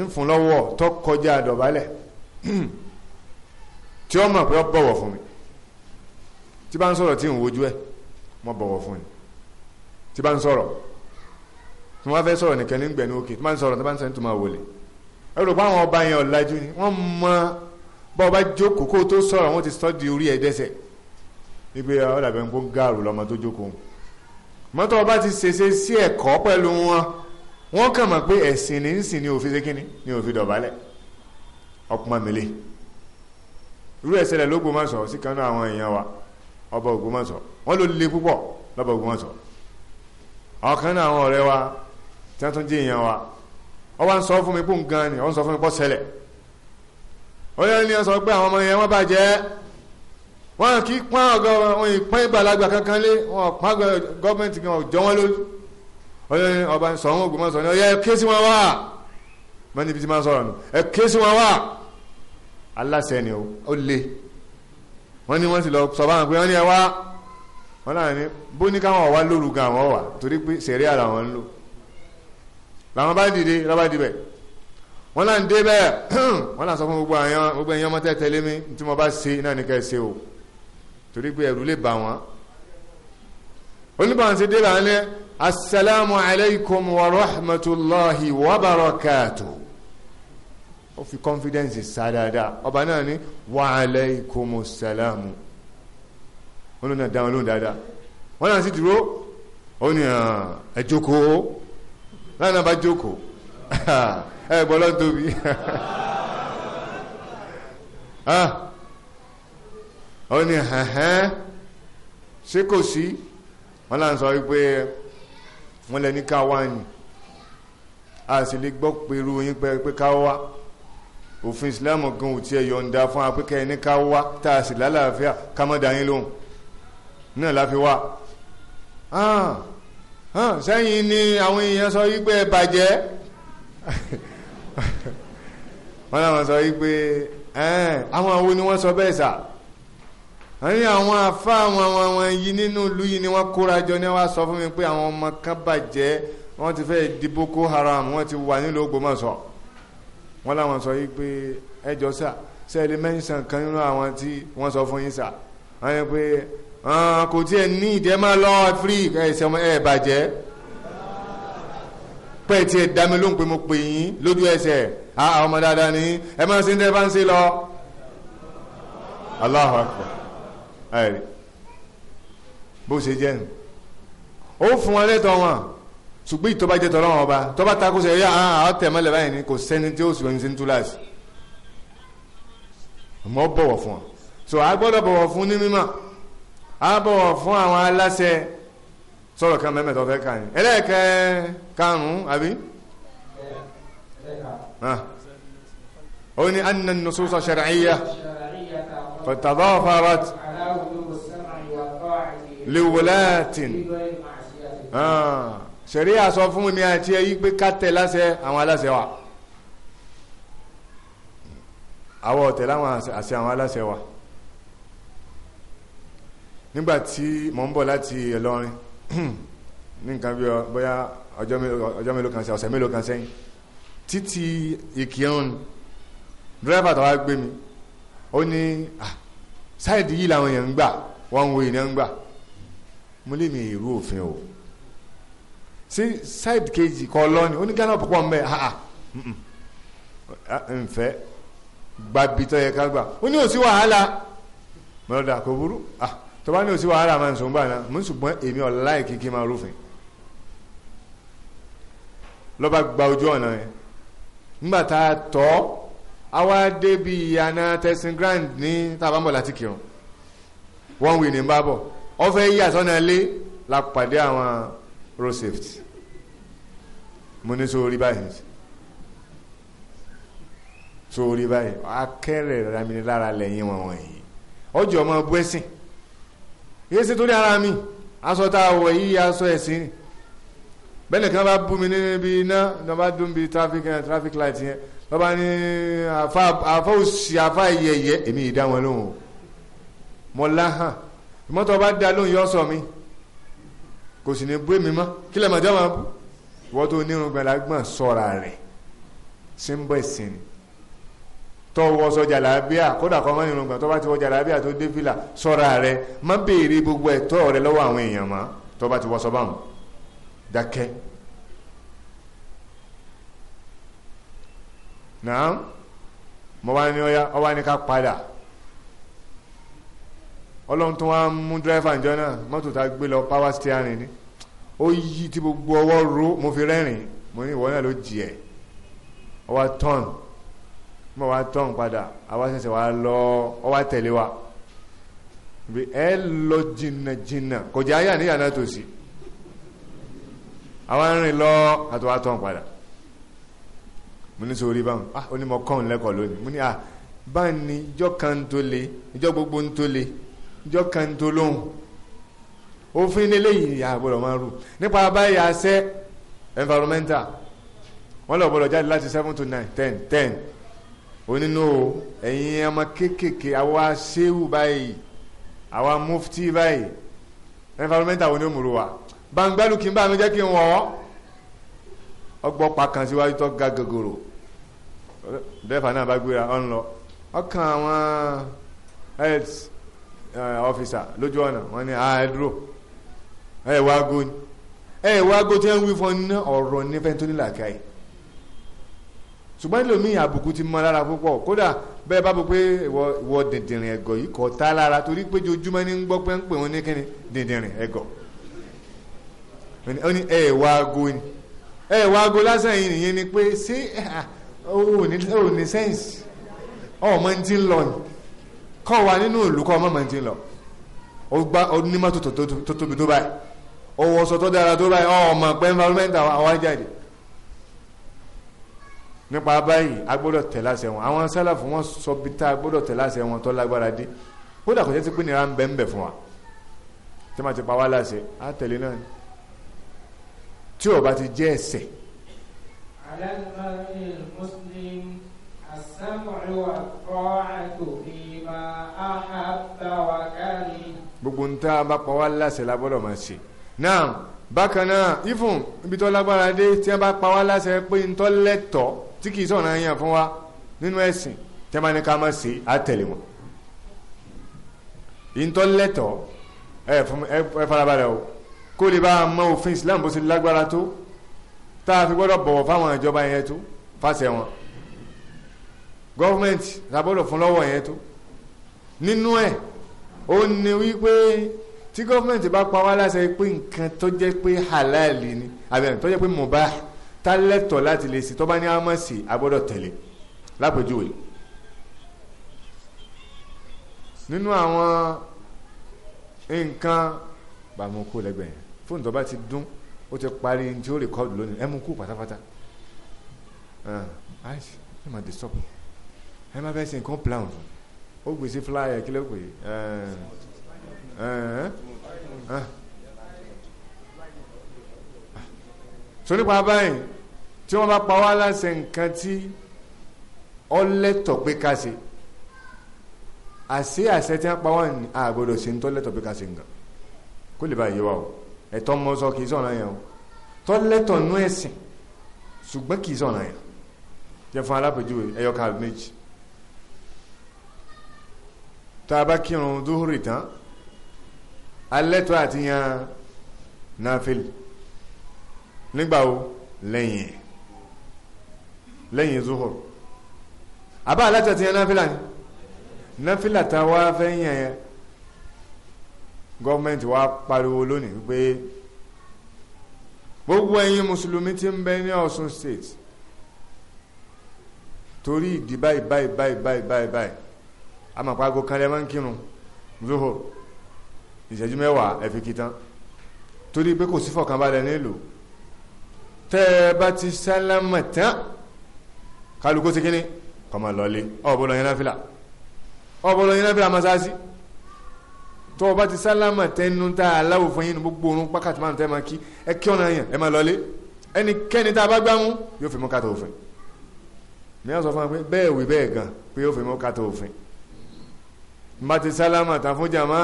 ń fún lọ́wọ́ tó kọjá àdọ̀balẹ̀ tí ó mọ̀ pé ó bọ̀wọ̀ fún mi tí bá ń sọ̀rọ̀ tí ń wojú ẹ̀ mo bọ̀wọ̀ fún ni tí bá ń sọ̀rọ̀ tí wọ́n fẹ́ sọ̀rọ̀ nìkan ní gbẹ̀nu òkè tí bá ń sọ̀rọ̀ tí bá ń sẹ́ni tó máa wọlé ẹrù pa àwọn ọba yẹn ọ̀làjú ni wọ́n mọ bọ́ ọba jókòó kó tó sọ̀rọ̀ wọ́n ti sọ́ di orí ẹ̀ dẹ́sẹ̀ wípé ọ̀dàbẹ̀ ah, ń kó gàrú lọ́mọ tó jókòó mọ́tò ọba ti ṣèṣe sí ẹ̀kọ́ pẹ̀lú wọn wọ́n kàn mọ̀ pé ẹ̀sìn ní sìn ní òfin sékíní ní òfin dọ̀bálẹ̀ ọpọ́n mi lé irú ẹ̀sẹ̀ rẹ̀ l'Ógbómọ̀ṣọ́ sí kan àwọn èèyàn wa ọba Ògbómọ̀ṣọ́ wọ́n ló le púpọ̀ lọ́ba Ògbómọ̀ṣọ́ ọ̀kan náà àwọn ọ̀rẹ́ wa tí wọ́n tún jẹ́ èèyàn wa ọ wá ń sọ fún mi kún gan ni ọ ń sọ fún mi kọ́ ṣẹlẹ̀ ọlọ́run ni ọ sọ pé àwọn ọmọ yẹn wọ́n bàjẹ́ wọ́n kì í pọ́n ọ̀gá wọn ìpọ́n ìgbàlagbà kankan lé wọn pọ́n gọ́ọ̀mẹ̀ntì kan ọ̀jọ́ wọn lójú ọlọ́run ọba ń sọ wọn ògùn máa sọ ní ọyẹ ẹ ké sí wọn wá mọ́ni ibi tí máa sọ̀rọ̀ nù ẹ ké sí wọn wá aláṣẹ ni ó le wọ́n ní wọ́n sì lọ sọ báwọn pé wọ́n ní ẹ wá wọ́n láwọn ní bó ní káwọn ọ̀wá lóru gan àwọn ọ̀wà torí pé sẹ̀rí àrà wọn ń lò làwọn bá dìde lọ́ba dìbẹ̀ wọ́n là ń dé bẹ́ẹ̀ wọ́n là sọ fún gbogbo àyàn gbogbo ẹ̀yàn ọmọ tẹ́tẹ́lé mi tí mo bá ṣe náà ní kẹ́ ṣe o torí pé ẹ̀rù lè bà wọ́n oníbàwọn ti dé bá ní asalaamu alaykum wa rahmatulahi wa barakatu ó fi confidence sá dáadáa ọba náà ní wa alaykum salaamu wọn náà dáhùn lóhùn dáadáa wọn náà sì dúró ó ní ẹjọ́ kó lánàá bá jókòó ẹ gbọ́ lọ́n tóbi ah. ó ní hẹ̀hẹ́n ṣé kò sí wọ́n là ń sọ wípé wọ́n lẹ ní ká wá ní a sì lè gbọ́ pẹ̀lú yín pé ká wá òfin ìsìláàmù gan ò tiẹ̀ yọ̀ǹda fún apẹ́kẹ́ ní ká tá a sì lálàáfíà ká yín lóhùn náà láfi wá. Ah hàn sẹ́yìn ni àwọn èèyàn sọ wípé ẹ bàjẹ́ wọ́n làwọn sọ wípé àwọn awo ni wọ́n sọ bẹ́ẹ̀ sà wọ́n ní àwọn afá àwọn àwọn àwọn yìí nínú ìlú yìí ni wọ́n kóra jọ ní wọ́n sọ fún mi pé àwọn ọmọ kan bàjẹ́ wọ́n ti fẹ́ di Boko Haram wọ́n ti wà nílùú Ògbómọ̀ṣọ́ wọ́n làwọn sọ wípé ẹjọ́ sà sẹ́ẹ̀lì mẹ́sàn-án kan nínú àwọn tí wọ́n sọ fún yín sà wọ́n ní pé Ah, kò tiẹ̀ ní ìdí ẹ máa lọ free ẹ̀sẹ̀ ọmọ ẹ̀ bàjẹ́ pẹ́ tiẹ̀ dá mi lóhùn pé mo pè yín lójú ẹsẹ̀ ah, àwọn ọmọ dáadáa ni ẹ máa ṣe ń tẹ́ bá ń ṣe lọ. Allahu Akbar ẹ̀rí bó ṣe jẹ́ nù ó fún wọn lẹ́tọ̀ọ́ wọn ṣùgbọ́n ìtọ́ba jẹ́ tọ́lọ́wọ́n ọba tọ́ba takosẹ̀ yá ah, àwọn tẹ̀mọ́lẹ̀ báyìí ni kò sẹ́ni tí ó sì wọ́n ṣe ń tú láti mọ́ bọ̀wọ̀ fún wọn so a gbọ́dọ̀ bọ̀wọ̀ fún ní mímọ́ a bọ̀wọ̀ fún àwọn aláṣẹ sọ̀rọ̀ kan mẹ́mẹ́tọ̀ fẹ́ kà ní ẹlẹ́ẹ̀kẹ́ karùn-ún àbí ah. ó ní anna nusus shar'iyya fatadafarat liwulatin ah. ṣẹ̀ríà sọ fún mi àti ẹ̀yí pé ká tẹ̀ láṣẹ àwọn aláṣẹ wa àwọ̀ tẹ̀ láwọn àṣẹ àwọn aláṣẹ wa nígbà tí mò ń bọ̀ láti Ìlọrin ní nǹkan bí bóyá ọjọ́ mélòó kan sẹ́yìn ọ̀sẹ̀ mélòó kan sẹ́yìn títí ìkírun dírẹ́fà tó wá gbé mi ó ní ah, sáìdì yìí làwọn èèyàn ń gbà wọ́n ń wo ìná ń gbà mo lè mi ìrú òfin o sí sáìdì kejì kọ lọ́ni ó ní gánà púpọ̀ ń bẹ̀ ha ah, ah, ǹfẹ́ gbàbí tó yẹ ká gbà ó ní òsì wàhálà mọ̀lọ́dà kò burú ah tó bá ní òsì wàhálà máa ń sùn báyìí mú ṣùgbọ́n èmi ọ̀la ìkíkí máa rúfin lọ́ba gba ojú ọ̀nà yẹn nígbà tá a tọ́ àwa dé bí aná tẹ̀sán grand ní tábàmọ̀ láti kírun wọ́n wì ní bá bọ̀ ọ fẹ́ yí àtọ́nà lé la pàdé àwọn road safety mo ní sórí báyìí sórí báyìí akẹ́rẹ̀ rami lẹ́yìn wọn wọ̀nyí ọjọ́ ọmọ bú ẹ̀sìn yé ṣe torí ara mi aṣọ tá a wọ̀ yí aṣọ ẹ̀sìn ni bẹ́ẹ̀ni kan bá bú mi níbi iná náà bá dún bí traffic eh, traffic light yẹn wọ́n bá ní àfa àfa òsì àfa ìyẹ̀yẹ́ èmi ìdá wọn lóhùn mọ́ láhàn mọ́tò bá da lóhùn yọ sọ mi kò sì ní bú èmi mọ́ kí lè mọ̀ jọ́ máa bú ìwọ́n tó onírun gbẹ̀lágbọ̀n sọ̀ra rẹ̀ ṣé ń bọ̀ ìsìn ni tó wọ sọjà làbíà kódà kọ́ mọ́nì irùngbọ̀n tó bá ti wọjà làbíà tó dé fìlà sọ́ra rẹ má béèrè gbogbo ẹ̀tọ́ rẹ lọ́wọ́ àwọn èèyàn mọ́ tó bá ti wọ sọ́bà wọn dákẹ́. náà mo wá ní ọyá ọwá ní ká padà ọlọ́run tó wá ń mú dírẹ́fà ǹjọ́ náà mọ́tò tá a gbé lọ power steering ni ó yí tí gbogbo ọwọ́ ro mo fi rẹ́rìn mo ní ìwọ náà ló jì ẹ̀ ọwá tọ́ọ̀nù mọ̀ wá tọ́n padà àwa ṣẹ̀ṣẹ̀ wá lọ ọ wá tẹ̀lé wa ẹ lọ jìnnà jìnnà kò jẹ́ ayé àníyàn náà tòsí àwa rìn lọ àti wá tọ́n padà mo ní sori báwọn ah onímọ̀ kọ́ọ̀n lẹ́kọ̀ọ́ lónìí mo ní ah báyìí ni ìjọ kan tó le ìjọ gbogbo ń tó le ìjọ kan tó lóhùn òfin nílé yìí àgbọ̀dọ̀ máa rù nípa báyìí àṣẹ environmental wọ́n lọ gbọ́dọ̀ jáde láti seven to nine ten ten onínú o ẹ̀yin ọmọ kéékèèké àwa ṣéwù báyìí àwa mufti báyìí ẹnfàlómẹ́ntà wo ni ó múru wa bangbẹ́lù kì í bá mi jẹ́ kí n wọ̀ ọ́ ọgbọ́n pa kan síwájú tó ga gògòrò dẹ́fà náà bá gbéra ọ̀n lọ ọkàn àwọn health eh, officer lójú ọ̀nà wọn ah, ni àádúró ẹ̀ wá gó ni ẹ̀ wá gó tí wọ́n ń wí fún ọ ní ọ̀rọ̀ nífẹ̀ẹ́ tó ní làákàyè. ṣùgbọ́n nílò mí àbùkù ti mọ lára púpọ̀ kódà bẹ́ẹ̀ bá pe pé ìwọ dìndìnrín ẹ̀gọ́ yìí kọ́ lára torí pé ojoojúmọ́ ni ń gbọ́ pé ń pè wọ́n ní kíni dìndìnrín ẹ̀gọ́ ó ní ẹ̀ ni ẹ̀ lásán yìí nìyẹn ni pé ṣé ò ah, ní sẹ́ǹsì ọmọ ń ń lọ ni kọ́ wa nínú ìlú kọ́ ọmọ ń ń lọ ó gbá tó tóbi tó báyìí ó nípa báyìí a gbọ́dọ̀ tẹ̀lé àṣẹ wọn àwọn sálàfù wọn sọ bí tá a gbọ́dọ̀ tẹ̀lé àṣẹ wọn tó lágbára dé kódà kò jẹ́ sí pé nira ń fún wa tí wọ́n ti pa wá láṣẹ á tẹ̀lé náà tí ó bá ti jẹ́ ẹ̀ṣẹ̀. gbogbo ń tá a bá pa wá láṣẹ la gbọ́dọ̀ máa ṣe náà bákan náà ifun ibi tó lágbára dé tí wọ́n bá pa wá láṣẹ pé ń lẹ́tọ̀ọ́ tí kì í sọ̀rọ̀ náà yàn fún wa nínú ẹ̀sìn tẹ́mání ká má ṣe àtẹ̀lé wọn. ìtọ́lẹ́tọ̀ ẹ farabalẹ̀ o kó lè bá a mọ òfin Islam bó ṣe lágbára tó tá a fi gbọ́dọ̀ bọ̀wọ̀ fáwọn ìjọba yẹn tó fàṣẹ wọn gọ́ọ̀mẹ̀ntì làbọ̀dọ̀ fún lọ́wọ́ yẹn tó nínú ẹ̀ ó ní wípé tí gọ́ọ̀mẹ̀ntì bá pa wá láṣẹ pé nǹkan tó jẹ́ pé halal ni àbẹ̀rẹ̀ tó jẹ́ pé mubah tálẹ́tọ̀ láti lè si tọ́ba ní amọ̀sí agbọ́dọ̀ tẹ̀lé lápèjúwe nínú àwọn nǹkan bàmúkú lẹ́gbẹ̀ẹ́ fóònù tó bá ti dún ó ti parí tí ó rìkọ́dù lónìí ẹ mú kú pátápátá ayi ah, ẹ má disturb ẹ má fẹ́ ṣe nǹkan plan ó gbèsè flyer kí ló pè é eh, eh, eh. Ah. so nípa báyìí tí wọ́n bá pa wá láṣẹ nǹkan tí ọlẹ́tọ̀ pé ká ṣe àṣé àṣẹ tí wọ́n pa wá ní àgbọ̀dọ̀ ṣe ń tọ́lẹ́tọ̀ pé ká ṣe nǹkan kó lè bá yé wa o ẹ̀tọ́ mọ sọ kì í sọ̀rọ̀ yẹn o tọ́lẹ́tọ̀ nú ẹ̀sìn ṣùgbọ́n kì í sọ̀rọ̀ yẹn jẹ́ fún alápèjúwe ẹ̀yọ́ ká méjì tá a bá kírun dúhùrì tán alẹ́tọ̀ àti yan náfìlì nígbà wo lẹ́yìn ẹ̀ lẹ́yìn zuhur àbá aláta ti yan náfìlà ni náfìlà tá a wá fẹ́ yàn yẹn gọ́ọ̀mẹ̀ntì wa pariwo lónìí wípé gbogbo ẹ̀yin mùsùlùmí ti ń bẹ ní Ọ̀ṣun state torí ìdí báyìí báyìí báyìí báyìí báyìí báyìí amàpágo kalẹ̀ máa ń kírun zuhur ìṣẹ́jú mẹ́wàá ẹ̀fi kìtàn torí pé kò sí fọ̀kànbalẹ̀ nílùú tẹ́ ẹ bá ti sálámà tán kálukú sí kíní kọmọ lọlé ọ̀bọ̀lọ̀ yẹn náfìlà ọ̀bọ̀lọ̀ yẹn náfìlà masáàsì tó bá ti sálámà tẹnu tá a láwò fún yín gbogbo orun pákàtí máa ń tẹ́ máa kí ẹ kí ọ̀nà yẹn ẹ máa lọlé ẹnikẹ́ni tá a bá gbámú yóò fi mú kàtà òfin mìíràn sọ fún wa pé bẹ́ẹ̀ wí gan pé yóò fi mú kàtà òfin bá ti sálámà tán fún jàmá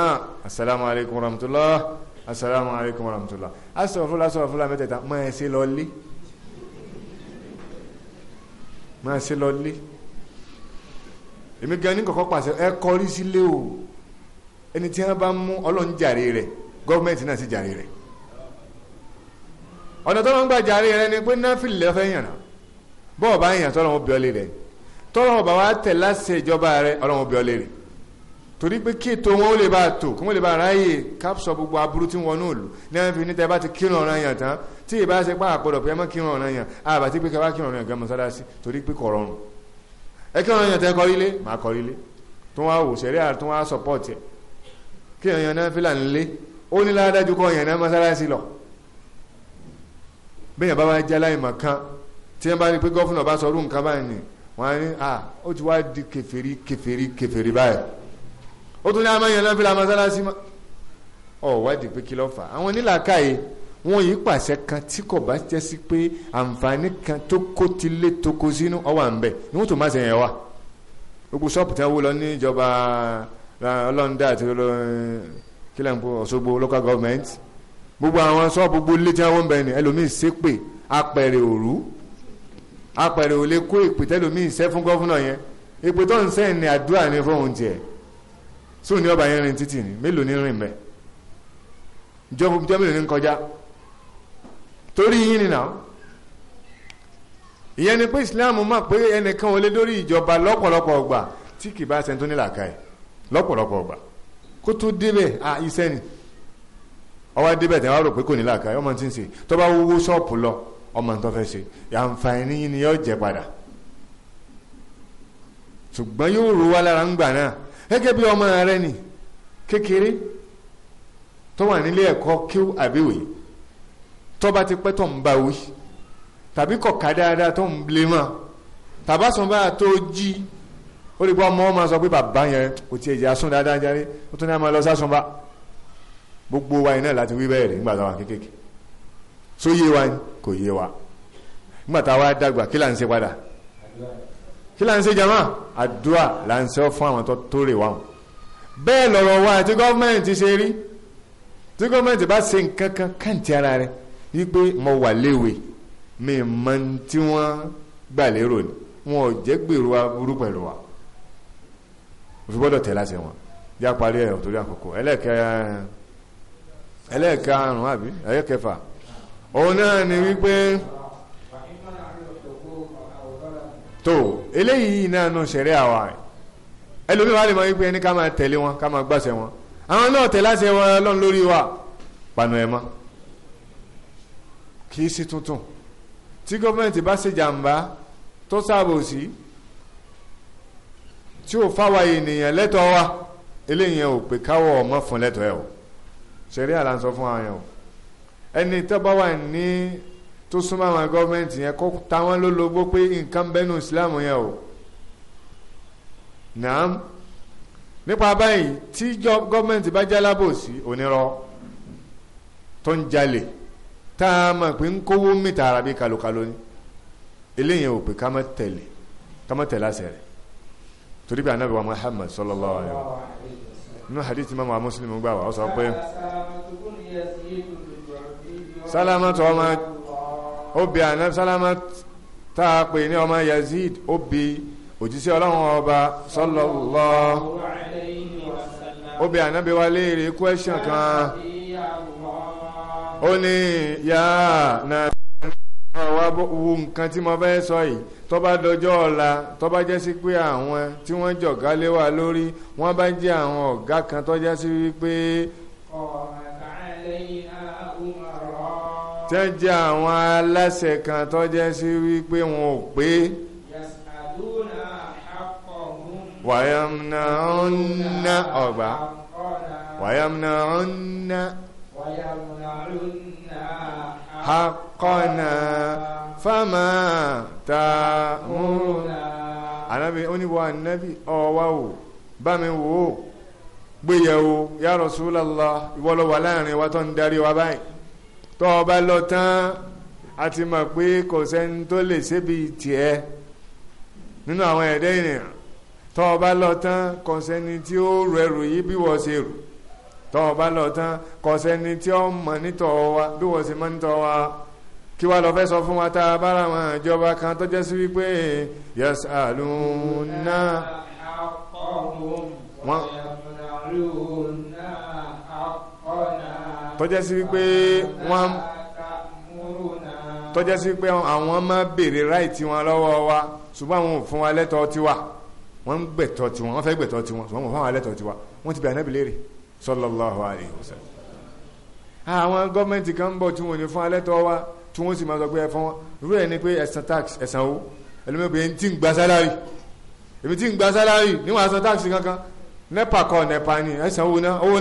alaykum wa rahmatulah asalaamu alaykum wa rahmatulah asọ̀rọ̀fúnla asọ̀rọ̀fúnla mẹ́tẹ̀ẹ̀ta máa ṣe lọlé máa ṣe lọ lé èmi gan ní kọ̀kọ́ pàṣẹ ẹ kọrí sílé o ẹni tí wọ́n bá mú ọlọ́run jàre rẹ̀ gọ́ọ̀mẹ̀ntì náà sì jàre rẹ̀ ọ̀nà tó lọ́n gbà jàre rẹ̀ ni pé náfìlì lẹ́fẹ̀ẹ́ yàn náà bọ́ọ̀ bá yàn tọ́lọ́run bí ọlé rẹ̀ tọ́lọ́run bá wa tẹ̀ láṣẹ ìjọba rẹ̀ ọlọ́run bí ọlé rẹ̀ torí pé kí ètò wọn ó lè bá tò kí wọn lè bá ráyè kápsọ gbogbo aburú tí wọn náà lò lẹ́yìn fi níta ẹ bá ti kírun ọ̀ràn yàn tán tí ì bá ṣe pá àpọ̀dọ̀ pé ẹ má kírun ọ̀ràn yàn àbá tí pé ká bá kírun ọ̀ràn yàn gan mọ́sálásí torí pé kò rọrùn ẹ kírun ọ̀ràn yàn tẹ́ kọrí lé màá kọrí lé tó wá wò sẹ́rí àti tó wá sọpọ́ọ̀tì ẹ̀ kí èèyàn náà fìlà ń lé ó ní ládájú kọ́ èèyàn náà mọ́sálásí ó tún ní amáyàn náà fi la mọ́sálásí mọ́ ọ wádìí pé kí ló fà àwọn onílàkàyè wọn yìí pàṣẹ kan tí kò bá jẹ́ sí pé àǹfààní kan tó kó ti lé toko sínú ọwà ń ni wọ́n tún máa ṣẹ̀yìn wa gbogbo ṣọ́ọ̀pù tí wọ́n wó lọ níjọba ọlọ́ndà àti eh, kílẹ̀ ń local government gbogbo àwọn ṣọ́ọ̀bù gbogbo ilé tí wọ́n ń bẹ̀ ni ẹlòmíì ṣépè apẹ̀rẹ̀ òru apẹ̀rẹ̀ òlé kó ìpè tẹ́lòmíì ṣẹ́ fún gọ́fúnà yẹn ìpè tó ń sẹ́yìn ni àdúrà ní fóun tiẹ̀ so ní ọba yẹn rìn títì ní mélòó ní rìn bẹ́ẹ̀ jọ mélòó ní kọjá torí yín ni náà ìyẹn ni pé ìsìláàmù mọ̀ pé ẹnìkan ò lè dórí ìjọba lọ́pọ̀lọpọ̀ ọgbà tí kì bá ṣe tó ní làákàyè lọ́pọ̀lọpọ̀ ọgbà kó tó débẹ̀ à iṣẹ́ ni ọwọ́ débẹ̀ tí wọ́n rò pé kò ní làákàyè ọmọ tí ń ṣe tó bá wó ṣọ́ọ̀pù lọ ọmọ tó fẹ́ ṣe àǹfààní yín ni yóò jẹ padà ṣùgbọ́n yóò ro wá lára ńgbà náà gẹ́gẹ́ bí ọmọ rẹ ni kékeré tó wà nílé ẹ̀kọ́ kíw àbíwè e, tó bá ti pẹ́ tó ń bá wí e, tàbí kọ̀ka dáadáa tó ń lé mọ́ tàbásùn bá tó jí ó lè gbọ́ ọmọ ọmọ sọ pé bàbá yẹn kò tiẹ̀ jẹ́ asún dáadáa jáde ó tún ní àmọ́ lọ sásùn gbogbo wa iná láti wí bẹ́ẹ̀ rí nígbà táwa kékèké só wa kò yé wa nígbà táwa dàgbà kí là ń ṣe padà kí là ń ṣe jama àdúrà là ń ṣe fún àwọn tó tóore wa wọn bẹ́ẹ̀ lọ̀rọ̀ wa tí gọ́ọ̀mẹ̀ntì ṣe rí tí gọ́ọ̀mẹ̀ntì bá ṣe nǹkan kan kàǹtì ara rẹ̀ wípé mo wà léwe mi mọ tí wọ́n gbà lérò ni wọn ò jẹ́ gbèrò aburú pẹ̀lú wa òfin gbọ́dọ̀ tẹ̀ láṣẹ wọn já parí ẹ̀ torí àkókò ẹlẹ́ẹ̀kẹ́ àrùn àbí ẹ̀yẹ́kẹfà òun náà ni wípé tó eléyìí náà nù sẹ̀rẹ̀ àwa ẹlòmíì wà lè mọ wípé ẹni ká máa tẹ̀lé wọn ká máa gbàṣẹ wọn àwọn náà tẹ̀ láṣẹ wọn ọlọ́run lórí wa panu ẹ̀ mọ́ kì í sí tuntun tí gọ́ọ̀mẹ̀ntì bá ṣe jàǹbá tó sáàbò sí tí ò fáwa ènìyàn lẹ́tọ̀ọ́ wa eléyìí ò pé káwọ̀ ọmọ fún lẹ́tọ̀ọ́ ẹ̀ o ṣẹ̀rí àlànsọ fún àwọn yẹn o ẹni tó bá wà ní tó súnmọ́ àwọn gọ́ọ̀mẹ́ntì yẹn kó ta wọ́n ló lógbó pé nǹkan bẹ́nu ìsìláàmù yẹn o nàám nípa báyìí tí gọ́ọ̀mẹ́ntì bá jálábòsí onírọ́ tó ń jalè tá a mọ̀ pé ń kówó mìta ara bí kalokalo ni eléyìí ò pé ká má tẹ̀lé ká má tẹ̀lé àṣẹ rẹ̀ torí bí anábì wa Muhammad sallallahu alaihi wa nínú hadith mọ́mọ́ Muslim gbà wá ó sọ pé sálámà tó ọmọ obi bi anabi salama yazid obi bi ọlọ́run ọba sallallahu ó bi léèrè question kan ó ní ya na ọwọ́ wo nkan tí mo fẹ́ sọ yìí tó bá dọjọ́ ọ̀la tó bá jẹ́ sí pé àwọn tí wọ́n jọ̀gá lé lórí wọ́n bá jẹ́ kan tó jẹ́ sí wípé. tán jẹ́ àwọn aláṣẹ kan tó jẹ́ sí wípé wọn ò pé wàyàmùnà ọ̀nà ọ̀gbà wàyàmùnà ọ̀nà hakọ̀nà fámà tààmùnà anábi oníwà nábi ọwá o bá mi wò ó gbéyẹ̀wò ya Rasulullah ìwọ́lọ́wà láàrin wa tó ń darí wa báyìí tọ́ ọ bá lọ tán a ti mọ̀ pé kò sẹ́ni tó lè ṣébi tiẹ̀ nínú àwọn ẹ̀dẹ́ ènìyàn tọ́ ọ bá lọ tán kò sẹ́ni tí ó rù ẹrù yìí bí wọ́n ṣe rù tọ́ ọ bá lọ tán kò sẹ́ni tí ó mọ̀ nítọ̀ wa bí wọ́n ṣe mọ̀ nítọ̀ wa kí wàá lọ fẹ́ sọ fún wa tá a bá ra àwọn ìjọba kan tó jẹ́ sí wípé yas'aluna wọ́n tọ́jẹ́ sí wípé wọ́n tọ́jẹ́ sí wípé àwọn máa béèrè ráìtì wọn lọ́wọ́ wa ṣùgbọ́n àwọn ò fún wa lẹ́tọ̀ọ́ tiwa wọ́n ń gbẹ̀tọ́ tiwọn wọ́n fẹ́ gbẹ̀tọ́ tiwọn ṣùgbọ́n wọ́n fún wa lẹ́tọ̀ọ́ tiwa wọ́n ti bẹ̀ ànábì léèrè sallallahu alaihi wasallam àwọn gọ́ọ̀mẹ̀ntì kan ń bọ̀ tí wọ́n ní fún alẹ́tọ̀ọ́ wa tí wọ́n sì máa sọ pé ẹ fún wọn irú ẹ̀ ni pé ẹ̀sán tax ẹ̀sán owó ẹlẹ́mẹ̀bẹ̀ẹ́ ti ń gba ni ẹ̀sán owó náà owó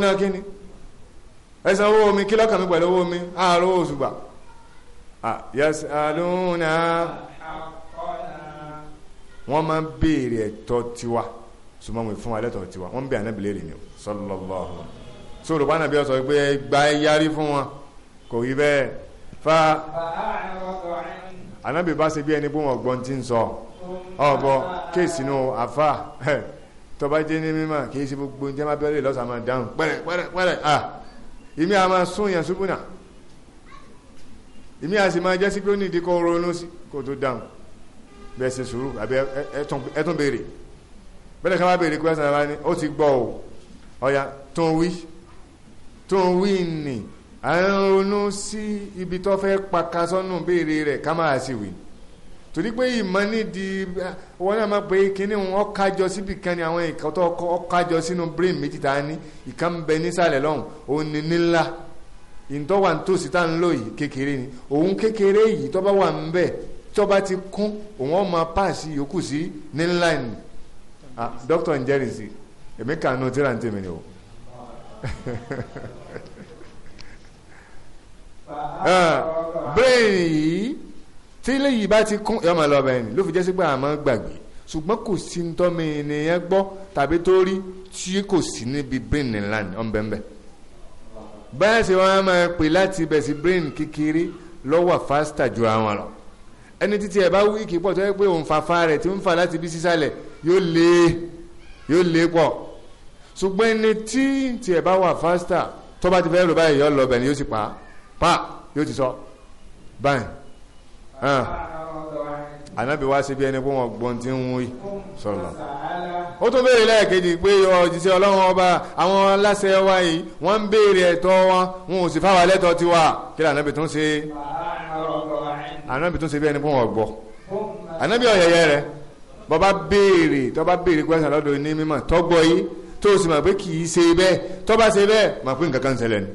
ẹ san owó omi kí lọ́kàn mi pẹ̀lú owó omi àárọ̀ owó oṣù gbà yasaluna máa ń béèrè ẹ̀tọ́ tiwa ṣùgbọ́n mo fún tiwa wọ́n ń bẹ ànábì léèrè ni sallallahu so rògbà nàbí ọ̀sọ̀ pé gba yárí fún wọn kò rí bẹ́ẹ̀ fa ànábì bá ṣe bí ẹni bó wọn gbọ́n ti ń sọ ọ̀bọ kéèsì nù àfà tọ́ba jẹ́ ní mímọ́ kì í ṣe gbogbo ní jẹ́ máa bẹ́ẹ̀ lọ́sàmọ́ dáhùn pẹ́rẹ́ pẹ́rẹ́ pẹ́rẹ́ ah èmi a máa sún yàn ṣubú náà èmi a sì máa jẹ́ sí pé ó ní ìdí kó ronú sí kó tó dáhùn bẹ́ẹ̀ ṣe sùúrù àbí ẹtún béèrè bẹ́ẹ̀ ká má béèrè kó ẹ̀sán ara ní ó ti gbọ́ o ọ̀yà tó ń wí tó ń wí nì à ronú sí ibi tó fẹ́ pa kasọ́nù béèrè rẹ̀ ká máa sì wí ni torí pé ìmọ̀ nídìí wọn náà máa pe kínní wọn kájọ síbi kan ní àwọn ìkan tó kájọ sínú brain méjì tá a ní ìkan bẹ nísàlẹ̀ lọ́hùn òun ní nílá ìtọ́wà nítòsí tá ń lò yìí kékeré ni òun kékeré yìí tó bá wà ń bẹ̀ tó bá ti kún òun ọ̀ máa páàsì yòókù sí nílá ni dókítà ń jẹ́rìí sí èmi tíra ń tèmi ni o. Ah, brain yìí tí eléyìí bá ti kún yọmọ lọba ẹni ló fi jẹ́ sí pé àmọ́ gbàgbé ṣùgbọ́n kò sí ní tọ́mọ ènìyàn gbọ́ tàbí tó rí tí kò sí níbi brain ńlá ní ọ̀nbẹ̀nbẹ̀ báyà ṣe wọn máa pè láti ibẹ̀ sí brain kékeré lọ́wọ́ fásità ju àwọn lọ ẹni títí ẹ̀ bá wíìkì pọ̀ tó yẹ pé òun fàfa rẹ̀ tí ń fà láti bí sísàlẹ̀ yóò lé yóò lé pọ̀ ṣùgbọ́n ẹni tí tiẹ̀ bá wà fásità tó bá ti fẹ́ lò báyìí yọ lọ bẹ̀ ni yóò sì pa pa yóò ti sọ báyìí ànábì wá sí bí ẹni pé wọ́n gbọ́n tí ń wí sọ̀rọ̀ ó tún béèrè lẹ́ẹ̀kejì pé òjíṣẹ́ ọlọ́run ọba àwọn aláṣẹ wa yìí wọ́n ń béèrè ẹ̀tọ́ wọn wọn ò sì fáwọn alẹ́tọ̀ tiwa kí ànábì tún ṣe ànábì tún ṣe bí ẹni pé wọ́n gbọ́ ànábì ọ̀yẹ̀yẹ rẹ̀ bọ́ba béèrè tọ́ba béèrè pẹ́sẹ̀ lọ́dọ̀ ní mímọ̀ tọ́gbọ́ yìí tó o sì mọ̀ pé kì í ṣe bẹ́ẹ̀ tọ́ba ṣe bẹ́ẹ̀ mọ̀ pé nǹkan kan ṣẹlẹ̀ ni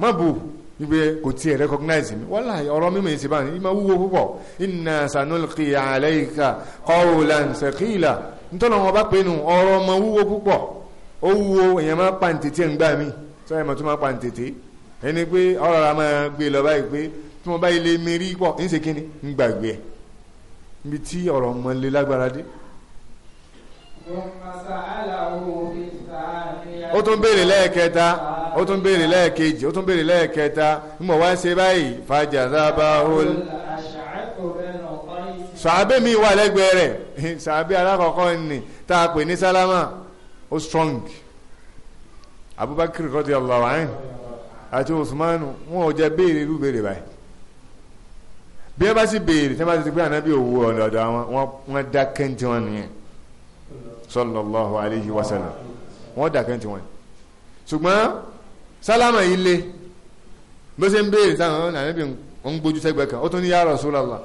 mọ̀ bù wípé kò tí ẹ̀ recognize mi wálláhì ọ̀rọ̀ mímọ̀ èsì bá ní ìmọ̀ wúwo púpọ̀ inna sanulqi alayka qawlan thaqila nítorí wọn bá pé nu ọ̀rọ̀ ọmọ wúwo púpọ̀ ó wúwo èèyàn máa pa ntètè ń gbà mí sọ èèyàn tó máa pa ntètè ẹni pé ọ̀rọ̀ ra máa gbé lọ báyìí pé tí wọ́n bá ilé mi rí pọ̀ ń ṣe kíni ń gbàgbé ẹ̀ níbi tí ọ̀rọ̀ ọmọ lé lágbára dé ó tún béèrè lẹ́ẹ̀kẹta ó tún béèrè lẹ́ẹ̀kejì ó tún béèrè lẹ́ẹ̀kẹta mo wá ṣe báyìí fàjàdábáhol sàábé mi wà lẹ́gbẹ̀ẹ́ rẹ̀ sàábé alákọ̀ọ́kọ́ ni tá a pè ní sálámà ó strong Abubakar radiyallahu anhu àti Usmanu wọn ò jẹ béèrè irú béèrè báyìí bí wọn bá sì béèrè tí wọn bá ti pé ànábì òwú ọ̀dọ̀ àwọn wọn dákẹ́ ní tiwọn nìyẹn sallallahu alayhi wa sallam wọ́n dàkẹ́ tí wọ́n ṣùgbọ́n sálámà yìí lé bó ṣe ń béèrè sáwọn ànábì ń gbójú sẹ́gbẹ̀ẹ́ kan ó tún ní ya Rasulullah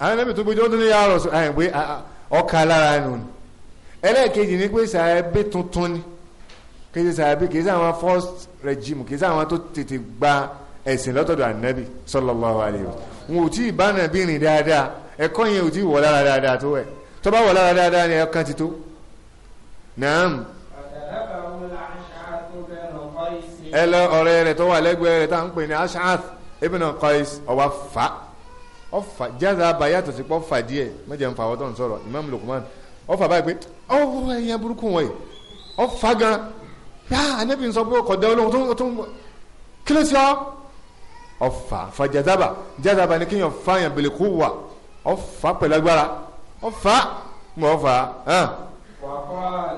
ànábì tó gbójú ó tún ní ya Rasulullah àyìnbó ah, ọkà lára nù ni ẹlẹ́ẹ̀kejì ni pé sàábé tuntun ni kejì sàábé kìí sáwọn first regime kìí sáwọn tó tètè gba ẹ̀sìn lọ́tọ̀dọ̀ ànábì sallallahu alayhi wa sallam wọn ò tí ì bá ànábì rìn dáadáa ẹ̀kọ́ yẹn ò tí ì wọ̀ lára dáadáa tó ẹ̀ tó bá wọ̀ lára dáadáa ni ẹ̀kan ti tó naam ẹ lọ ọ̀rẹ́ rẹ̀ tó wà lẹ́gbẹ̀ẹ́ rẹ̀ tá à ń pè ní Ash'ath ibn Qais ọwà fà ọfà jáde abayá tó ti pọ̀ fà díẹ̀ mẹ́jẹ̀ ń fa ọtọ́ ń sọ̀rọ̀ Imam Lukman ọfà báyìí pé ọwọ́ ẹ̀yẹ burúkú wọ̀nyí ọfà gan yáa anabi ń sọ pé ọkọ̀ dẹ́wọ́ lóhun tó ń kí ló ti ọ́ ọfà fàjàdàbà jàdàbà ni kéèyàn fàyàn bèlè kó wà ọfà pẹ̀lú agbára ọfà mọ̀ ọfà hàn.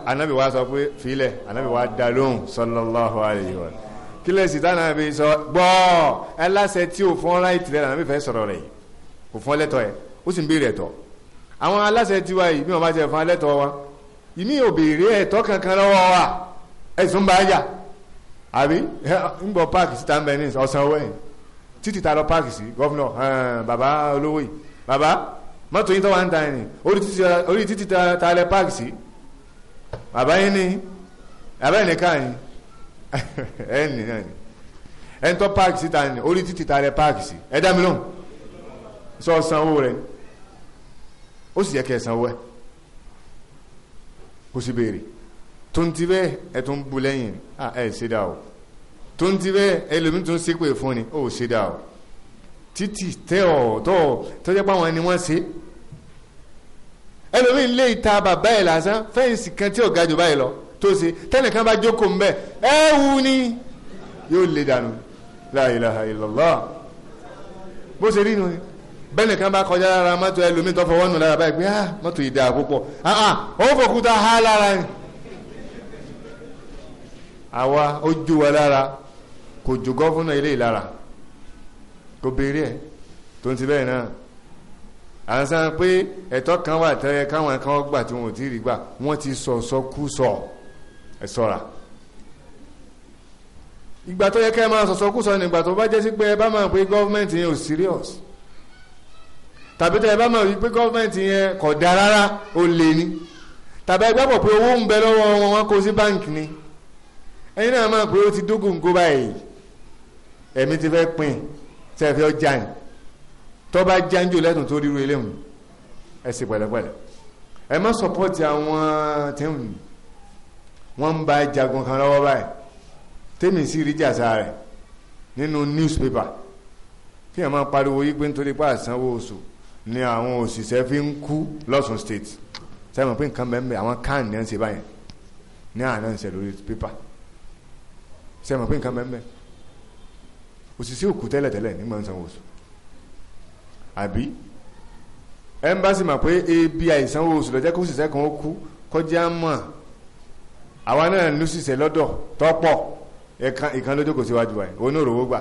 anabi wa sọ pé filẹ̀ anabi wa dá lóhùn sallallahu alayhi wa kí lẹ́sì táwọn àbí sọ gbọ́ ẹlẹ́sẹ̀ tí o fún ọ́nráìtì rẹ̀ lànà fẹ́ sọ̀rọ̀ rẹ̀ kò fún ẹlẹ́tọ̀ ẹ̀ ó sì ń béèrè ẹ̀tọ́ àwọn aláṣẹ ti wa yìí bí wọ́n bá ti fún wa ìmí ò béèrè ẹ̀tọ́ kankan lọ́wọ́ wa E bá yà àbí ń bọ̀ páàkì síta ń bẹ ní ọ̀sán owó ẹ̀ títí ta lọ páàkì sí gọ́fúnọ̀ bàbá olówó yìí bàbá mọ́tò yìí tó wà ń ta ẹ̀ orí títí ta lẹ páàkì sí bàbá yín ni bàbá yín nìkan yín ẹ̀yìn nìkan yín ẹni tó páàkì síta ni orí títì ta rẹ páàkì sí ẹ dá mi lóhùn sọ sanwó rẹ ó sì yẹ kẹ́ sanwó ẹ kò sì béèrè tó ń ẹ tó ń bu lẹ́yìn ẹ ṣe dá o tó ń ti bẹ́ẹ̀ ẹlòmíì tó ń ṣépè fún ni ó ṣe dá o títì tẹ́ ọ̀ tọ́ tọ́jọ́ pé àwọn ẹni wọ́n ṣe ẹlòmíì lé ìta bàbá ẹ̀ lásán fẹ́ǹsì kan tí ọ̀gá jù báyìí lọ tó ṣe tẹ́nìkan bá jókòó ń bẹ̀ ẹ ni yóò lè dànù la ilaha illallah bó ṣe rí nu bẹ́ẹ̀ni kan bá kọjá lára mọ́tò ẹlòmíì tó fọwọ́ nù lára báyìí pé ah mọ́tò yìí dáa púpọ̀ ah ah òun fòkúta há lára ni àwa ó wa lára kò jù gọ́fúnà ilé ìlara kò béèrè tó ń ti bẹ́ẹ̀ náà à ń sàn pé ẹ̀tọ́ kan wà tẹ́yẹ káwọn kan gbà tí wọn ò tí ì rí gbà wọ́n ti sọ sọkú sọ ẹ̀ sọ́ra ìgbà tó yẹ kẹ́ ẹ máa sọ sọkú sọ nígbà tó bá jẹ́ sí pé ẹ bá máa pé gọ́ọ̀mẹ̀ntì yẹn ò serious tàbí tẹ́ ẹ bá máa rí pé gọ́ọ̀mẹ̀ntì yẹn kò dáa rárá ó lè ní tàbí ẹ gbàgbọ́ pé owó ń bẹ lọ́wọ́ wọn wọn kó sí báǹkì ni ẹ̀yin náà máa pé ó ti dógùn gó báyìí ẹ̀mí ti fẹ́ pin tẹ́ ẹ fẹ́ yìí tọ́ba jáńjò lẹ́tùn tó ríru eléhùn ẹ ṣe pẹ̀lẹ́pẹ̀lẹ́ ẹ má sọpọ́tì àwọn tẹ́hùn wọ́n ń ba jagun kan lọ́wọ́ báyìí tẹ́mi sì rí jàsá rẹ̀ nínú newspaper kí ẹ máa pariwo yí pé nítorí pé àsanwó oṣù ni àwọn òṣìṣẹ́ fi ń kú lọ́sùn state sẹ́wọ̀n pé nǹkan mẹ́mẹ́ àwọn kan ní ẹ̀ ń ṣe báyìí ní àná ń ṣe lórí paper sẹ́wọ̀n pé nǹkan mẹ́mẹ́ òṣìṣẹ́ òkú tẹ́lẹ̀tẹ́lẹ̀ ní mọ̀ ń sanwó oṣù àbí ẹmbásí mà pé ebi àìsàn oṣù lọ́jẹ́ kó sì sẹ́kàn ó kú kọjá mọ̀ àwa náà ló ṣiṣẹ́ lọ́dọ̀ tọ́pọ̀ ẹ̀kan ìkan lójó kò síwájú wa òun náà gbà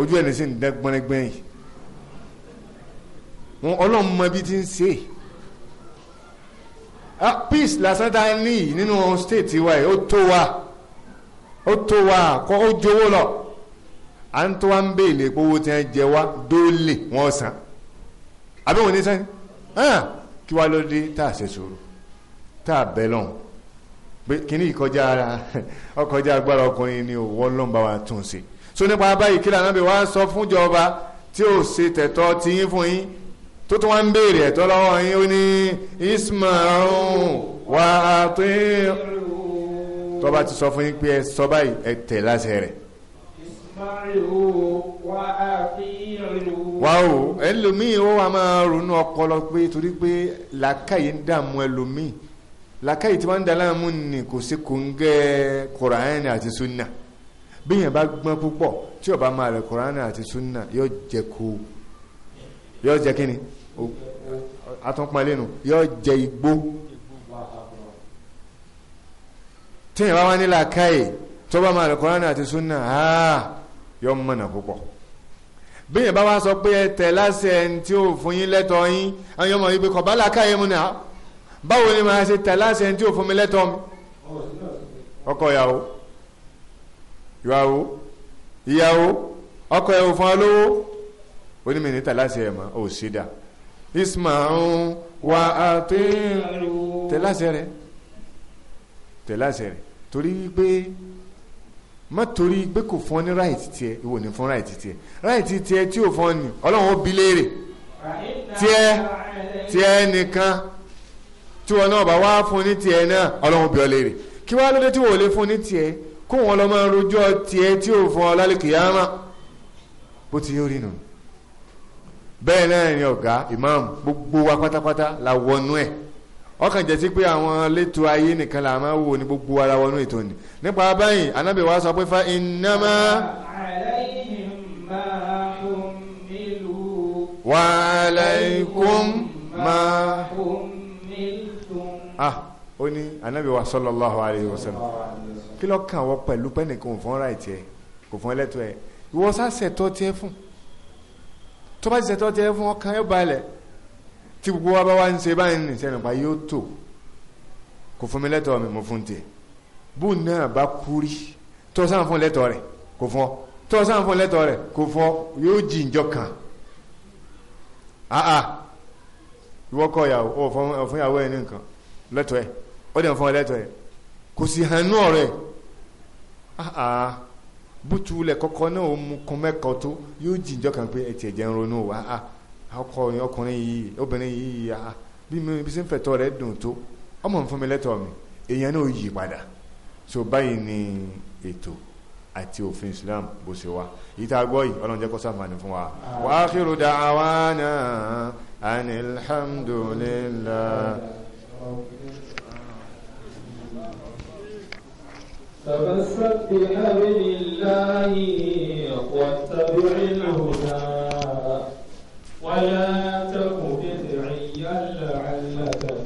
ojú ẹni sì ń dán gbọ́nrẹ́gbẹ́yìn wọn ọlọ́run mọ ibi tí ń ṣe ah, peace lásán tá a ní nínú state wa yìí ó tó wa ó tó wa kó ó jowó lọ à ń tó wá ń béèlè pé owó tí wọ́n jẹ wá dólè wọ́n san àbí wọ́n ní sẹ́ni kí wá ló dé tá a ṣe sòrò tá a bẹ̀ lọ́hùn pé kíní ìkọjá ọkọjá agbára ọkùnrin ni òwò ọlọ́run bá wa tún ṣe so nípa báyìí kí lànà bí wàá sọ fúnjọba tí ò ṣe tẹ̀tọ́ tiyín fún yín tó tún wá ń béèrè ẹ̀tọ́ lọ́wọ́ yín ó ní ismaun wà á pín tọ́ba ti sọ fún yín pé ẹ sọ báyìí ẹ tẹ̀ láṣẹ rẹ̀ wáwo ẹlòmíì ó wà máa ronú ọpọlọ pé torí pé làákàyè ń dààmú ẹlòmíì làákàyè tí wọ́n ń da láàmú ni kò sí kòńgẹ́ kòránì àti súnà bíyàn bá gbọ́n púpọ̀ tí ó bá máa rẹ̀ kòránì àti súnà yóò jẹ kó yóò jẹ kíni atúnpalẹ́nu yóò jẹ igbó tíyàn bá wá ní làákàyè tó bá máa rẹ̀ kòránì àti súnà áà. Ah yọ mọ̀nà púpọ̀ bíyẹn bá wá sọ pé ẹ tẹ̀ láṣẹ ẹni tí ò fún yín lẹ́tọ̀ọ́ yín àwọn ọmọ ibi kọ̀ bá làákàyè mu nà báwo ni màá ṣe tẹ̀ láṣẹ ẹni tí ò fún mi lẹ́tọ̀ọ́ mi ọkọ ìyàwó ìyàwó ìyàwó ọkọ ìyàwó fún olówó onímọ̀ ní tẹ̀ láṣẹ ẹ̀ mọ́ ò sí dà ismaun wa àti tẹ̀ láṣẹ rẹ̀ tẹ̀ láṣẹ rẹ̀ torí wípé má torí pé kò fún ọ ní ráìtì tiẹ ìwọ ní fún ráìtì tiẹ ráìtì tiẹ tí ò fún ọ ní ọlọ́run ó bi léèrè tiẹ tiẹ nìkan tí wọn náà bá wá fún ní tiẹ náà ọlọ́run bi ọ léèrè kí wàá lóde tí wọn ò lè fún ní tiẹ kó wọn lọ máa rojọ́ tiẹ tí ò fún ọ lálùkìyámà bó ti yóò rí nù bẹ́ẹ̀ náà ni ọ̀gá ìmáàmù gbogbo wa pátápátá la wọnú ẹ̀ ọkàn jẹ́ sí pé àwọn létò ayé nìkan là máa wò ní gbogbo ara wọnú ètò ni nípa báyìí anábì wa sọ pé fa innama alayhim ma hummilu wa alaykum ma hummiltum. ah ó ní anábì wa sallallahu alayhi wa sallam kí ló kàn wọ́n pẹ̀lú pẹ́ẹ́nìkan kò fọ́n ra ìtẹ́ kò fọ́n ẹlẹ́tọ̀ ẹ̀ ìwọ sá ṣẹ̀tọ́ tiẹ̀ fún tó bá ti tiẹ̀ fún ọkàn ẹ̀ balẹ̀ tí gbogbo wa bá wá ń ṣe báyìí ní sẹ́nu pa yóò tò kò fún mi lẹ́tọ̀ọ́ mi mo fún tiẹ̀ bó náà bá kú rí tọ́ sáà fún lẹ́tọ̀ọ́ rẹ̀ kò fún ọ tọ́ sáà fún lẹ́tọ̀ọ́ rẹ̀ kò fún ọ yóò jì ń jọ kàn áà ìwọ kọ ìyàwó ọ fún ìyàwó ẹ ní lẹ́tọ̀ọ́ ẹ ọ dẹ̀ fún ọ lẹ́tọ̀ọ́ ẹ kò sì hàn náà rẹ̀ áà bùtù lẹ̀ kọ́kọ́ náà ó mú kún mẹ́kọ̀ọ́ tó yóò jì ń jọ kàn pé ẹ̀ tiẹ̀ jẹ́ ronú wa áà ọkọ ọkùnrin yìí obìnrin yìí yà bí mi bí sínfẹ̀tọ́ rẹ̀ dùn tó ọmọ nfún mi lẹ́tọ̀ mi èèyàn náà yí padà so báyìí ni ètò àti òfin Islam bó ṣe wá yìí tá a gbọ́ yìí ọlọ́run jẹ́ kó sàǹfààní fún wa. wa akhiru da'wana anil hamdulillah. فَسَبِّحْ بِحَمْدِ اللَّهِ وَاتَّبِعِ الْهُدَى ولا تك بدعيا لعلك